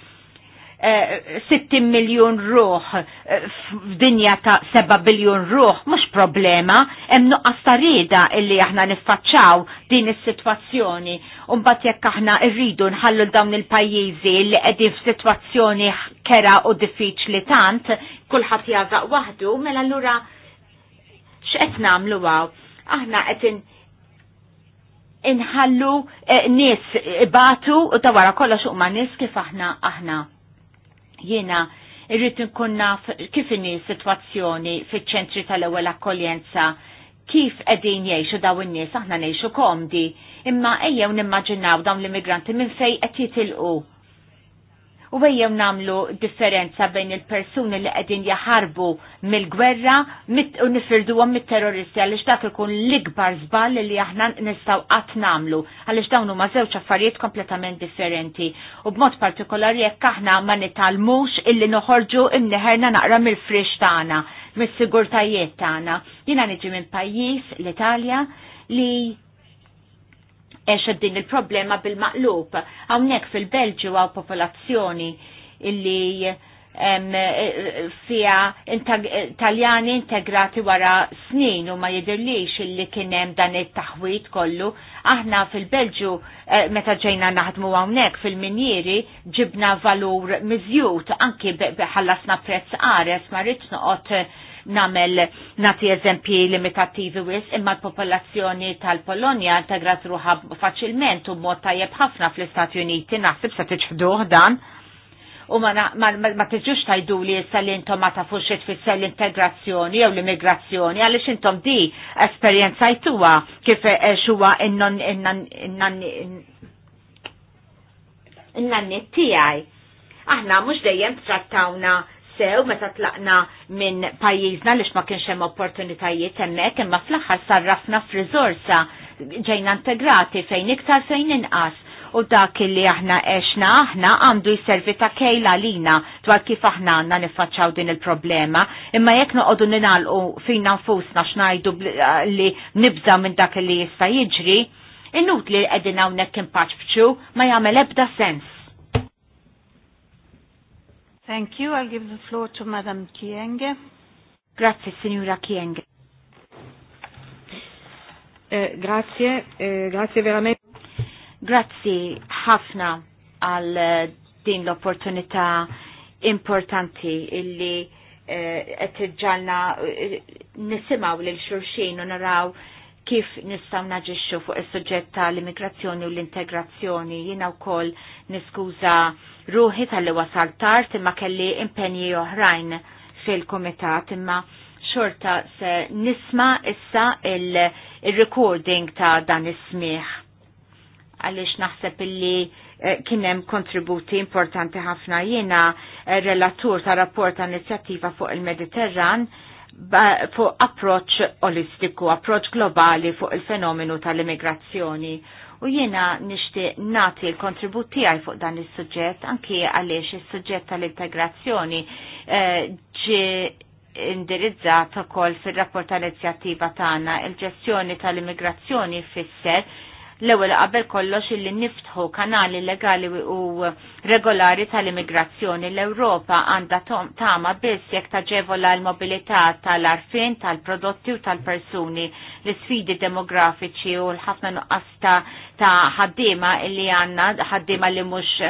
60 eh, miljon ruħ eh, f'dinja ta' 7 biljon ruħ, mux problema, hemm nuqqas tarida illi aħna niffaċċaw din is-sitwazzjoni. mbagħad jekk aħna rridu nħallu dawn il-pajjiżi li qegħdin f'sitwazzjoni kera u diffiċli tant, kulħadd jażaq waħdu, mela allura x'qed nagħmlu għaw? Aħna qed inħallu eh, nies batu u tawara kollox huma nies kif aħna aħna Jiena irrid nkunna kif inni situazzjoni fiċ-ċentri tal-ewwel akkoljenza kif qegħdin jgħixu daw in-nies aħna ngħixu komdi, imma ejjew nimmaġinaw dawn l-immigranti minn fejn qed jitilqu U għajjem namlu differenza bejn il-persuni li għedin jaharbu mill-gwerra u nifirdu għom mit-terroristi għalix dak ikun l-ikbar zbal li aħna nistaw għat namlu għalix dawnu ma zewċ affarijiet kompletament differenti u b'mod partikolari jekk aħna ma nitalmux illi noħorġu imniħerna naqra mill-frix tagħna, mis-sigurtajiet tagħna. Jina niġi minn pajjiż l-Italja li eċed din il-problema bil-maqlub. Għawnek fil-Belġu għaw popolazzjoni illi e, e, fija taljani integrati wara snin u ma jidirlix illi kienem dan il-taħwit kollu. Aħna fil-Belġu e, meta ġejna naħdmu għawnek fil minjiri ġibna valur mizjut anki ħallasna prezz għares ma rridx noqot namel nati eżempji limitativi wis imma l-popolazzjoni tal-Polonja integrat ruħa faċilment u mod tajjeb ħafna fl-Istati Uniti naħseb se tiġħduh dan u ma, ma, ma, ma tiġux tajdu li jissa li intom ma tafux fi sell l-integrazzjoni jew l-immigrazzjoni, għalix intom di esperienzajtuwa kif xuwa innan innan innan Aħna innan dejjem trattawna sew meta tlaqna minn pajjiżna lix ma kienx hemm opportunitajiet hemmhekk imma fl-aħħar sarrafna f'riżorsa ġejna integrati fejn iktar fejn inqas u dak li aħna eċna aħna għandu jservi ta' kejla lina dwar kif aħna għanna nifacċaw din il-problema imma jek noqodu ninalqu fin nfusna xnajdu li nibza minn dak li jista' jiġri inut li għedin hawnhekk impaċċu ma jagħmel ebda sens. Thank you. I'll give the floor to Madam Kienge. Grazie, signora Kienge. Eh, grazie, eh, grazie veramente. Grazzi ħafna għal eh, din l-opportunità importanti illi eh, qed eh, nisimaw lil xurxin u naraw kif nistaw naġixxu fuq is-suġġett tal-immigrazzjoni u l-integrazzjoni jiena wkoll niskuża ruħi tal-li wasal tard imma kelli impenji oħrajn fil-kumitat imma xorta se nisma issa il-recording ta' dan is għalix għaliex naħseb illi eh, kienem kontributi importanti ħafna jiena eh, relatur ta' rapport ta' inizjattiva fuq il-Mediterran fuq approċ olistiku, approċ globali fuq il-fenomenu tal-immigrazzjoni. U jiena nixtieq nagħti l-kontribut tiegħi fuq dan is-suġġett anki għaliex is-suġġett tal-integrazzjoni eh, ġi indirizzat ukoll fir-rapport tal-inizjattiva tagħna il-ġestjoni tal-immigrazzjoni fis-sett l-ewwel qabel kollox illi niftħu kanali legali u regolari tal-immigrazzjoni l-Ewropa għandha tama biss jekk taġevola l-mobilità tal-arfin, tal-prodotti u tal-persuni, l-sfidi demografiċi u l-ħafna nuqqas ta' ħaddiema illi għandna ħaddiema li mhux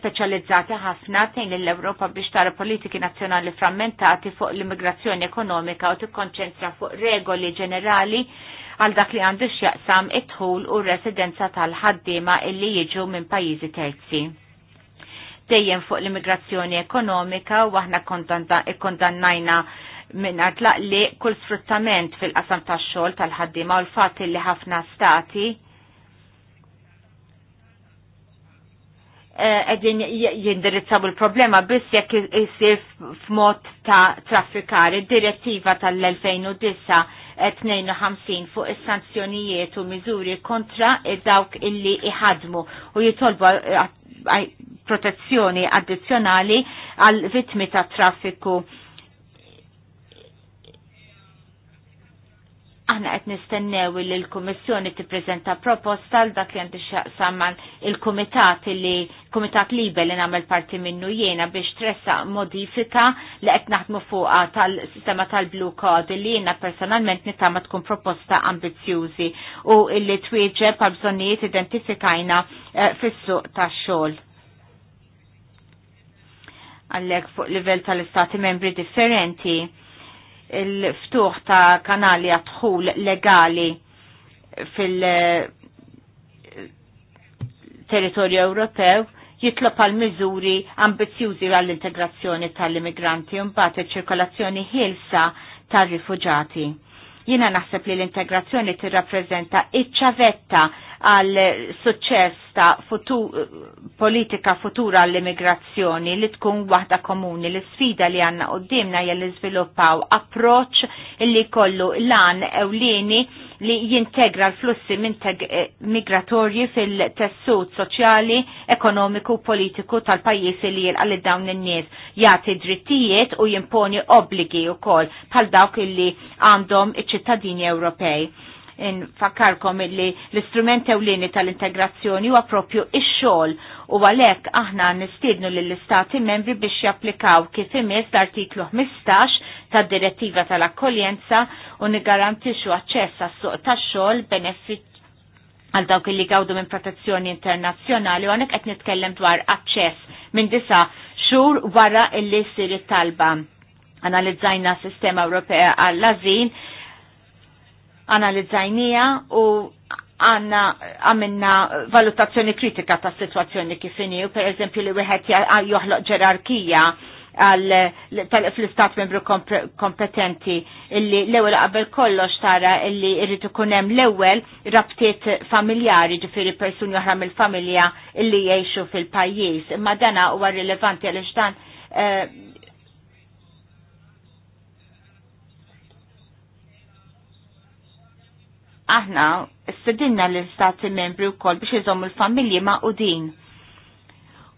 speċjalizzati ħafna tejn l-Ewropa biex tara politiki nazzjonali frammentati fuq l-immigrazzjoni ekonomika u tikkonċentra fuq regoli ġenerali għal dak li għandu x'jaqsam it-tħul u residenza tal-ħaddiema illi jiġu minn pajjiżi terzi. Dejjem fuq l-immigrazzjoni ekonomika u aħna kondannajna minn artlaq li kull sfruttament fil-qasam tax-xogħol tal-ħaddiema u l fat li ħafna stati eh, għedin jindirizzabu l-problema biss jekk jisir f'mod ta' traffikari direttiva tal-2009 52 fuq is-sanzjonijiet u miżuri kontra dawk illi iħadmu u jitolbu protezzjoni addizzjonali għal vittmi ta' traffiku Aħna qed nistennew li l-Kummissjoni tippreżenta proposta l dak li għandi xaqsamman il-Kumitat li Kumitat Libel li nagħmel parti minnu jiena biex tressa modifika li qed naħdmu fuqha tal-sistema tal-Blue Code li jiena personalment nittama tkun proposta ambizzjużi u li twieġeb għal bżonnijiet identifikajna eh, fis-suq tax-xogħol għallek fuq livell tal-istati membri differenti il-ftuħ ta' kanali għadħul legali fil- territorju Ewropew jitlob għal miżuri ambizjużi għall integrazzjoni tal-immigranti u mbagħad iċ-ċirkolazzjoni ħilsa tar rifugġati Jiena naħseb li l-integrazzjoni tirrappreżenta iċ-ċavetta għal suċċess ta' futu politika futura għall immigrazzjoni li tkun waħda komuni. L-sfida li għanna u hija jgħalli żviluppaw approċċ li kollu lan ewlieni li jintegra l-flussi eh, migratorji fil-tessut soċjali, ekonomiku, politiku tal-pajjiżi li jilqal dawn in-nies jagħti drittijiet u jimponi obbligi wkoll bħal dawk li għandhom iċ-ċittadini Ewropej nfakkarkom illi l-istrument ewlieni tal-integrazzjoni huwa propju ix-xogħol u għalhekk aħna nistiednu lill-istati membri biex japplikaw kif imiss l-artiklu 15 tad-direttiva tal-akkoljenza u nigarantixxu aċċess għas-suq tax-xogħol benefiċ għal dawk li gawdu minn protezzjoni internazzjonali u għanek qed nitkellem dwar aċċess minn disa xhur wara illi sir it-talba. Analizzajna s sistema Ewropea għall-azin analizzajnija u għanna għamilna valutazzjoni kritika ta' situazzjoni kifini u per eżempju li wieħed joħloq ġerarkija fl-istat membru kompetenti illi l-ewel qabel kollox tara illi irrid ikun hemm l-ewel rabtiet familjari ġifieri persuni oħra mill-familja illi jgħixu fil-pajjiż. Imma dana huwa rilevanti għaliex dan eh, aħna sidinna l-istati membri u kol biex jizom il-familji ma' u din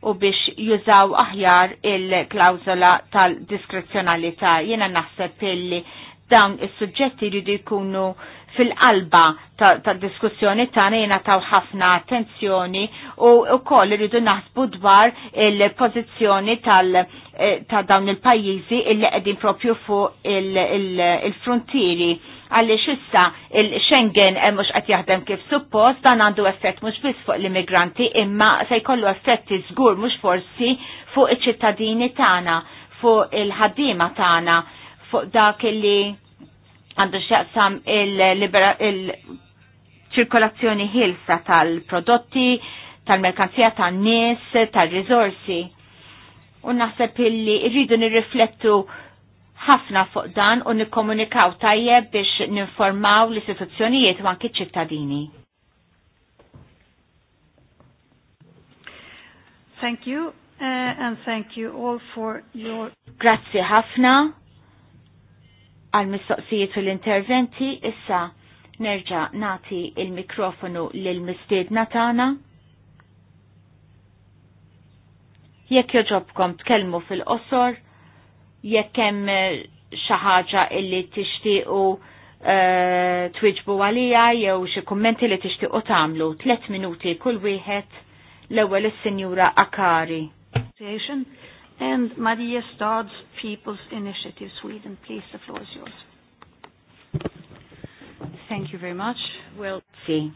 u biex jużaw aħjar il-klawzola tal-diskrezzjonalità. Jena naħseb illi dawn is-suġġetti jridu jkunu fil-qalba tal-diskussjoni ta tagħna jena taw ħafna attenzjoni u wkoll rridu naħsbu dwar il pozizjoni tal- eh, ta' dawn il-pajjiżi illi qegħdin propju fuq il-frontieri. Il il għaliex issa il-Schengen eh, mhux qed jaħdem kif suppost dan għandu effett mhux biss fuq l-immigranti imma se jkollu effetti żgur mhux forsi fuq il ċittadini tagħna, fuq il-ħaddiema tagħna, fuq dak li għandu x'jaqsam il-ċirkolazzjoni il ħilsa tal-prodotti, tal-merkanzija tan-nies, tal-riżorsi. U naħseb illi rridu nirriflettu ħafna fuq dan u nikkomunikaw tajjeb biex ninformaw l-istituzzjonijiet u anki ċittadini. Thank you uh, and thank you all for your Grazzi ħafna għal mistoqsijiet u l-interventi issa nerġa' nati il-mikrofonu lil mistiedna tagħna. Jekk joġobkom tkellmu fil-qosor, jekk hemm eh, xi ħaġa illi tixtiequ eh, twiġbu għalija jew xi kummenti li tixtiequ tagħmlu. Tlet minuti kull wieħed l-ewwel is-Sinjura Akari. And Maria Stad's People's Initiative Sweden, please, the floor is yours. Thank you very much. Well, see.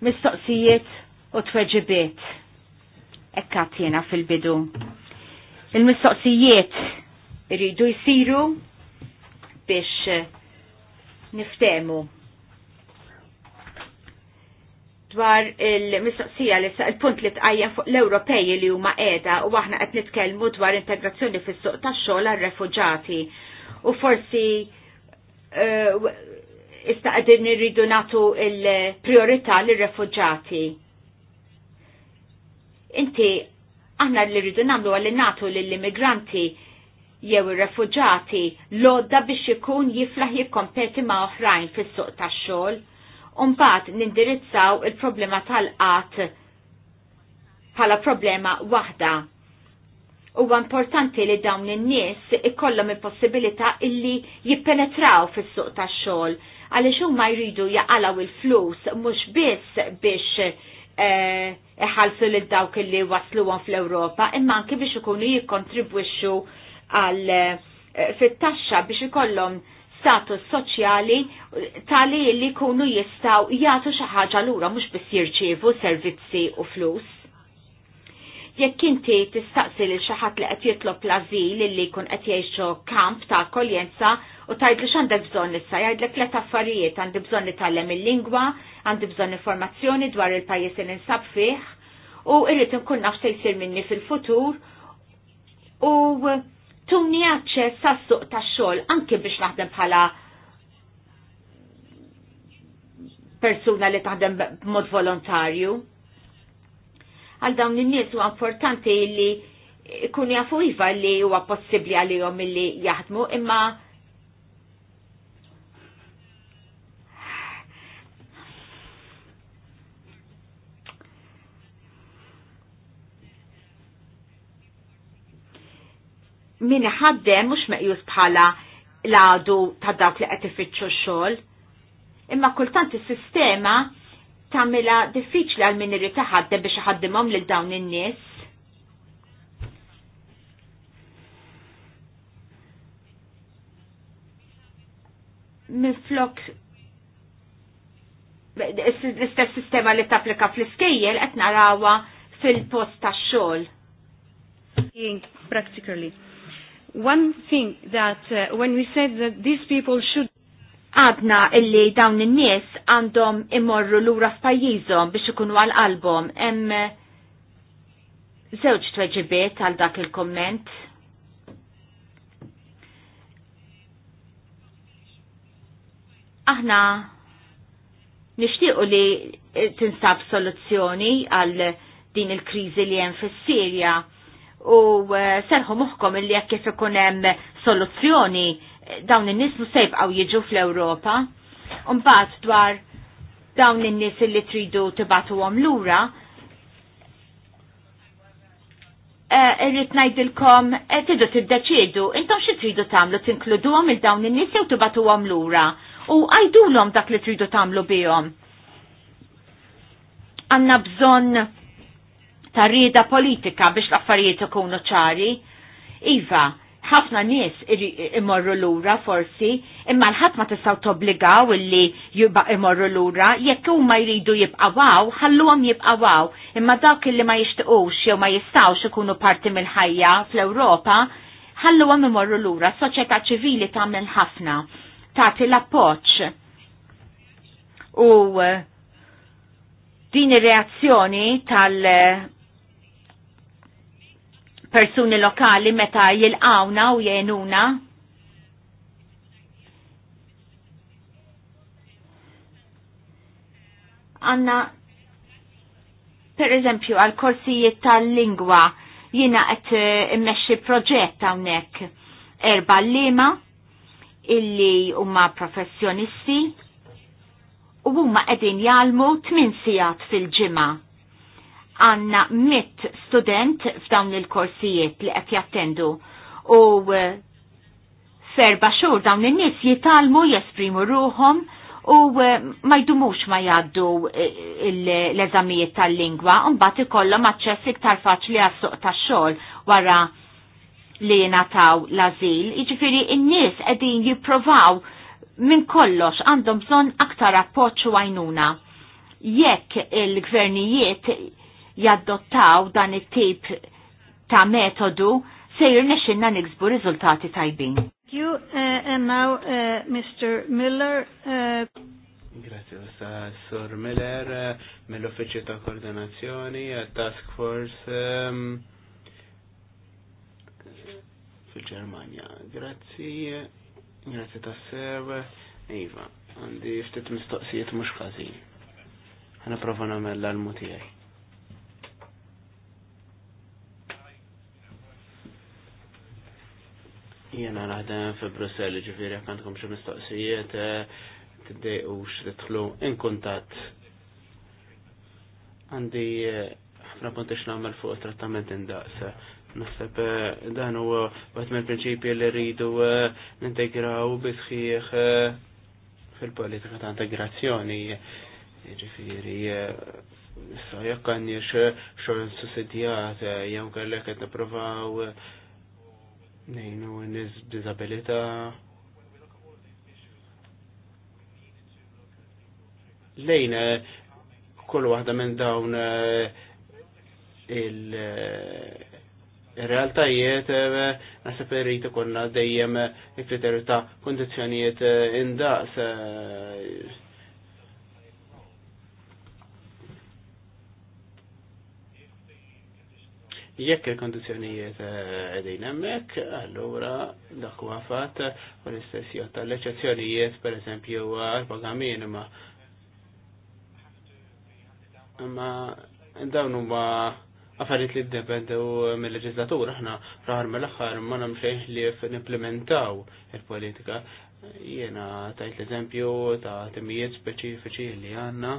Mistoqsijiet u tweġibiet ekkat jena fil-bidu. Il-mistoqsijiet rridu jisiru biex eh, niftemu dwar il-mistoqsija li il-punt li t'għajja fuq l-Ewropej li huma qiegħda u aħna qed nitkellmu dwar integrazzjoni fis-suq tax-xogħol għar-refuġati. U forsi eh, issa qegħdin irridu nagħtu l-priorità lir-refuġati. Inti aħna li rridu nagħmlu għalli nagħtu lill-immigranti jew ir refugġati lodda biex ikun jiflaħ jikkompeti ma' oħrajn fis-suq tax-xogħol. Umbagħad nindirizzaw il-problema tal-qatt bħala problema waħda. Huwa importanti li dawn in-nies ikollhom il-possibilità illi jippenetraw fis-suq tax-xogħol għaliex huma jridu jaqalaw il-flus mhux biss biex Eh, iħalsu lil dawk li wasluhom fl-Ewropa, imma anki biex ikunu jikkontribwixxu għal eh, fit-taxxa biex ikollhom status soċjali tali li jkunu jistgħu jagħtu xi ħaġa lura mhux biss jirċievu servizzi u flus. Jekk inti tistaqsi lil xi ħadd li qed jitlob l li kun qed jgħixu kamp ta' koljenza, u tajt li xandek bżon issa, jgħidlek tlet affarijiet, għandi bżon nitallem il-lingwa, għandi bżon informazzjoni dwar il-pajis li ninsab fih, u irrit nkun naf se jsir minni fil-futur, u tumni għacċe sas-suq tax-xogħol anke biex naħdem bħala persuna li taħdem b'mod volontarju. Għal dawn in-nies huwa importanti li kun jafu iva li huwa possibbli għalihom milli jaħdmu imma min ħaddem mhux meqjus bħala l-għadu ta' dawk li qed ifittxu xogħol. Imma kultant is-sistema tagħmilha diffiċli għal min irid taħaddem biex iħaddimhom lil dawn in-nies. Miflok l-istess sistema li tapplika fl-iskejjel qed narawha fil-post tax-xogħol. Practically one thing that uh, when we said that these people should għadna illi dawn in-nies għandhom imorru lura f'pajjiżhom biex ikunu għal album hemm uh, żewġ tweġibiet għal dak il-komment. Aħna nixtiequ li uh, tinsab soluzzjoni għal din il-kriżi li hemm fis-Sirja u eh, serħu moħkom illi jekk kif ikun hemm soluzzjoni eh, dawn in-nies mhux se jibqgħu jiġu fl-Ewropa. Mbagħad dwar dawn in-nies li tridu tibatuhom lura, eh, Irrid ngħidilkom tidu tiddeċiedu intom xi tridu tagħmlu tinkluduhom il dawn in-nies jew tibatuhom lura u għajdulhom dak li tridu tagħmlu bihom. Għandna bżonn ta' rida politika biex l-affarijiet ikunu ċari. Iva, ħafna nies imorru lura forsi, imma l ħat ma tistaw tobligaw illi jibqa' imorru lura, jekk huma jridu jibqawaw, ħalluhom jibqawaw, imma dawk illi ma jixtiequx jew ma jistgħux ikunu parti mill-ħajja fl-Ewropa, ħalluhom imorru lura, soċjetà ċivili tagħmel ħafna, tagħti l-appoġġ. U eh, din ir-reazzjoni tal- persuni lokali meta jilqawna u jenuna. Għanna, per eżempju, għal korsijiet tal-lingwa jina qed eh, immexxi proġett hawnhekk erba lima illi huma professjonisti u huma qegħdin jgħalmu tmien sigħat fil-ġimgħa għanna mit student f'dawn il-korsijiet li qed jattendu u eh, ferba xhur dawn in-nies jitalmu jesprimu ruhom u eh, ma jdumux ma jgħaddu eh, l-eżamijiet tal-lingwa u mbagħad ikollhom aċċess iktar faċli għas-suq tax-xogħol wara li nataw l-azil, jiġifieri in-nies qegħdin jipprovaw minn kollox għandhom bżonn aktar appoġġ u għajnuna jekk il-gvernijiet jaddottaw dan it-tip ta' metodu se jirnexinna niksbu riżultati tajbin. You uh, and now uh, Mr. Miller. Uh, Grazie uh... Sir Miller uh, mill-Uffiċċju ta' Koordinazzjoni uh, Task Force um, fil-Ġermanja. Grazzi, grazzi ta' sew. Eva, għandi ftit mistoqsijiet mhux ħażin. Ħana prova nagħmel l-almu Jena naħdem fi Brussel, ġifiri għandkom xi mistoqsijiet, eh, tiddejqux titħlu in kuntatt. Għandi eh, ħafna punti x'nagħmel fuq trattament indaqsa. Naħseb eh, dan huwa waqt mill-prinċipji li rridu nintegraw bisħieħ fil-politika ta' integrazzjoni. Ġifiri, issa jekk għandix xogħol sussidjat jew kellek qed nippruvaw nejnu nis disabilita lejn eh, kull waħda minn dawn eh, il-realtajiet eh, nasib irrid ikollna dejjem il-kriterju ta' kondizzjonijiet indaqs Jekk il-kondizjonijiet għedin eh, emmek, allura dak huwa fatt u l-istess jotta l-eċezzjonijiet pereżempju għal-paga minima. Ma dawn huma affarijiet li ddependu mill-leġislatura aħna fl-aħħar mill-aħħar ma nagħmlu xejn li nimplementaw il-politika. Jiena tajt l-eżempju ta' timijiet speċifiċi li għandna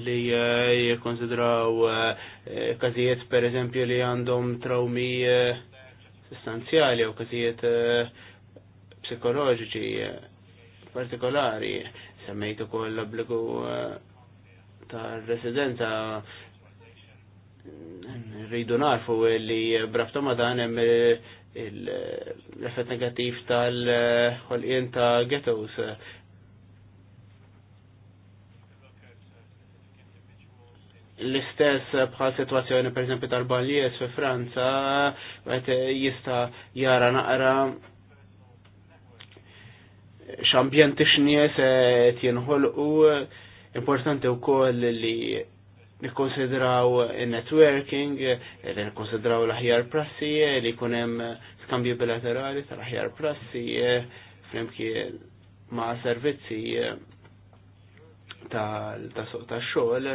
li eh, jikonsidraw eh, eh, kazijiet per eżempju li għandhom traumi sostanzjali u kazijiet psikoloġiċi partikolari semmejtu kol l-obbligu ta' residenza rridu narfu li brafta ma dan hemm l-effett negattiv tal-ħolqien ta' ghettos l-istess bħal situazzjoni per esempio tal-Baljes fi Franza għet jista jara naqra xambjent xnies għet u importanti u koll li nikkonsidraw il-networking, li nikkonsidraw l-ħjar prassi, li kunem skambju bilaterali tal-ħjar prassi, flimkien ma' servizzi tal-suq ta' xogħol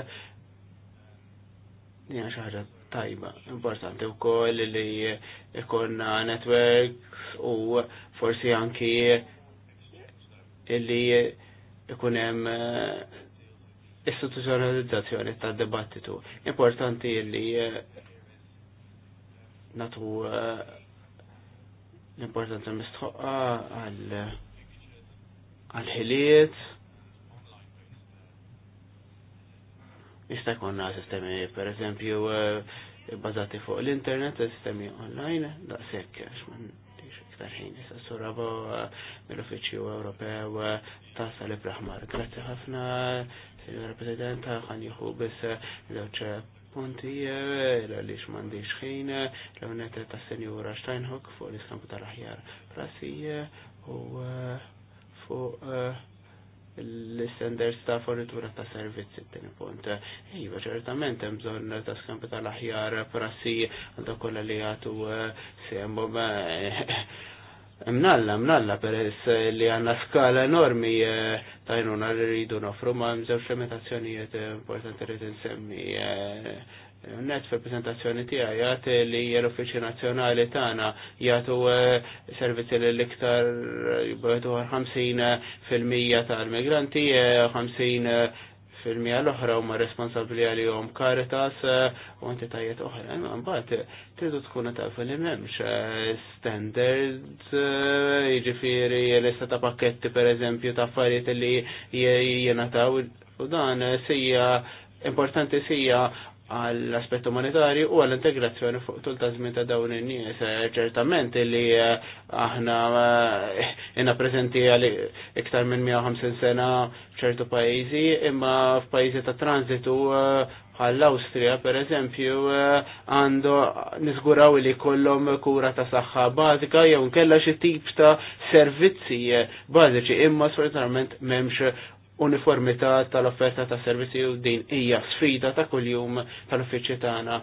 Dina xaħġa tajba, importanti u koll li ikonna networks u forsi anki li ikunem eh, istituzjonalizzazzjoni ta' debattitu Importanti li eh, natu eh, l-importanza mistħoqqa għal għal-ħiliet Jista' jkollna sistemi pereżempju eh, bbażati fuq l-internet, sistemi online, daqshekk għax iktar ħin issa surabo eh, mill-Uffiċċju Ewropew eh, ta' Salib Raħmar. Grazzi ħafna, Sinjora Presidenta, ħan jieħu biss żewġ punti għaliex m'għandix ħin l unet ta' Sinjura Steinhock fuq l-iskampu tal-aħjar prassi u fuq uh, l-standards ta' fornitura ta' servizzi t-tini punt. Iva, ċertament, hemm bżonn ta' skampi tal-aħjar prassi għandha kolla li għatu eh, sembo Mnalla, eh, mnalla, peress li għanna skala enormi eh, tajnuna li rridu nofru ma' mżewx importanti li t-insemmi. Net fil-prezentazzjoni tiegħi jagħti li l-Uffiċċju Nazzjonali tagħna jagħtu eh, servizzi l iktar jibgħetu 50 eh, fil-mija tal-migranti, 50 eh, fil-mija l-oħra huma responsabbli għalihom Caritas u entitajiet oħra. Mbagħad tridu tkun taf li m'hemmx standards, jiġifieri lista ta' pakketti pereżempju ta' affarijiet li jingħataw u dan sija importanti sija għall-aspett umanitarju u għall-integrazzjoni fuq tul tazmin żmien ta' dawn in-nies eh, ċertament li eh, aħna eh, inna preżenti għal iktar minn 150 sena f'ċertu pajjiżi imma f'pajjiżi ta' transitu għall per pereżempju għandu niżguraw li kollom kura ta' saħħa bazika jew nkella xi tip ta' servizzi bażiċi imma sfortunatament m'hemmx uniformità tal-offerta ta' servizzi u din hija sfida ta' kuljum tal-uffiċċju tagħna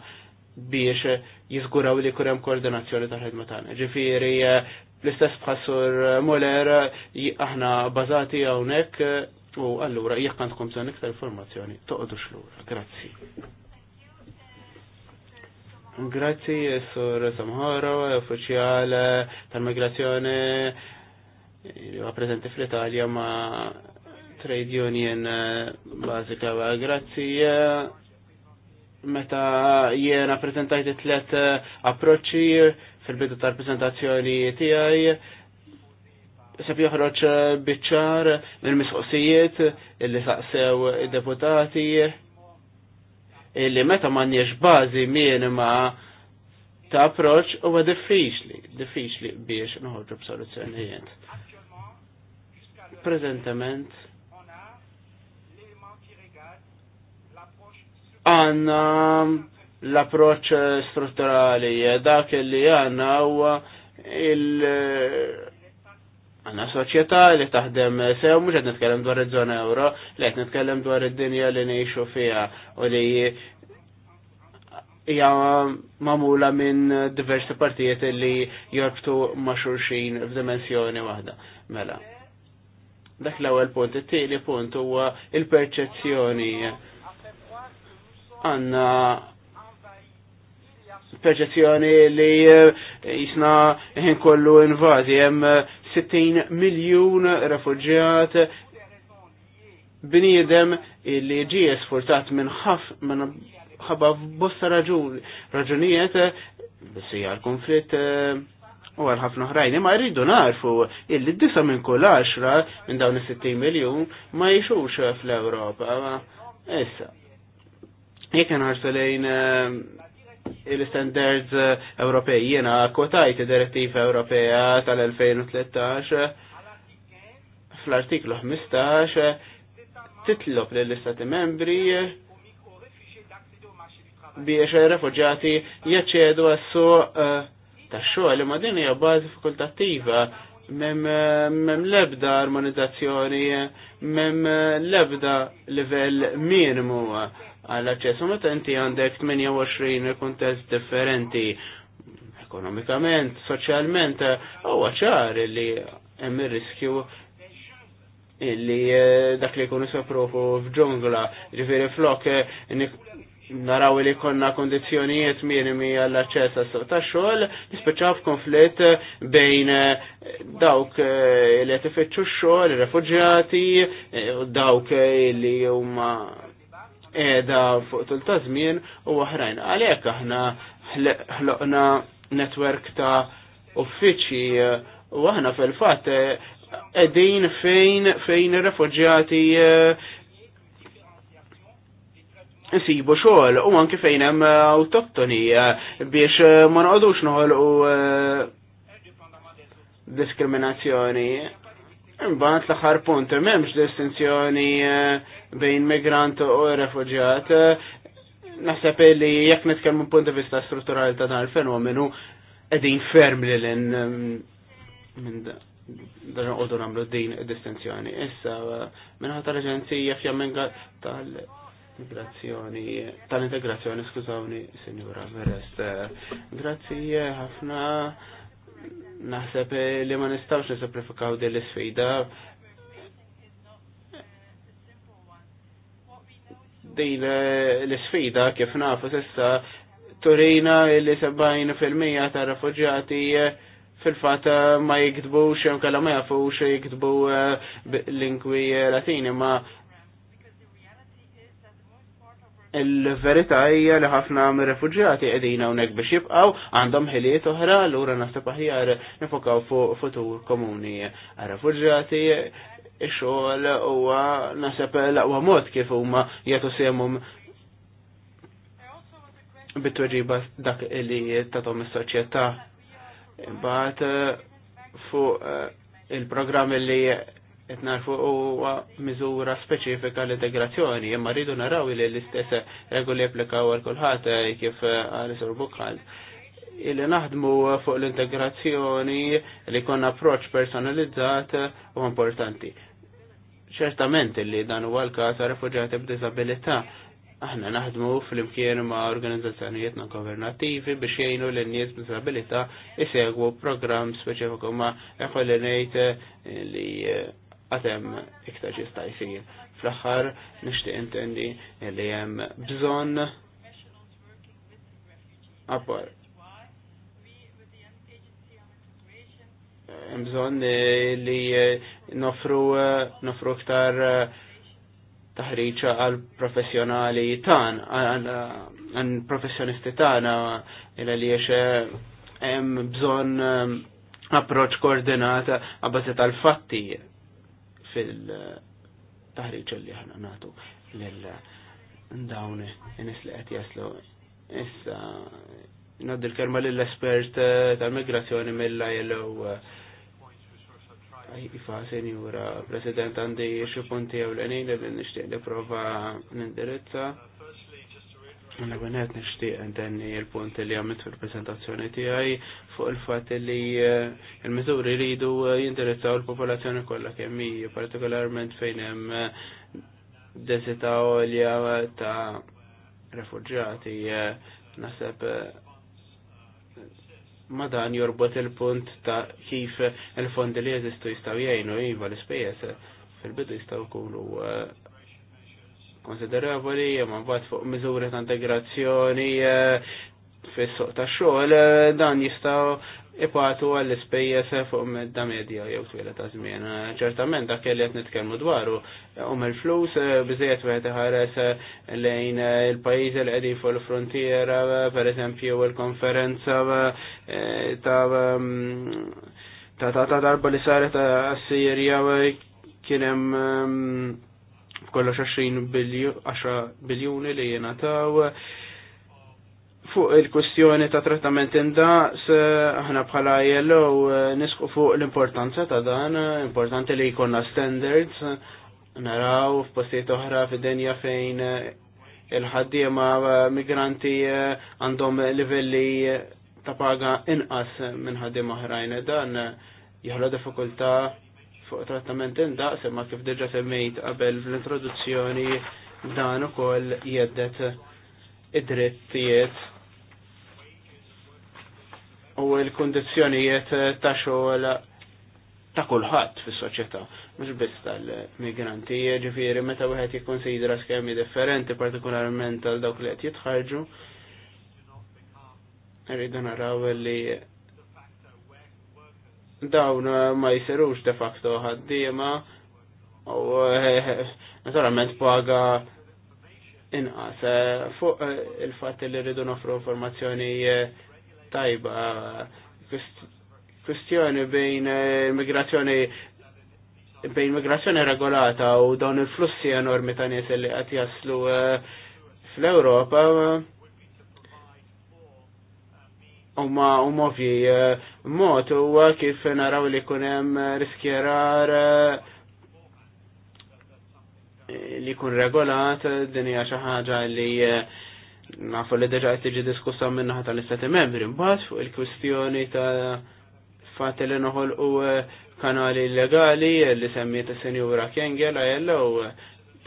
biex jiżguraw li kurem koordinazzjoni tal-ħidma tagħna. Ġifieri eh, l-istess bħassur Muller eh, aħna bażati hawnhekk eh, u allura jekk għandkom bżonn iktar informazzjoni toqgħodux lura. Grazzi. Grazzi sur Samħoro, uffiċjal tal-migrazzjoni li huwa preżenti fl-Italja ma' trade union eh, bazika grazzi eh, meta jiena prezentajt tlet eh, approċċi fil-bidu tal-prezentazzjoni tiegħi sepp joħroġ biċċar mill-misqosijiet illi saqsew id-deputati illi meta m'għandniex bażi minima ta' approċ huwa diffiċli, diffiċli biex noħorġu b'soluzzjonijiet. Preżentament għanna l-approċ strutturali, dak li għanna u il- għanna soċjetà li taħdem sew, mux għed nitkellem dwar id-żona euro, li għed nitkellem dwar id-dinja li neħxu fija u li hija mamula minn diversi partijiet li jorbtu ma' xulxin f'dimensjoni waħda. Mela. Dak l-ewwel punt, it-tieni punt huwa il-perċezzjoni għanna perċezzjoni li eh, jisna ħin kollu invazi, jem 60 eh, miljon refugġjat bniedem li ġie sfurtat minn ħaf minn ħabba bosta raġuni, raġunijiet bissi eh, l-konflitt u għal ħafna ħrajn, ma rridu narfu illi d-disa minn kull 10 minn dawn is-60 miljon ma jixux fl-Ewropa. Issa, Jek nħarsu lejn eh, il-standards eh, Ewropej, jena kotajt direttiva Ewropeja tal-2013 fl-artiklu 15 titlob lill-istati membri biex il-refugġati jaċċedu għassu eh, ta' xogħol ma' din hija bażi fakultattiva mem lebda armonizzazzjoni, mem lebda livell minimu għall-aċċess. U meta inti għandek 28 kontest differenti ekonomikament, soċjalment, huwa ċar li hemm ir-riskju illi eh, dak li jkunu soprofu f'ġungla, ġifieri flok eh, naraw li konna kondizjonijiet minimi għall aċċess għas ta' xogħol, nispeċaw f'konflitt eh, bejn dawk li qed ifittxu x-xogħol, ir-refuġjati, dawk li huma edha fuq tul ta' żmien u oħrajn. Għalhekk aħna ħloqna netwerk ta' uffiċċji u aħna fil-fatt edin fejn fejn ir-refuġjati nsibu eh, xogħol u anke fejn hemm autoktoni eh, biex ma noqgħodux noħolqu eh, diskriminazzjoni. Imbagħad l-aħħar punt m'hemmx distinzjoni eh, bejn migrant u refuġjat. Eh, naħseb li jekk nitkellmu punt vista strutturali ta' dan il-fenomenu qegħdin ferm li l eh, minn dan għodu namlu din distinzjoni. Issa, minn tal-Aġenzija fjamminga tal- Migrazzjoni, tal-integrazzjoni, skużawni, Signora verrest. Grazzi ħafna Naħseb eh, li ma nistawx nisimplifikaw din l-isfida. Din eh, l-isfida kif nafu s'issa Turina li 70% ta' rafuġjati eh, fil-fat ma jiktbux jew kalla ma jafux jikdbu lingwi latini, ma il-verita hija li ħafna mir-refuġjati qegħdin hawnhekk biex jibqgħu għandhom ħiliet oħra lura naħseb aħjar nifokaw fuq futur komuni għar-refuġjati ix-xogħol huwa naħseb l-aqwa mod kif huma jagħtu semhom bit-tweġiba dak li tagħhom is-soċjetà. Imbagħad fuq eh, il-programm li etnarfu u mizura miżura speċifika l-integrazzjoni, imma rridu naraw li l-istess regoli applikaw għal kulħadd eh, kif eh, għal isur bukħal. Illi naħdmu fuq l-integrazzjoni li kon approċ personalizzat u importanti. Ċertament li dan huwa l-każ għal refuġjati b'diżabilità, aħna naħdmu fl-imkien ma' organizzazzjonijiet non governattivi biex jgħinu l nies b'disabilità jisegwu programm speċifiku ma' eħolli ngħid eh, li għatem iktar ġista jisir. Fl-axħar nishti intendi li jem bżon appar. Jem bżon li nofru nofru iktar taħriċa għal professjonali tan, għal professjonisti tan, illa li jiex jem bżon approċ koordinata għabbażet tal-fatti fil-taħriġ li ħana natu l-dawn nis li qed jaslu. Issa naddi l-kelma lill-espert eh, tal-migrazzjoni mill-ILO eh, Ifa, senjura, president għandi xie punti għaw l-għanin li nishtiq li prova nindirizza. Għanna għanet nishtiq intenni il-punti li għamilt fil-presentazzjoni tijaj fuq il-fat li eh, il-mizuri rridu eh, jinteressaw il-popolazzjoni kollha kemm hi, partikolarment fejn hemm eh, desita olja ta' refuġjati naħseb madan jorbot il-punt ta' kif il-fondi li jeżistu jistaw jgħinu jiva l-ispejjeż fil-bidu jistaw jkunu konsiderevoli, ma bat fuq miżuri ta' integrazzjoni fis soq tax-xogħol dan jistgħu ipatu għall ispejjeż fuq medda medja jew twila ta' żmien. Ċertament dak li qed nitkellmu dwaru hum il-flus biżejjed wieħed iħares lejn il-pajjiż li qegħdin fuq il-frontiera, pereżempju il-konferenza ta' ta' ta' darba li saret ta' Sirja kien hemm kollox 20 biljuni li jingħataw fuq il-kwestjoni ta' trattament indaqs, eh, aħna bħala jello eh, nisqu fuq l-importanza ta' dan, eh, importanti li jkollna standards, naraw f'postijiet oħra fid-dinja fejn il-ħaddiema migranti għandhom livelli ta' paga inqas minn ħaddiema oħrajn dan jħollu diffikultà fuq trattament indaqs imma kif diġa semmejt qabel fl-introduzzjoni dan ukoll jeddet id-drittijiet u l-kondizjonijiet eh, ta' xogħol ta' kulħadd fis-soċjetà, mhux biss tal-migranti, ġifieri meta wieħed jikkonsidra skemi differenti partikolarment għal dawk li qed jitħarġu. Rridu naraw li dawn eh, ma jisirux de facto ħaddiema u eh, naturalment paga inqas fuq il-fatt li rridu nofru informazzjoni tajba kwestjoni bejn immigrazzjoni eh, bejn migrazzjoni regolata u dawn il-flussi enormi ta' nies li qed jaslu eh, fl-Ewropa huma huma ovvji eh, mod huwa kif naraw li jkun hemm riskjerar li jkun regolat din hija xi ħaġa li nafu li deġa tiġi diskussa minnaħa tal-istati membri, mbagħad fuq il-kwistjoni ta' fatti li noħol u eh, kanali illegali li semmiet is-senjura Kengela u eh,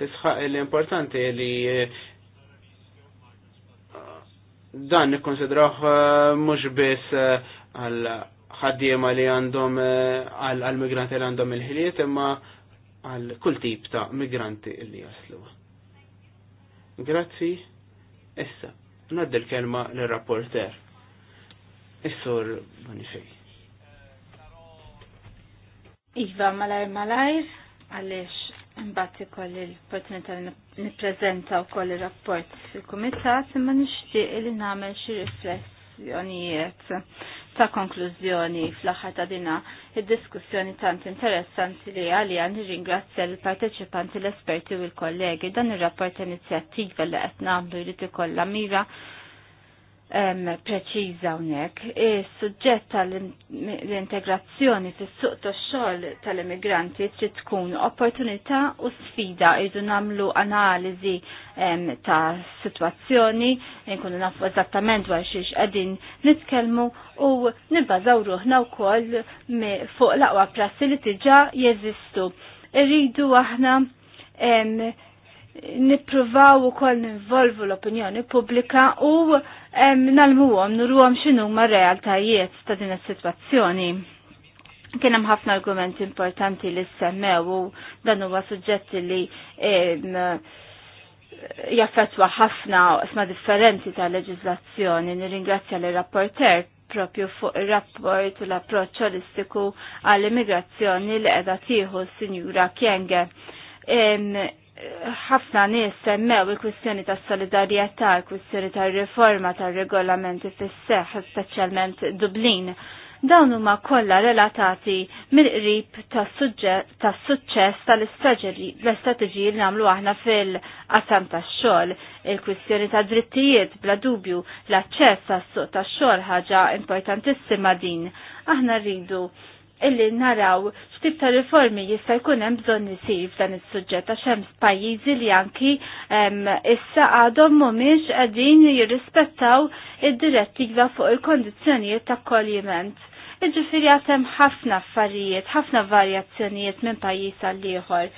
tisħaq l-importanti li eh, dan nikkonsidraħ mhux biss għal ħaddiema li għandhom għal migranti li għandhom il-ħiliet imma għal kull tip ta' migranti li jaslu. Grazzi. Issa, nadd il kelma l-rapporter. Is-sur Bonifej. Iva malaj malaj, għalix imbagħad ikoll il opportunità li nippreżenta wkoll ir-rapport fil-kumitat imma nixtieq li nagħmel xi rifless rakkomandazzjonijiet ta' konklużjoni fl-aħħar ta' dina id-diskussjoni tant interessanti li għalija nirringrazzja l-parteċipanti l-esperti u l-kollegi dan ir-rapport inizjattiva li qed nagħmlu jrid ikollha mira preċiża hawnhekk. Is-suġġett tal-integrazzjoni fis-suq tax-xogħol tal-immigranti trid tkun opportunità u sfida irdu nagħmlu analiżi ta' sitwazzjoni, nkunu nafu eżattament dwar xiex qegħdin nitkellmu u nibbażaw ruħna wkoll fuq l-aqwa prassi li diġà jeżistu. Irridu aħna nippruvaw ukoll ninvolvu l-opinjoni pubblika u nalmuhom nurruhom xinu ma' realtajiet ta' din is-sitwazzjoni. Kien hemm ħafna argumenti importanti li semmew u dan huwa suġġetti li jaffetwa ħafna isma differenti ta' leġizlazzjoni. Nirringrazzja l rapporter propju fuq il-rapport u l-approċċ holistiku għall-immigrazzjoni li qiegħda tieħu s-Sinjura Kienge ħafna nies semmew il-kwistjoni ta' solidarjetà, il-kwistjoni ta' riforma ta' regolamenti fis-seħ, speċjalment Dublin. Dawn huma kollha relatati mill-qrib ta' suċċess tal-istrateġiji li nagħmlu aħna fil-qasam tax-xogħol, il-kwistjoni ta' drittijiet bla dubju l-aċċess għas-suq tax-xogħol ħaġa importantissima din. Aħna rridu illi naraw x'tip ta' riformi jista' jkun hemm bżonn isir f'dan is-suġġett għax hemm pajjiżi li anki issa għadhom mhumiex qegħdin jirrispettaw id-direttiva fuq il-kondizzjonijiet ta' kolliment. Iġifieri għad hemm ħafna affarijiet, ħafna varjazzjonijiet minn pajjiż għal ieħor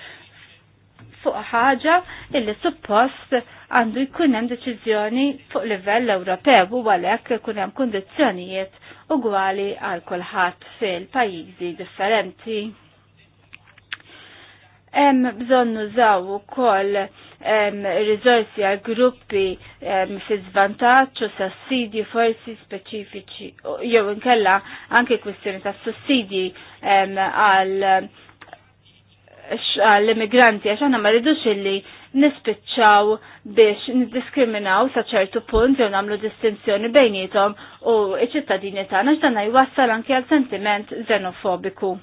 fuq ħaġa illi suppost għandu jkun hemm deċiżjoni fuq livell Ewropew u għalhekk ikun hemm kundizzjonijiet ugwali għal kulħadd fil-pajjiżi differenti. Hemm bżonn nużaw ukoll riżorsi għal gruppi fi żvantaġġ u sassidji forsi speċifiċi jew inkella anke kwistjoni ta' sussidji għal għall-immigranti għax aħna ma rridux illi nispiċċaw biex niddiskriminaw sa ċertu punt jew nagħmlu distinzjoni bejnietom u iċ ċittadini tagħna x'danna jwassal anke għal sentiment xenofobiku.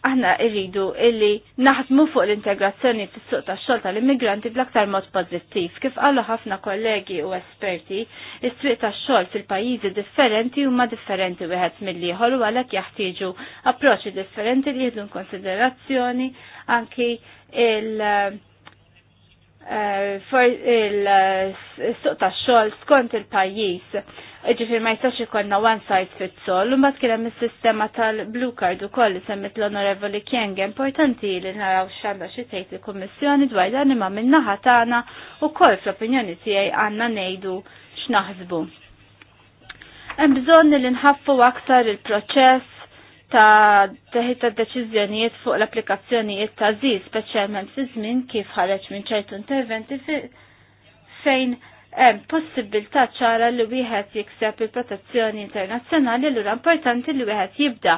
Aħna irridu illi naħdmu fuq l-integrazzjoni fis-suq tax-xogħol tal-immigranti bl-aktar mod pożittiv. Kif qalu ħafna kollegi u esperti, is triq tax-xogħol fil-pajjiżi differenti huma differenti wieħed mill-ieħor u għalhekk jaħtieġu approċċi differenti li jieħdu konsiderazzjoni anki il- eh, il-suq eh, ta' xogħol skont il-pajis. Ġifir ma jistax ikonna one size fits all, u mbagħad kien hemm is-sistema tal-blue card ukoll li semmit l-Onorevoli Kienge importanti li naraw x'għandha xi tgħid il-Kummissjoni dwar dan imma min-naħa tagħna wkoll fl-opinjoni tiegħi għandna ngħidu x'naħsbu. Hemm bżonn li nħaffu aktar il-proċess ta' teħita deċiżjonijiet fuq l-applikazzjonijiet ta' zi, speċjalment fi żmien kif ħareġ minn ċertu interventi fejn hemm possibilità ċara li wieħed jikseb il-protezzjoni internazzjonali l importanti li wieħed jibda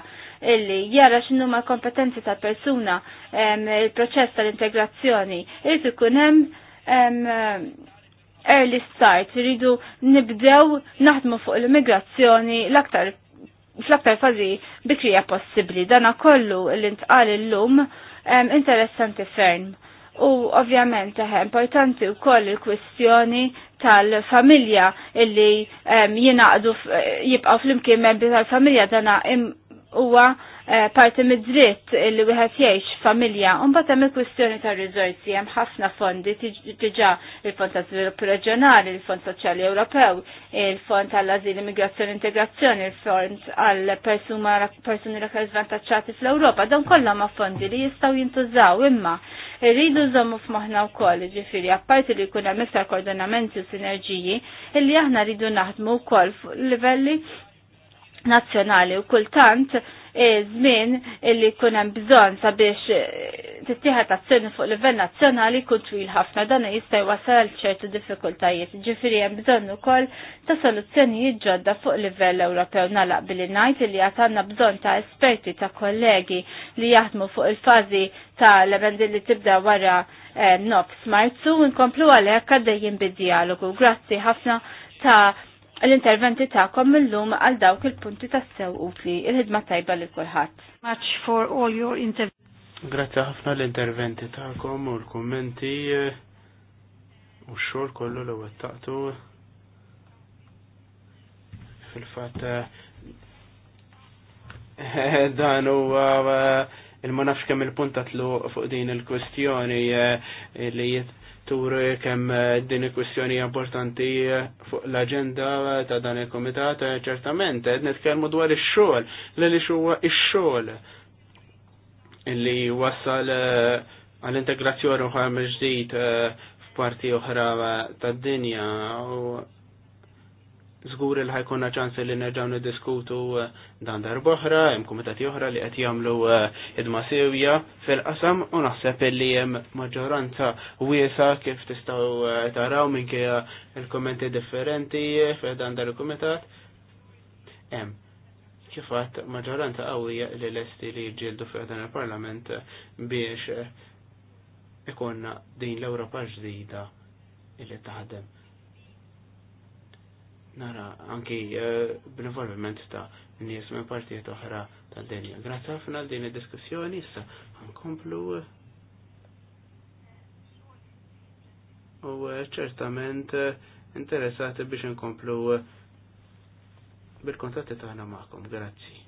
illi jara x'inhu ma' kompetenzi ta' persuna il-proċess tal-integrazzjoni. Irid ikun hemm early start, iridu nibdew naħdmu fuq l-immigrazzjoni l-aktar fl-aktar fazi bikrija possibli. Dana kollu l-intqal l-lum interessanti ferm. U ovvjament eh, importanti u koll il-kwestjoni tal-familja illi għadu jibqaw fl-imkien membri tal-familja dana huwa Eh, parti mid-dritt li wieħed jgħix familja, u mbagħad hemm il-kwistjoni tar-riżorsi hemm ħafna fondi diġà il-Fond ta' Żvilupp Reġjonali, il-Fond Soċjali Ewropew, il-Fond tal azil Immigrazzjoni Integrazzjoni, il-Fond għal persuni l żvantaġġati fl-Ewropa, dawn kollha ma' fondi li jistgħu jintużaw imma rridu żommu f'moħħna wkoll, ġifieri apparti li jkun hemm iktar koordinamenti u sinerġiji, illi aħna rridu naħdmu wkoll f'livelli nazzjonali u kultant E, żmien illi jkun hemm bżonn sabiex e, tittieħed azzjoni fuq livell nazzjonali jkun twil ħafna dan jista' jwasal ċertu diffikultajiet. Ġifieri hemm bżonn ukoll ta' soluzzjonijiet ġodda fuq livell Ewropew nalaq billi ngħid li għad għandna bżonn ta' esperti ta' kollegi li jaħdmu fuq il-fażi ta' l-emendi li tibda wara e, nofs marzu nkomplu għalhekk għaddejjin bid-dialogu. Grazzi ħafna ta' l-interventi ta'kom mill-lum għal dawk il-punti ta' sew utli il-ħidma tajba li kulħadd. Much for all your Grazzi ħafna l-interventi ta'kom u l-kommenti eh, u x kollu li wettaqtu fil-fatt eh, dan huwa eh, il-ma nafx kemm il-puntatlu fuq din il-kwestjoni li jit tur kemm eh, din il-kwistjoni importanti eh, fuq l-agenda ta' dan il-komitat eh, ċertament qed nitkellmu dwar ix-xogħol li li huwa ix xogħol illi wassal għall-integrazzjoni oħra ġdid f'parti oħra tad-dinja u Zgur il ħajkonna ċans li nerġaw niddiskutu eh, dan darboħra, hemm kumitati oħra li qed jagħmlu eh, idma sewja fil-qasam u naħseb li hemm maġġoranza wiesa kif tistgħu eh, taraw minkejja il-kommenti differenti f'dan dar il-kumitat. Hemm kif għat maġġoranza qawwija li lesti li dan f'dan il-Parlament biex ikonna din l-Ewropa ġdida illi taħdem nara anki eh, b'involviment ta' n nies minn partijiet oħra tad-dinja. Grazzi ħafna din id-diskussjoni issa nkomplu u eh, ċertament eh, interessati biex nkomplu bil-kontatti tagħna magħkom. Grazzi.